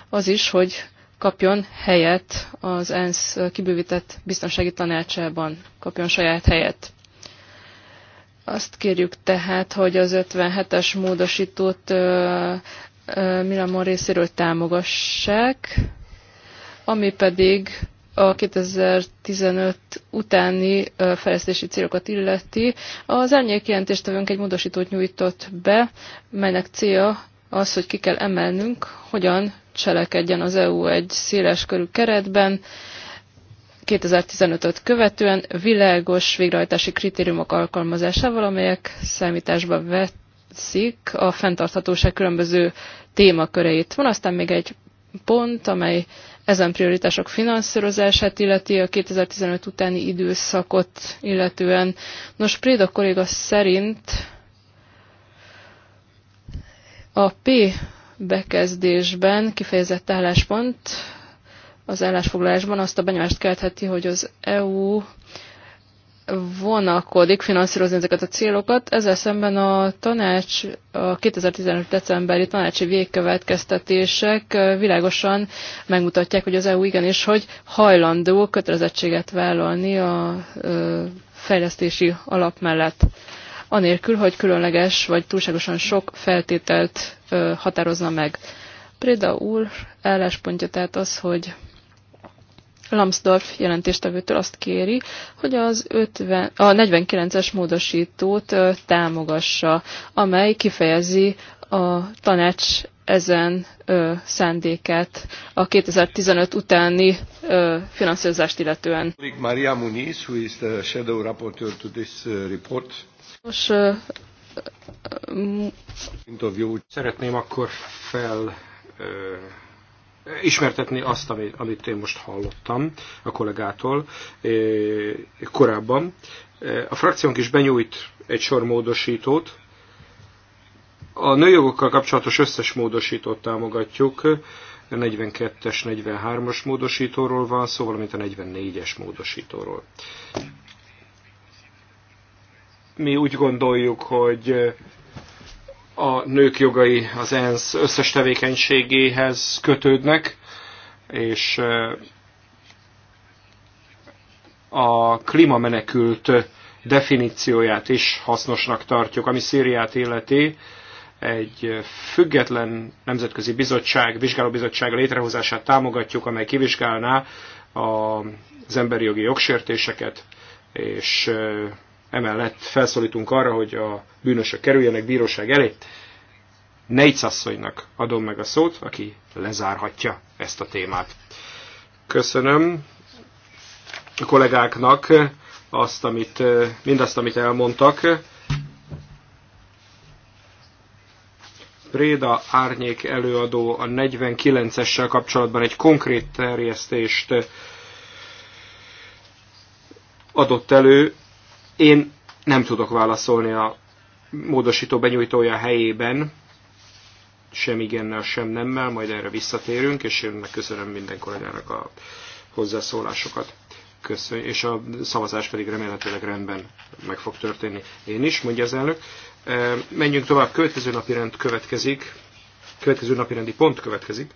az is, hogy kapjon helyet az ENSZ kibővített biztonsági tanácsában, kapjon saját helyet. Azt kérjük tehát, hogy az 57-es módosítót Milamon részéről támogassák, ami pedig a 2015 utáni fejlesztési célokat illeti. Az árnyék jelentéstevőnk egy módosítót nyújtott be, melynek célja az, hogy ki kell emelnünk, hogyan cselekedjen az EU egy széles körű keretben, 2015-öt követően világos végrehajtási kritériumok alkalmazásával, amelyek számításba veszik a fenntarthatóság különböző témaköreit. Van aztán még egy pont, amely ezen prioritások finanszírozását illeti a 2015 utáni időszakot illetően. Nos, Préda kolléga szerint a P bekezdésben kifejezett álláspont az állásfoglalásban azt a benyomást keltheti, hogy az EU vonakodik finanszírozni ezeket a célokat. Ezzel szemben a tanács, a 2015. decemberi tanácsi végkövetkeztetések világosan megmutatják, hogy az EU igenis, hogy hajlandó kötelezettséget vállalni a fejlesztési alap mellett anélkül, hogy különleges vagy túlságosan sok feltételt határozna meg. Préda úr álláspontja tehát az, hogy Lambsdorff jelentéstevőtől azt kéri, hogy az 50, a 49-es módosítót támogassa, amely kifejezi a tanács ezen ö, szándékát a 2015 utáni ö, finanszírozást illetően. Maria Muniz, who is the shadow rapporteur to this uh, report. Nos, interjút. Szeretném akkor fel ismertetni azt, ami, amit én most hallottam a kollégától korábban. A frakciónk is benyújt egy sor módosítót. A nőjogokkal kapcsolatos összes módosítót támogatjuk. A 42-es, 43-as módosítóról van szó, valamint a 44-es módosítóról mi úgy gondoljuk, hogy eh, a nők jogai az ENSZ összes tevékenységéhez kötődnek, és eh, a klímamenekült definícióját is hasznosnak tartjuk, ami Szíriát életi Egy független nemzetközi bizottság, vizsgálóbizottság létrehozását támogatjuk, amely kivizsgálná az emberi jogi jogsértéseket, és eh, Emellett felszólítunk arra, hogy a bűnösök kerüljenek bíróság elé. Neitz asszonynak adom meg a szót, aki lezárhatja ezt a témát. Köszönöm a kollégáknak azt, amit, mindazt, amit elmondtak. Préda árnyék előadó a 49-essel kapcsolatban egy konkrét terjesztést adott elő, én nem tudok válaszolni a módosító benyújtója helyében, sem igennel, sem nemmel, majd erre visszatérünk, és én megköszönöm minden kollégának a hozzászólásokat. Köszönj, és a szavazás pedig remélhetőleg rendben meg fog történni. Én is, mondja az elnök. Menjünk tovább, következő napi rend következik, következő napi rendi pont következik.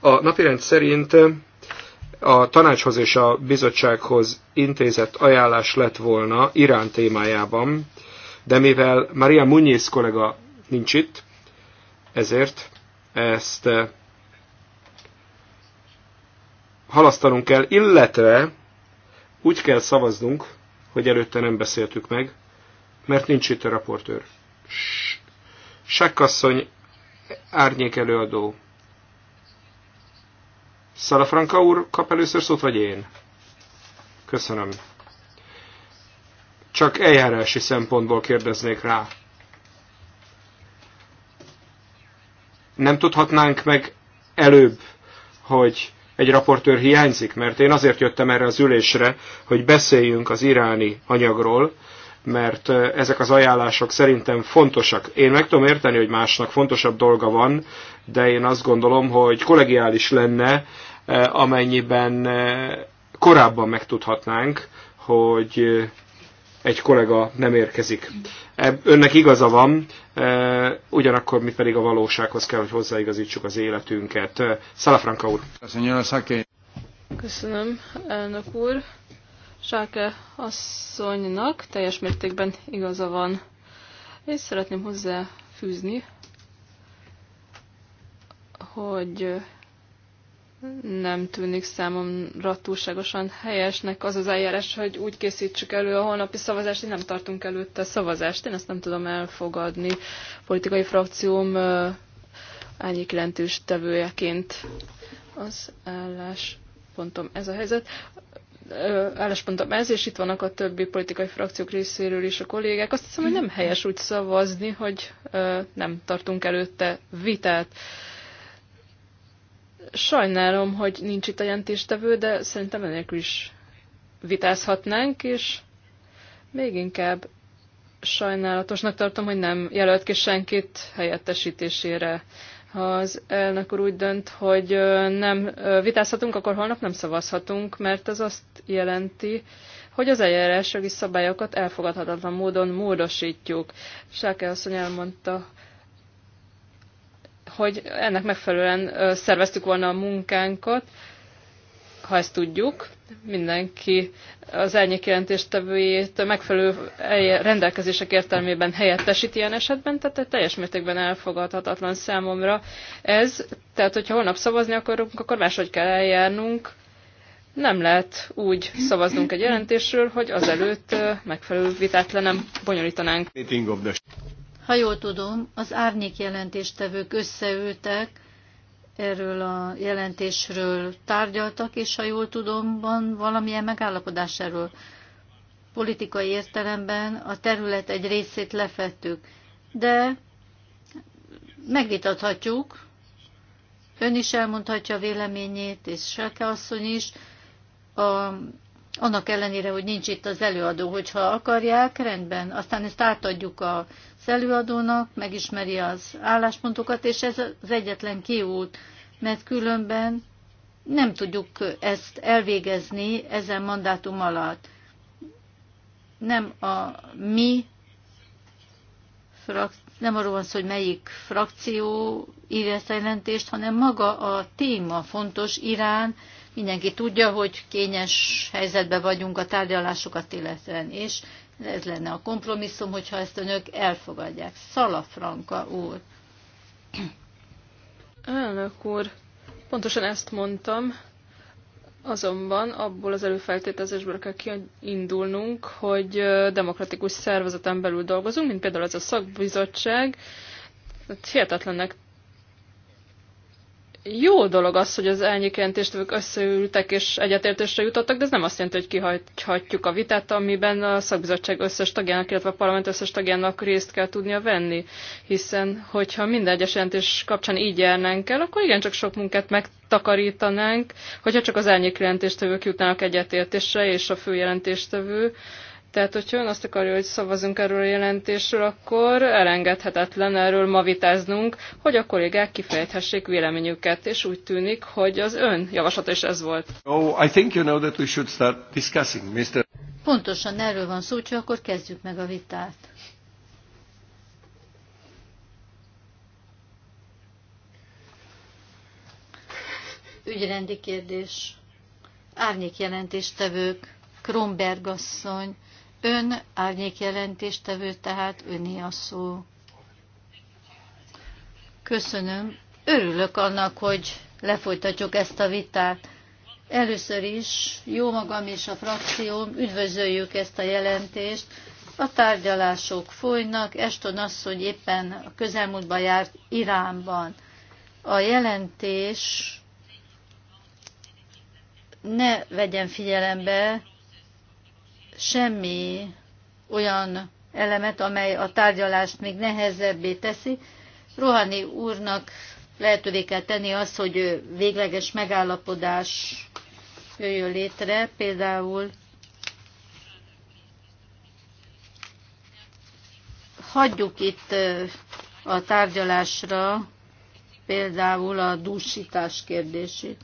A napirend szerint a tanácshoz és a bizottsághoz intézett ajánlás lett volna Irán témájában, de mivel Maria Munyész kollega nincs itt, ezért ezt eh, halasztanunk kell, illetve úgy kell szavaznunk, hogy előtte nem beszéltük meg, mert nincs itt a raportőr. Sekkasszony árnyék előadó Szalafranka úr kap először szót, vagy én? Köszönöm. Csak eljárási szempontból kérdeznék rá. Nem tudhatnánk meg előbb, hogy egy raportőr hiányzik, mert én azért jöttem erre az ülésre, hogy beszéljünk az iráni anyagról, mert ezek az ajánlások szerintem fontosak. Én meg tudom érteni, hogy másnak fontosabb dolga van, de én azt gondolom, hogy kollegiális lenne, amennyiben korábban megtudhatnánk, hogy egy kollega nem érkezik. E, önnek igaza van, ugyanakkor mi pedig a valósághoz kell, hogy hozzáigazítsuk az életünket. Szalafranka úr! Köszönöm, elnök úr! Sáke asszonynak teljes mértékben igaza van. És szeretném hozzáfűzni, hogy nem tűnik számomra túlságosan helyesnek az az eljárás, hogy úgy készítsük elő a holnapi szavazást, hogy nem tartunk előtte szavazást. Én ezt nem tudom elfogadni politikai frakcióm árnyék jelentős tevőjeként. Az álláspontom pontom ez a helyzet álláspontom ez, és itt vannak a többi politikai frakciók részéről is a kollégák. Azt hiszem, hogy nem helyes úgy szavazni, hogy nem tartunk előtte vitát. Sajnálom, hogy nincs itt a jelentéstevő, de szerintem enélkül is vitázhatnánk, és még inkább sajnálatosnak tartom, hogy nem jelölt ki senkit helyettesítésére. Ha az elnök úr úgy dönt, hogy nem vitázhatunk, akkor holnap nem szavazhatunk, mert ez azt jelenti, hogy az eljárásjogi szabályokat elfogadhatatlan módon módosítjuk. Sáke asszony elmondta, hogy ennek megfelelően szerveztük volna a munkánkat, ha ezt tudjuk, mindenki az elnyék jelentéstevőjét megfelelő rendelkezések értelmében helyettesít ilyen esetben, tehát teljes mértékben elfogadhatatlan számomra ez. Tehát, hogyha holnap szavazni akarunk, akkor máshogy kell eljárnunk. Nem lehet úgy szavaznunk egy jelentésről, hogy azelőtt megfelelő vitát le nem bonyolítanánk. Ha jól tudom, az árnyék jelentéstevők összeültek, erről a jelentésről tárgyaltak, és ha jól tudom, van valamilyen megállapodás erről. Politikai értelemben a terület egy részét lefettük, de megvitathatjuk, ön is elmondhatja a véleményét, és Selke asszony is, a, annak ellenére, hogy nincs itt az előadó, hogyha akarják, rendben, aztán ezt átadjuk a az előadónak, megismeri az álláspontokat, és ez az egyetlen kiút, mert különben nem tudjuk ezt elvégezni ezen mandátum alatt. Nem a mi frak, nem arról van szó, hogy melyik frakció írja ezt a jelentést, hanem maga a téma fontos Irán. Mindenki tudja, hogy kényes helyzetben vagyunk a tárgyalásokat illetően, és ez lenne a kompromisszum, hogyha ezt önök elfogadják. Szalafranka úr. Elnök úr, pontosan ezt mondtam, azonban abból az előfeltételezésből kell kiindulnunk, hogy demokratikus szervezeten belül dolgozunk, mint például ez a szakbizottság. Hát hihetetlennek jó dolog az, hogy az elnyékjelentéstevők összeültek és egyetértésre jutottak, de ez nem azt jelenti, hogy kihagyhatjuk a vitát, amiben a szakbizottság összes tagjának, illetve a parlament összes tagjának részt kell tudnia venni. Hiszen, hogyha minden egyes jelentés kapcsán így járnánk el, akkor igencsak sok munkát megtakarítanánk, hogyha csak az elnyékjelentéstevők jutnának egyetértésre, és a főjelentéstevő, jelentéstevő tehát, hogyha ön azt akarja, hogy szavazunk erről a jelentésről, akkor elengedhetetlen erről ma vitáznunk, hogy a kollégák kifejthessék véleményüket, és úgy tűnik, hogy az ön javaslata is ez volt. Oh, I think you know that we should start discussing, Mr. Pontosan erről van szó, csak akkor kezdjük meg a vitát. Ügyrendi kérdés. Árnyék jelentéstevők. Kromberg asszony, Ön árnyék jelentéstevő, tehát öné a szó. Köszönöm. Örülök annak, hogy lefolytatjuk ezt a vitát. Először is jó magam és a frakcióm üdvözöljük ezt a jelentést. A tárgyalások folynak, Eston asszony éppen a közelmúltban járt Iránban. A jelentés ne vegyen figyelembe semmi olyan elemet, amely a tárgyalást még nehezebbé teszi. Rohani úrnak lehetővé kell tenni az, hogy végleges megállapodás jöjjön létre, például hagyjuk itt a tárgyalásra például a dúsítás kérdését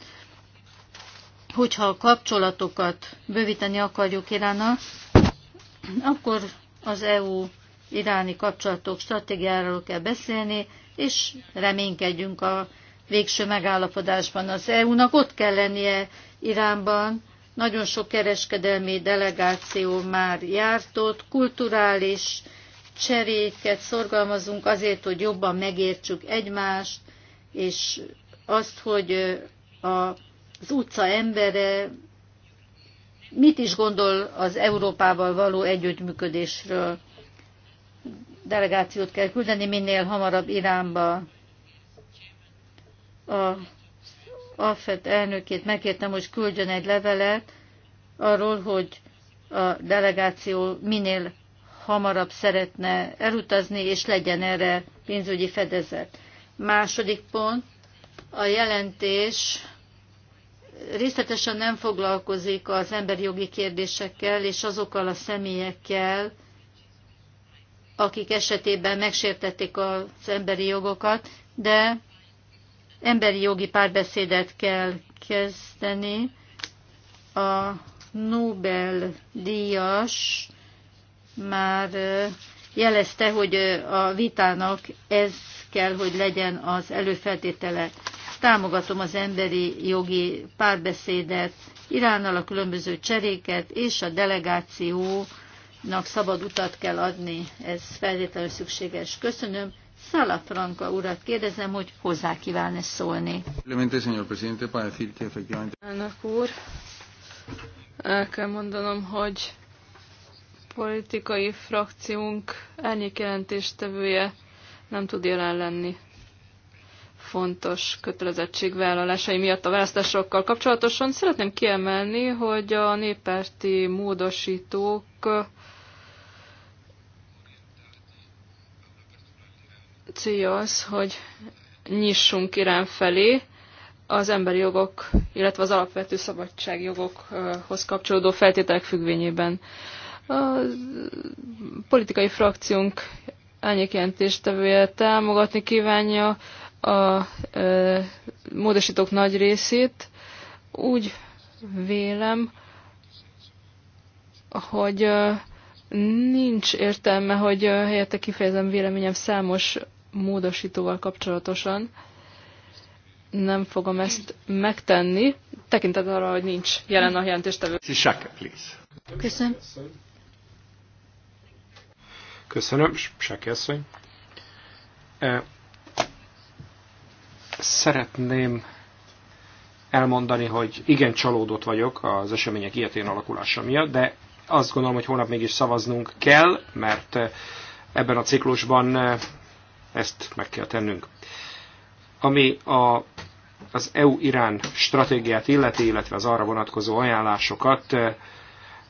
hogyha a kapcsolatokat bővíteni akarjuk Iránnal, akkor az EU iráni kapcsolatok stratégiáról kell beszélni, és reménykedjünk a végső megállapodásban. Az EU-nak ott kell lennie Iránban, nagyon sok kereskedelmi delegáció már járt ott, kulturális cseréket szorgalmazunk azért, hogy jobban megértsük egymást, és azt, hogy a az utca embere mit is gondol az Európával való együttműködésről. Delegációt kell küldeni minél hamarabb Iránba. A AFET elnökét megkértem, hogy küldjön egy levelet arról, hogy a delegáció minél hamarabb szeretne elutazni, és legyen erre pénzügyi fedezet. Második pont, a jelentés részletesen nem foglalkozik az emberi jogi kérdésekkel és azokkal a személyekkel, akik esetében megsértették az emberi jogokat, de emberi jogi párbeszédet kell kezdeni. A Nobel-díjas már jelezte, hogy a vitának ez kell, hogy legyen az előfeltétele támogatom az emberi jogi párbeszédet Iránnal, a különböző cseréket, és a delegációnak szabad utat kell adni. Ez feltétlenül szükséges. Köszönöm. Szala Franka urat kérdezem, hogy hozzá kíván-e szólni. Elnök úr, el kell mondanom, hogy politikai frakciónk jelentéstevője nem tud jelen lenni fontos kötelezettségvállalásai miatt a választásokkal kapcsolatosan. Szeretném kiemelni, hogy a néppárti módosítók célja az, hogy nyissunk Irán felé az emberi jogok, illetve az alapvető szabadságjogokhoz kapcsolódó feltételek függvényében. A politikai frakciónk elnyékjelentéstevője támogatni kívánja a ö, módosítók nagy részét. Úgy vélem, hogy ö, nincs értelme, hogy ö, helyette kifejezem véleményem számos módosítóval kapcsolatosan. Nem fogom ezt megtenni, tekintet arra, hogy nincs jelen a jelentéstevő. Köszönöm. Köszönöm, Saka asszony. E, Szeretném elmondani, hogy igen csalódott vagyok az események ilyetén alakulása miatt, de azt gondolom, hogy holnap mégis szavaznunk kell, mert eh, ebben a ciklusban eh, ezt meg kell tennünk. Ami a, az EU-Irán stratégiát illeti, illetve az arra vonatkozó ajánlásokat, eh,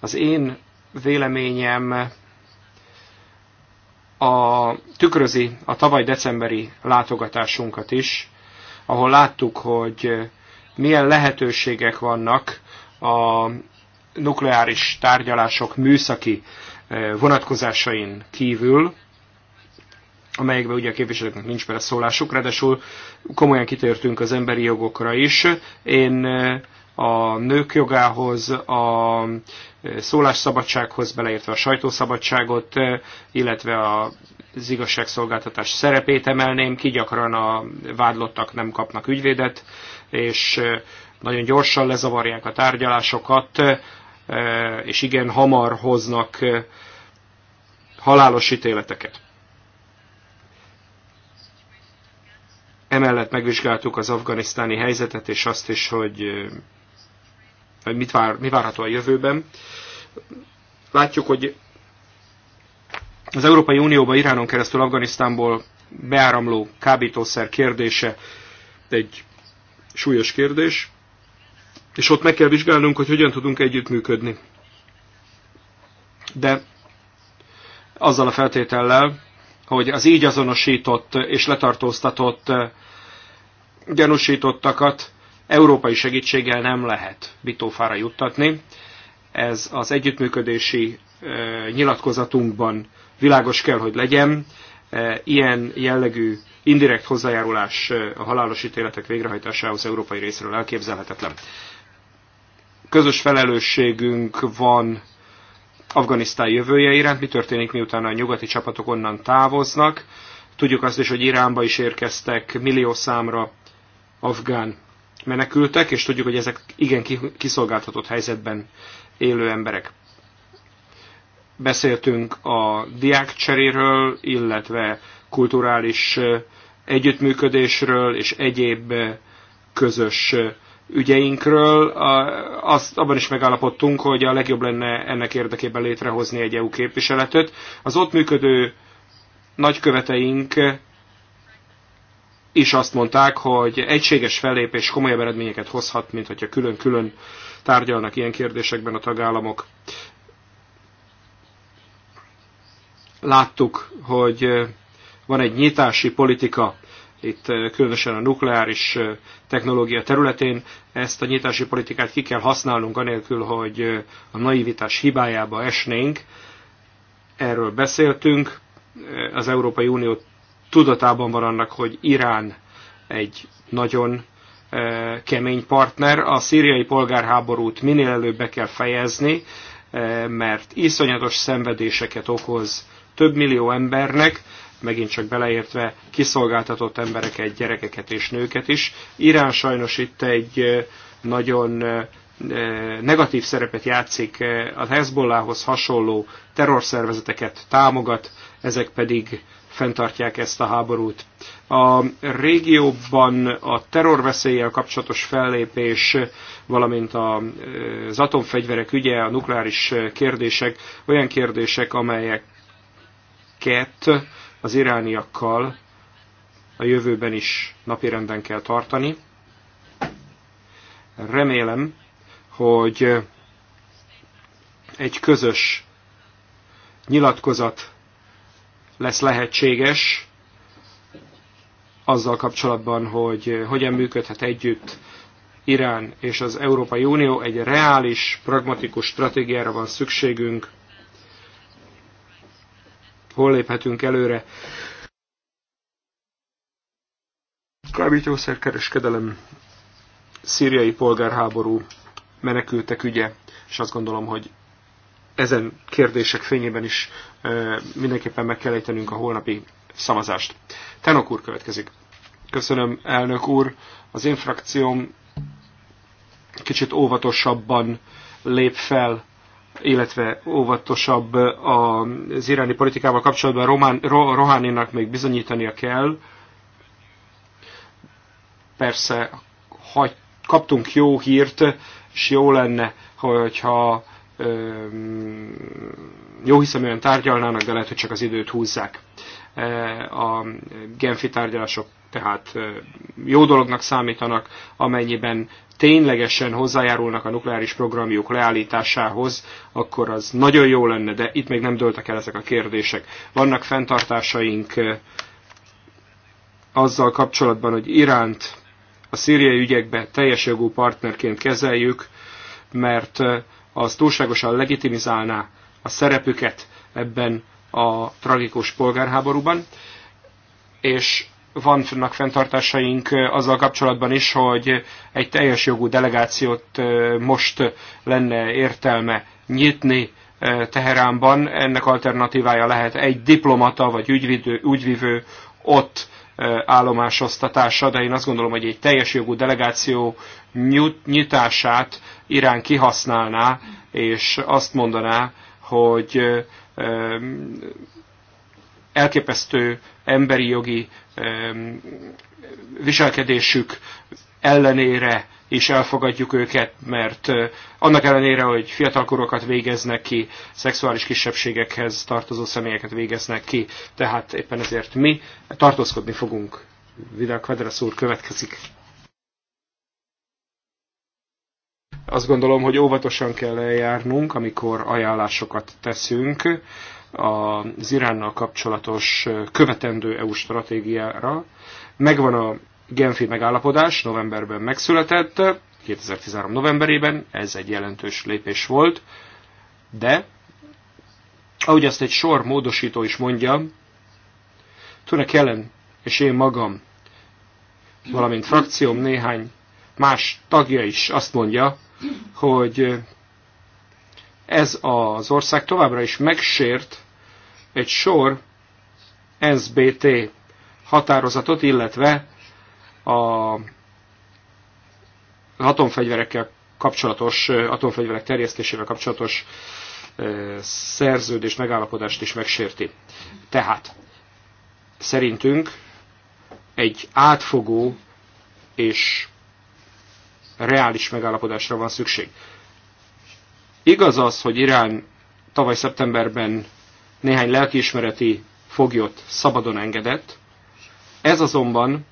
az én véleményem a, tükrözi a tavaly decemberi látogatásunkat is, ahol láttuk, hogy milyen lehetőségek vannak a nukleáris tárgyalások műszaki eh, vonatkozásain kívül, amelyekbe ugye a képviselőknek nincs szólásuk, ráadásul komolyan kitértünk az emberi jogokra is. Én eh, a nők jogához, a eh, szólásszabadsághoz, beleértve a sajtószabadságot, illetve a az igazságszolgáltatás szerepét emelném ki, gyakran a vádlottak nem kapnak ügyvédet, és nagyon gyorsan lezavarják a tárgyalásokat, és igen hamar hoznak halálos ítéleteket. Emellett megvizsgáltuk az afganisztáni helyzetet, és azt is, hogy, hogy mit vár, mi várható a jövőben. Látjuk, hogy az Európai Unióba Iránon keresztül Afganisztánból beáramló kábítószer kérdése egy súlyos kérdés, és ott meg kell vizsgálnunk, hogy hogyan tudunk együttműködni. De azzal a feltétellel, hogy az így azonosított és letartóztatott eh, gyanúsítottakat európai segítséggel nem lehet bitófára juttatni. Ez az együttműködési eh, nyilatkozatunkban világos kell, hogy legyen. E, ilyen jellegű indirekt hozzájárulás e, a halálos ítéletek végrehajtásához európai részről elképzelhetetlen. Közös felelősségünk van Afganisztán jövője iránt, mi történik, miután a nyugati csapatok onnan távoznak. Tudjuk azt is, hogy Iránba is érkeztek millió számra afgán menekültek, és tudjuk, hogy ezek igen kiszolgáltatott helyzetben élő emberek. Beszéltünk a diákcseréről, illetve kulturális együttműködésről és egyéb közös ügyeinkről. Azt, abban is megállapodtunk, hogy a legjobb lenne ennek érdekében létrehozni egy EU képviseletet. Az ott működő nagyköveteink is azt mondták, hogy egységes fellépés komolyabb eredményeket hozhat, mint hogyha külön-külön tárgyalnak ilyen kérdésekben a tagállamok. Láttuk, hogy van egy nyitási politika, itt különösen a nukleáris technológia területén. Ezt a nyitási politikát ki kell használnunk, anélkül, hogy a naivitás hibájába esnénk. Erről beszéltünk. Az Európai Unió tudatában van annak, hogy Irán egy nagyon kemény partner. A szíriai polgárháborút minél előbb be kell fejezni, mert iszonyatos szenvedéseket okoz több millió embernek, megint csak beleértve kiszolgáltatott embereket, gyerekeket és nőket is. Irán sajnos itt egy nagyon negatív szerepet játszik, a Hezbollahhoz hasonló terrorszervezeteket támogat, ezek pedig fenntartják ezt a háborút. A régióban a terrorveszéllyel kapcsolatos fellépés, valamint az atomfegyverek ügye, a nukleáris kérdések olyan kérdések, amelyek ezeket az irániakkal a jövőben is napirenden kell tartani. Remélem, hogy egy közös nyilatkozat lesz lehetséges azzal kapcsolatban, hogy hogyan működhet együtt Irán és az Európai Unió. Egy reális, pragmatikus stratégiára van szükségünk, hol léphetünk előre. Kábítószerkereskedelem, szíriai polgárháború, menekültek ügye, és azt gondolom, hogy ezen kérdések fényében is ö, mindenképpen meg kell ejtenünk a holnapi szavazást. Tenok úr következik. Köszönöm, elnök úr. Az én frakcióm kicsit óvatosabban lép fel illetve óvatosabb az iráni politikával kapcsolatban Román, Rohaninak még bizonyítania kell. Persze ha kaptunk jó hírt, és jó lenne, hogyha jó hiszem, olyan tárgyalnának, de lehet, hogy csak az időt húzzák a genfi tárgyalások tehát jó dolognak számítanak, amennyiben ténylegesen hozzájárulnak a nukleáris programjuk leállításához, akkor az nagyon jó lenne, de itt még nem dőltek el ezek a kérdések. Vannak fenntartásaink azzal kapcsolatban, hogy Iránt a szíriai ügyekbe teljes jogú partnerként kezeljük, mert az túlságosan legitimizálná a szerepüket ebben a tragikus polgárháborúban, és vannak fenntartásaink azzal kapcsolatban is, hogy egy teljes jogú delegációt most lenne értelme nyitni Teheránban. Ennek alternatívája lehet egy diplomata vagy ügyvidő, ügyvivő ott állomásosztatása, de én azt gondolom, hogy egy teljes jogú delegáció nyitását Irán kihasználná, és azt mondaná, hogy elképesztő emberi jogi viselkedésük ellenére is elfogadjuk őket, mert annak ellenére, hogy fiatalkorokat végeznek ki, szexuális kisebbségekhez tartozó személyeket végeznek ki, tehát éppen ezért mi tartózkodni fogunk. Vidal Quadras úr következik. Azt gondolom, hogy óvatosan kell eljárnunk, amikor ajánlásokat teszünk az Iránnal kapcsolatos követendő EU stratégiára. Megvan a Genfi megállapodás, novemberben megszületett, 2013 novemberében, ez egy jelentős lépés volt, de, ahogy azt egy sor módosító is mondja, Tune Kellen és én magam, valamint frakcióm néhány más tagja is azt mondja, hogy ez az ország továbbra is megsért egy sor SBT határozatot, illetve a atomfegyverekkel kapcsolatos, atomfegyverek terjesztésével kapcsolatos szerződés megállapodást is megsérti. Tehát szerintünk egy átfogó és reális megállapodásra van szükség. Igaz az, hogy Irán tavaly szeptemberben néhány lelkiismereti foglyot szabadon engedett, ez azonban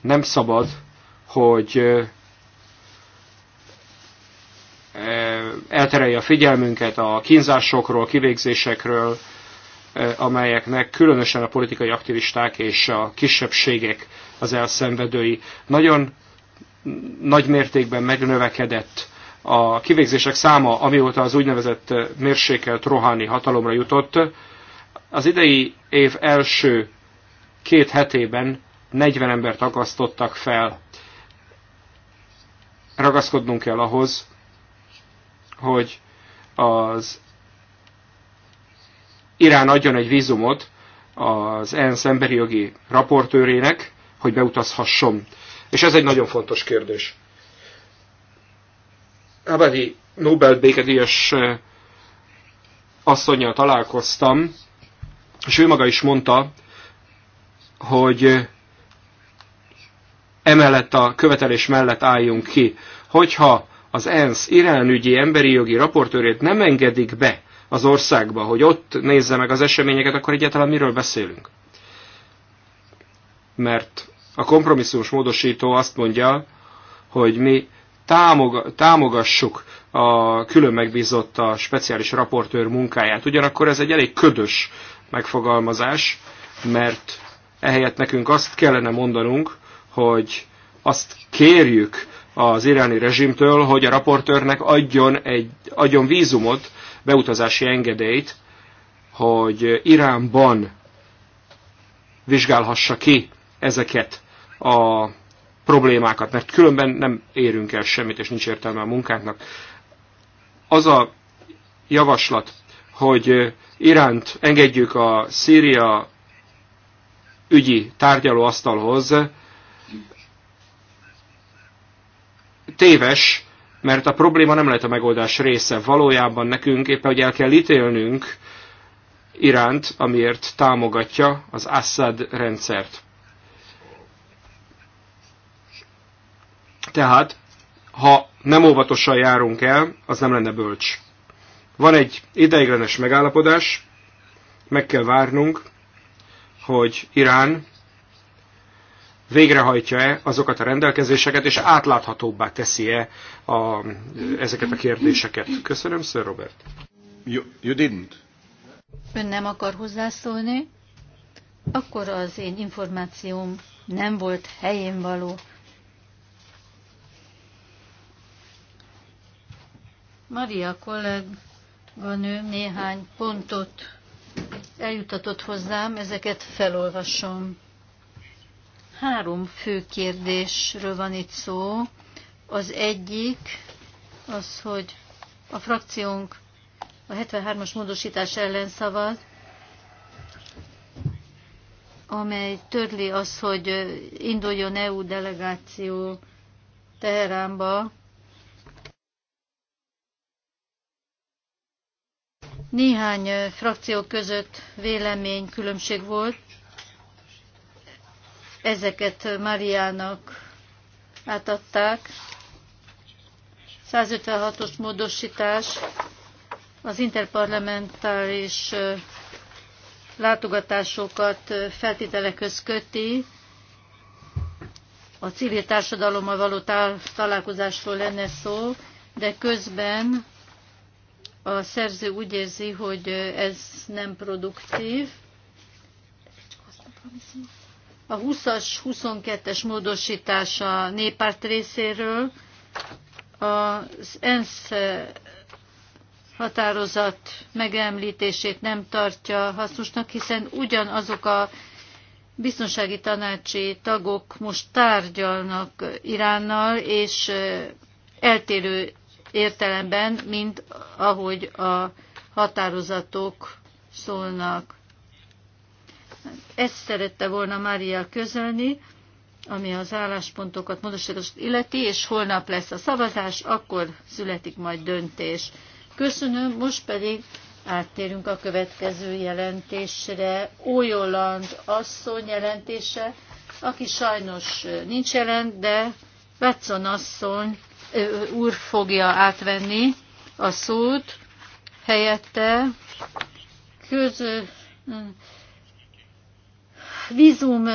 nem szabad, hogy elterelje a figyelmünket a kínzásokról, kivégzésekről, amelyeknek különösen a politikai aktivisták és a kisebbségek az elszenvedői. Nagyon nagy mértékben megnövekedett a kivégzések száma, amióta az úgynevezett mérsékelt rohani hatalomra jutott. Az idei év első két hetében 40 embert akasztottak fel. Ragaszkodnunk kell ahhoz, hogy az Irán adjon egy vízumot az ENSZ emberi jogi raportőrének, hogy beutazhasson és ez egy nagyon fontos kérdés. Ebedi Nobel békedíjas asszonynal találkoztam, és ő maga is mondta, hogy emellett a követelés mellett álljunk ki. Hogyha az ENSZ iránügyi emberi jogi raportőrét nem engedik be az országba, hogy ott nézze meg az eseményeket, akkor egyáltalán miről beszélünk? Mert a kompromisszumos módosító azt mondja, hogy mi támogassuk a külön megbízott a speciális raportőr munkáját. Ugyanakkor ez egy elég ködös megfogalmazás, mert ehelyett nekünk azt kellene mondanunk, hogy azt kérjük az iráni rezsimtől, hogy a raportőrnek adjon, egy, adjon vízumot, beutazási engedélyt, hogy Iránban vizsgálhassa ki ezeket a problémákat, mert különben nem érünk el semmit, és nincs értelme a munkánknak. Az a javaslat, hogy Iránt engedjük a Szíria ügyi tárgyalóasztalhoz, téves, mert a probléma nem lehet a megoldás része. Valójában nekünk éppen, hogy el kell ítélnünk Iránt, amiért támogatja az Assad rendszert. Tehát, ha nem óvatosan járunk el, az nem lenne bölcs. Van egy ideiglenes megállapodás, meg kell várnunk, hogy Irán végrehajtja-e azokat a rendelkezéseket, és átláthatóbbá teszi-e a, ezeket a kérdéseket. Köszönöm, Sir Robert. You, you didn't. Ön nem akar hozzászólni? Akkor az én információm nem volt helyén való. Maria kolléganőm néhány pontot eljutatott hozzám, ezeket felolvasom. Három fő kérdésről van itt szó. Az egyik az, hogy a frakciónk a 73-as módosítás ellen szavaz, amely törli az, hogy induljon EU delegáció Teheránba Néhány frakció között véleménykülönbség volt, ezeket Mariának átadták. 156-os módosítás az interparlamentális látogatásokat feltételekhez köti, a civil társadalommal való találkozásról lenne szó, de közben a szerző úgy érzi, hogy ez nem produktív. A 20-as, 22-es módosítása néppárt részéről az ENSZ határozat megemlítését nem tartja hasznosnak, hiszen ugyanazok a biztonsági tanácsi tagok most tárgyalnak Iránnal, és eltérő értelemben, mint ahogy a határozatok szólnak. Ezt szerette volna Mária közölni, ami az álláspontokat módosítást illeti, és holnap lesz a szavazás, akkor születik majd döntés. Köszönöm, most pedig áttérünk a következő jelentésre. Ójoland asszony jelentése, aki sajnos nincs jelent, de Watson asszony úr fogja átvenni a szót, helyette köz, vízum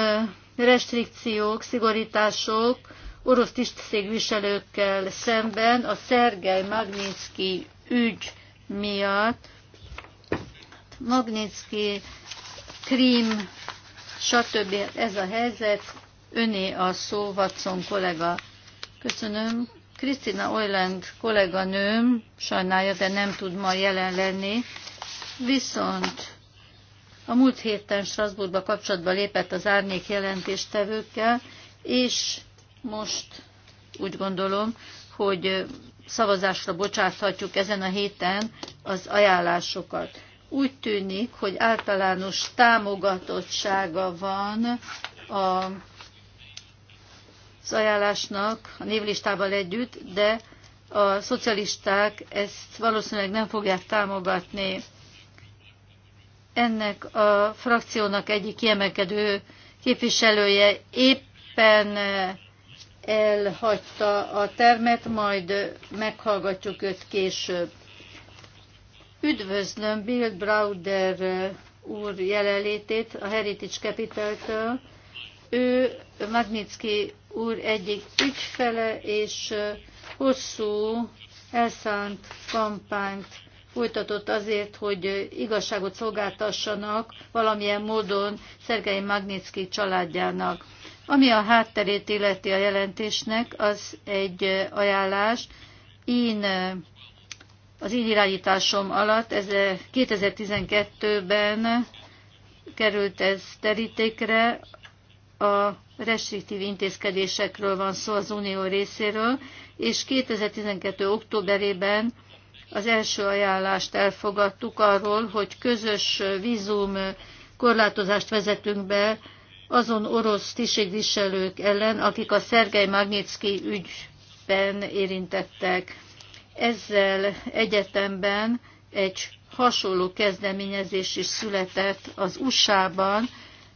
restrikciók, szigorítások orosz tisztségviselőkkel szemben a Szergej Magnitsky ügy miatt Magnitsky, Krím, stb. Ez a helyzet, öné a szó, Watson kollega. Köszönöm, Krisztina Oyland kolléganőm sajnálja, de nem tud ma jelen lenni, viszont a múlt héten Strasbourgba kapcsolatba lépett az árnyék jelentéstevőkkel, és most úgy gondolom, hogy szavazásra bocsáthatjuk ezen a héten az ajánlásokat. Úgy tűnik, hogy általános támogatottsága van a az ajánlásnak a névlistával együtt, de a szocialisták ezt valószínűleg nem fogják támogatni. Ennek a frakciónak egyik kiemelkedő képviselője éppen elhagyta a termet, majd meghallgatjuk őt később. Üdvözlöm Bill Browder úr jelenlétét a Heritage Capital-től, ő Magnitsky úr egyik ügyfele, és hosszú elszánt kampányt folytatott azért, hogy igazságot szolgáltassanak valamilyen módon Szergei Magnitsky családjának. Ami a hátterét illeti a jelentésnek, az egy ajánlás. Én az én irányításom alatt, ez 2012-ben került ez terítékre, a restriktív intézkedésekről van szó az Unió részéről, és 2012. októberében az első ajánlást elfogadtuk arról, hogy közös vízum korlátozást vezetünk be azon orosz tisztségviselők ellen, akik a Szergei Magnitsky ügyben érintettek. Ezzel egyetemben egy hasonló kezdeményezés is született az USA-ban,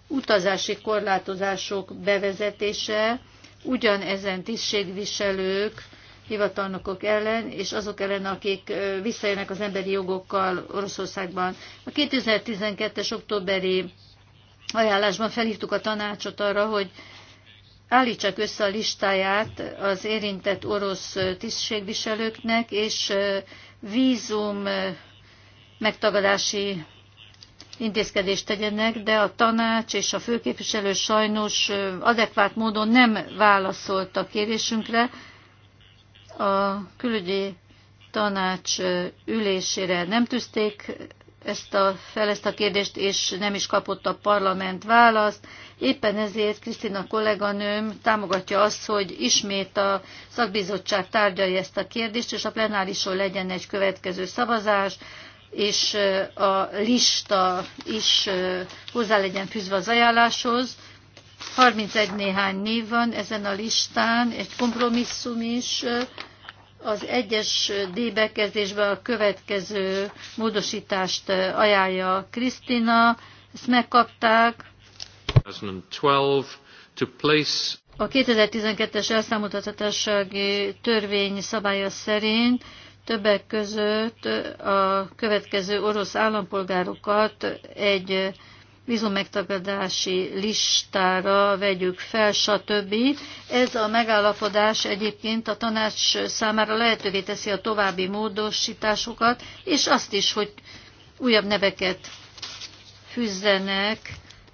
utazási korlátozások bevezetése ugyanezen tisztségviselők, hivatalnokok ellen, és azok ellen, akik visszajönnek az emberi jogokkal Oroszországban. A 2012-es októberi ajánlásban felhívtuk a tanácsot arra, hogy állítsák össze a listáját az érintett orosz tisztségviselőknek, és vízum megtagadási intézkedést tegyenek, de a tanács és a főképviselő sajnos adekvát módon nem válaszolt a kérésünkre. A külügyi tanács ülésére nem tűzték ezt a, fel ezt a kérdést, és nem is kapott a parlament választ. Éppen ezért Krisztina kolléganőm támogatja azt, hogy ismét a szakbizottság tárgyalja ezt a kérdést, és a plenárison legyen egy következő szavazás, és a lista is hozzá legyen fűzve az ajánláshoz. 31 néhány név van ezen a listán, egy kompromisszum is, az egyes D bekezdésben a következő módosítást ajánlja Krisztina, ezt megkapták. 2012 a 2012-es elszámoltathatósági törvény szabálya szerint többek között a következő orosz állampolgárokat egy vízummegtagadási listára vegyük fel, stb. Ez a megállapodás egyébként a tanács számára lehetővé teszi a további módosításokat, és azt is, hogy újabb neveket fűzzenek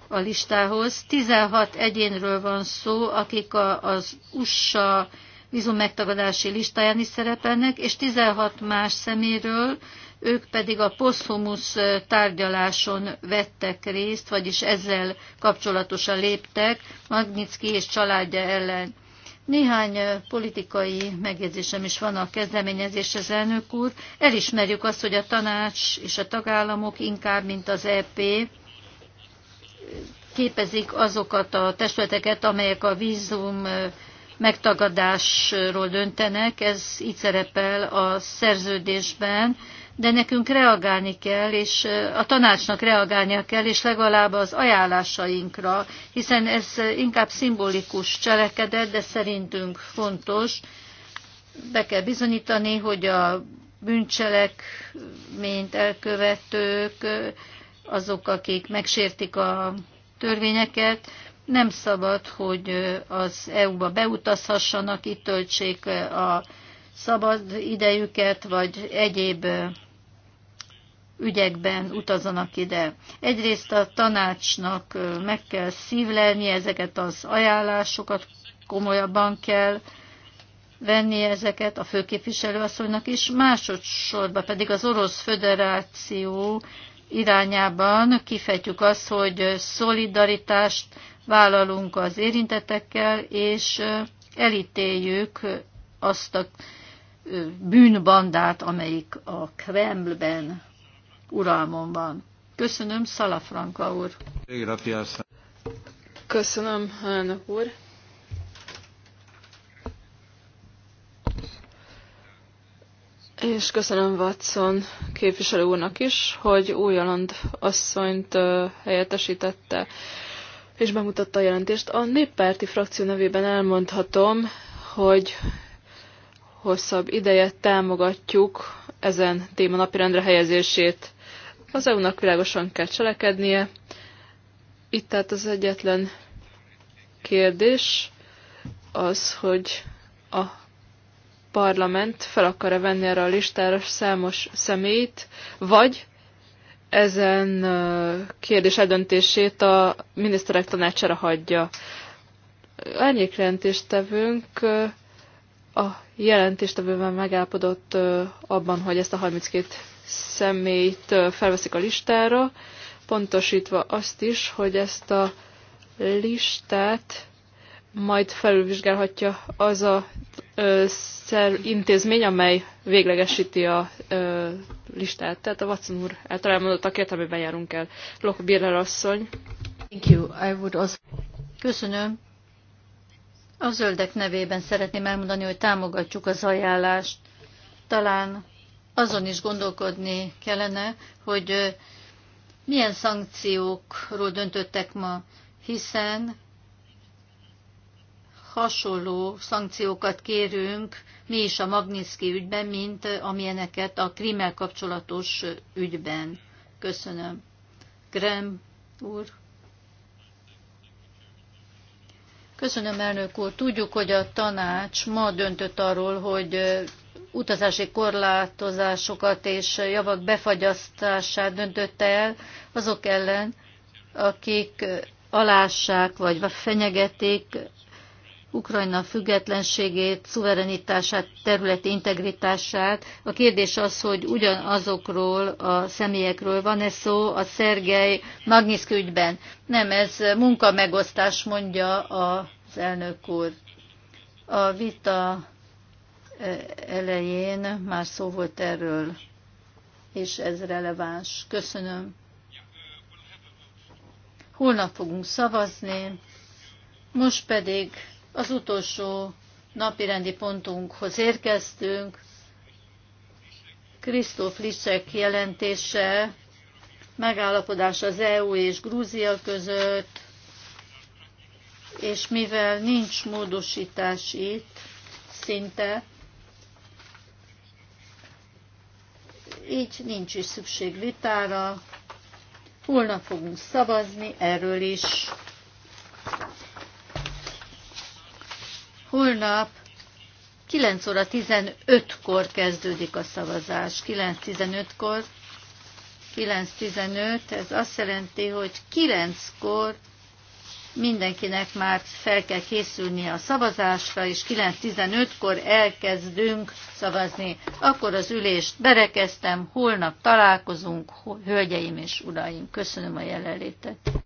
a listához. 16 egyénről van szó, akik az USA vízummegtagadási listáján is szerepelnek, és 16 más szeméről ők pedig a posztumusz tárgyaláson vettek részt, vagyis ezzel kapcsolatosan léptek Magnitsky és családja ellen. Néhány politikai megjegyzésem is van a kezdeményezéshez, elnök úr. Elismerjük azt, hogy a tanács és a tagállamok inkább, mint az EP képezik azokat a testületeket, amelyek a vízum megtagadásról döntenek, ez így szerepel a szerződésben, de nekünk reagálni kell, és a tanácsnak reagálnia kell, és legalább az ajánlásainkra, hiszen ez inkább szimbolikus cselekedet, de szerintünk fontos. Be kell bizonyítani, hogy a bűncselekményt elkövetők, azok, akik megsértik a törvényeket, nem szabad, hogy az EU-ba beutazhassanak, itt töltsék a szabad idejüket, vagy egyéb ügyekben utazanak ide. Egyrészt a tanácsnak meg kell szívlelni ezeket az ajánlásokat, komolyabban kell venni ezeket a főképviselőasszonynak is, másodszorban pedig az Orosz Föderáció irányában kifejtjük azt, hogy szolidaritást vállalunk az érintettekkel, és elítéljük azt a bűnbandát, amelyik a Kremlben uralmon van. Köszönöm, Szalafranka úr. Köszönöm, elnök úr. És köszönöm Watson képviselő úrnak is, hogy Újaland asszonyt helyettesítette és bemutatta a jelentést. A néppárti frakció nevében elmondhatom, hogy hosszabb ideje támogatjuk ezen téma napirendre helyezését. Az EU-nak világosan kell cselekednie. Itt tehát az egyetlen kérdés az, hogy a parlament fel akar-e venni erre a listára számos személyt, vagy ezen kérdés eldöntését a miniszterek tanácsára hagyja. Ennyi jelentéstevőnk a jelentéstevőben megállapodott abban, hogy ezt a 32 személyt felveszik a listára, pontosítva azt is, hogy ezt a listát majd felülvizsgálhatja az a szer, intézmény, amely véglegesíti a ö, listát. Tehát a Watson úr a elmondottak értelmében járunk el. Lok Birler asszony. Thank you. I would also... Köszönöm. A zöldek nevében szeretném elmondani, hogy támogatjuk az ajánlást. Talán azon is gondolkodni kellene, hogy milyen szankciókról döntöttek ma, hiszen hasonló szankciókat kérünk mi is a Magnitsky ügyben, mint amilyeneket a krímmel kapcsolatos ügyben. Köszönöm. Grem úr. Köszönöm, elnök úr. Tudjuk, hogy a tanács ma döntött arról, hogy utazási korlátozásokat és javak befagyasztását döntött el azok ellen, akik alássák vagy fenyegetik Ukrajna függetlenségét, szuverenitását, területi integritását. A kérdés az, hogy ugyanazokról a személyekről van-e szó a Szergej Magniszki ügyben. Nem, ez munkamegosztás, mondja az elnök úr. A vita e, elején már szó volt erről, és ez releváns. Köszönöm. Holnap fogunk szavazni, most pedig az utolsó napirendi pontunkhoz érkeztünk. Krisztóf Licek jelentése, megállapodás az EU és Grúzia között, és mivel nincs módosítás itt, szinte, így nincs is szükség vitára. Holnap fogunk szavazni erről is. Holnap 9 óra 15-kor kezdődik a szavazás. 9.15-kor. 9.15, ez azt jelenti, hogy 9-kor mindenkinek már fel kell készülnie a szavazásra, és 9.15-kor elkezdünk szavazni. Akkor az ülést berekeztem, holnap találkozunk, hölgyeim és uraim. Köszönöm a jelenlétet.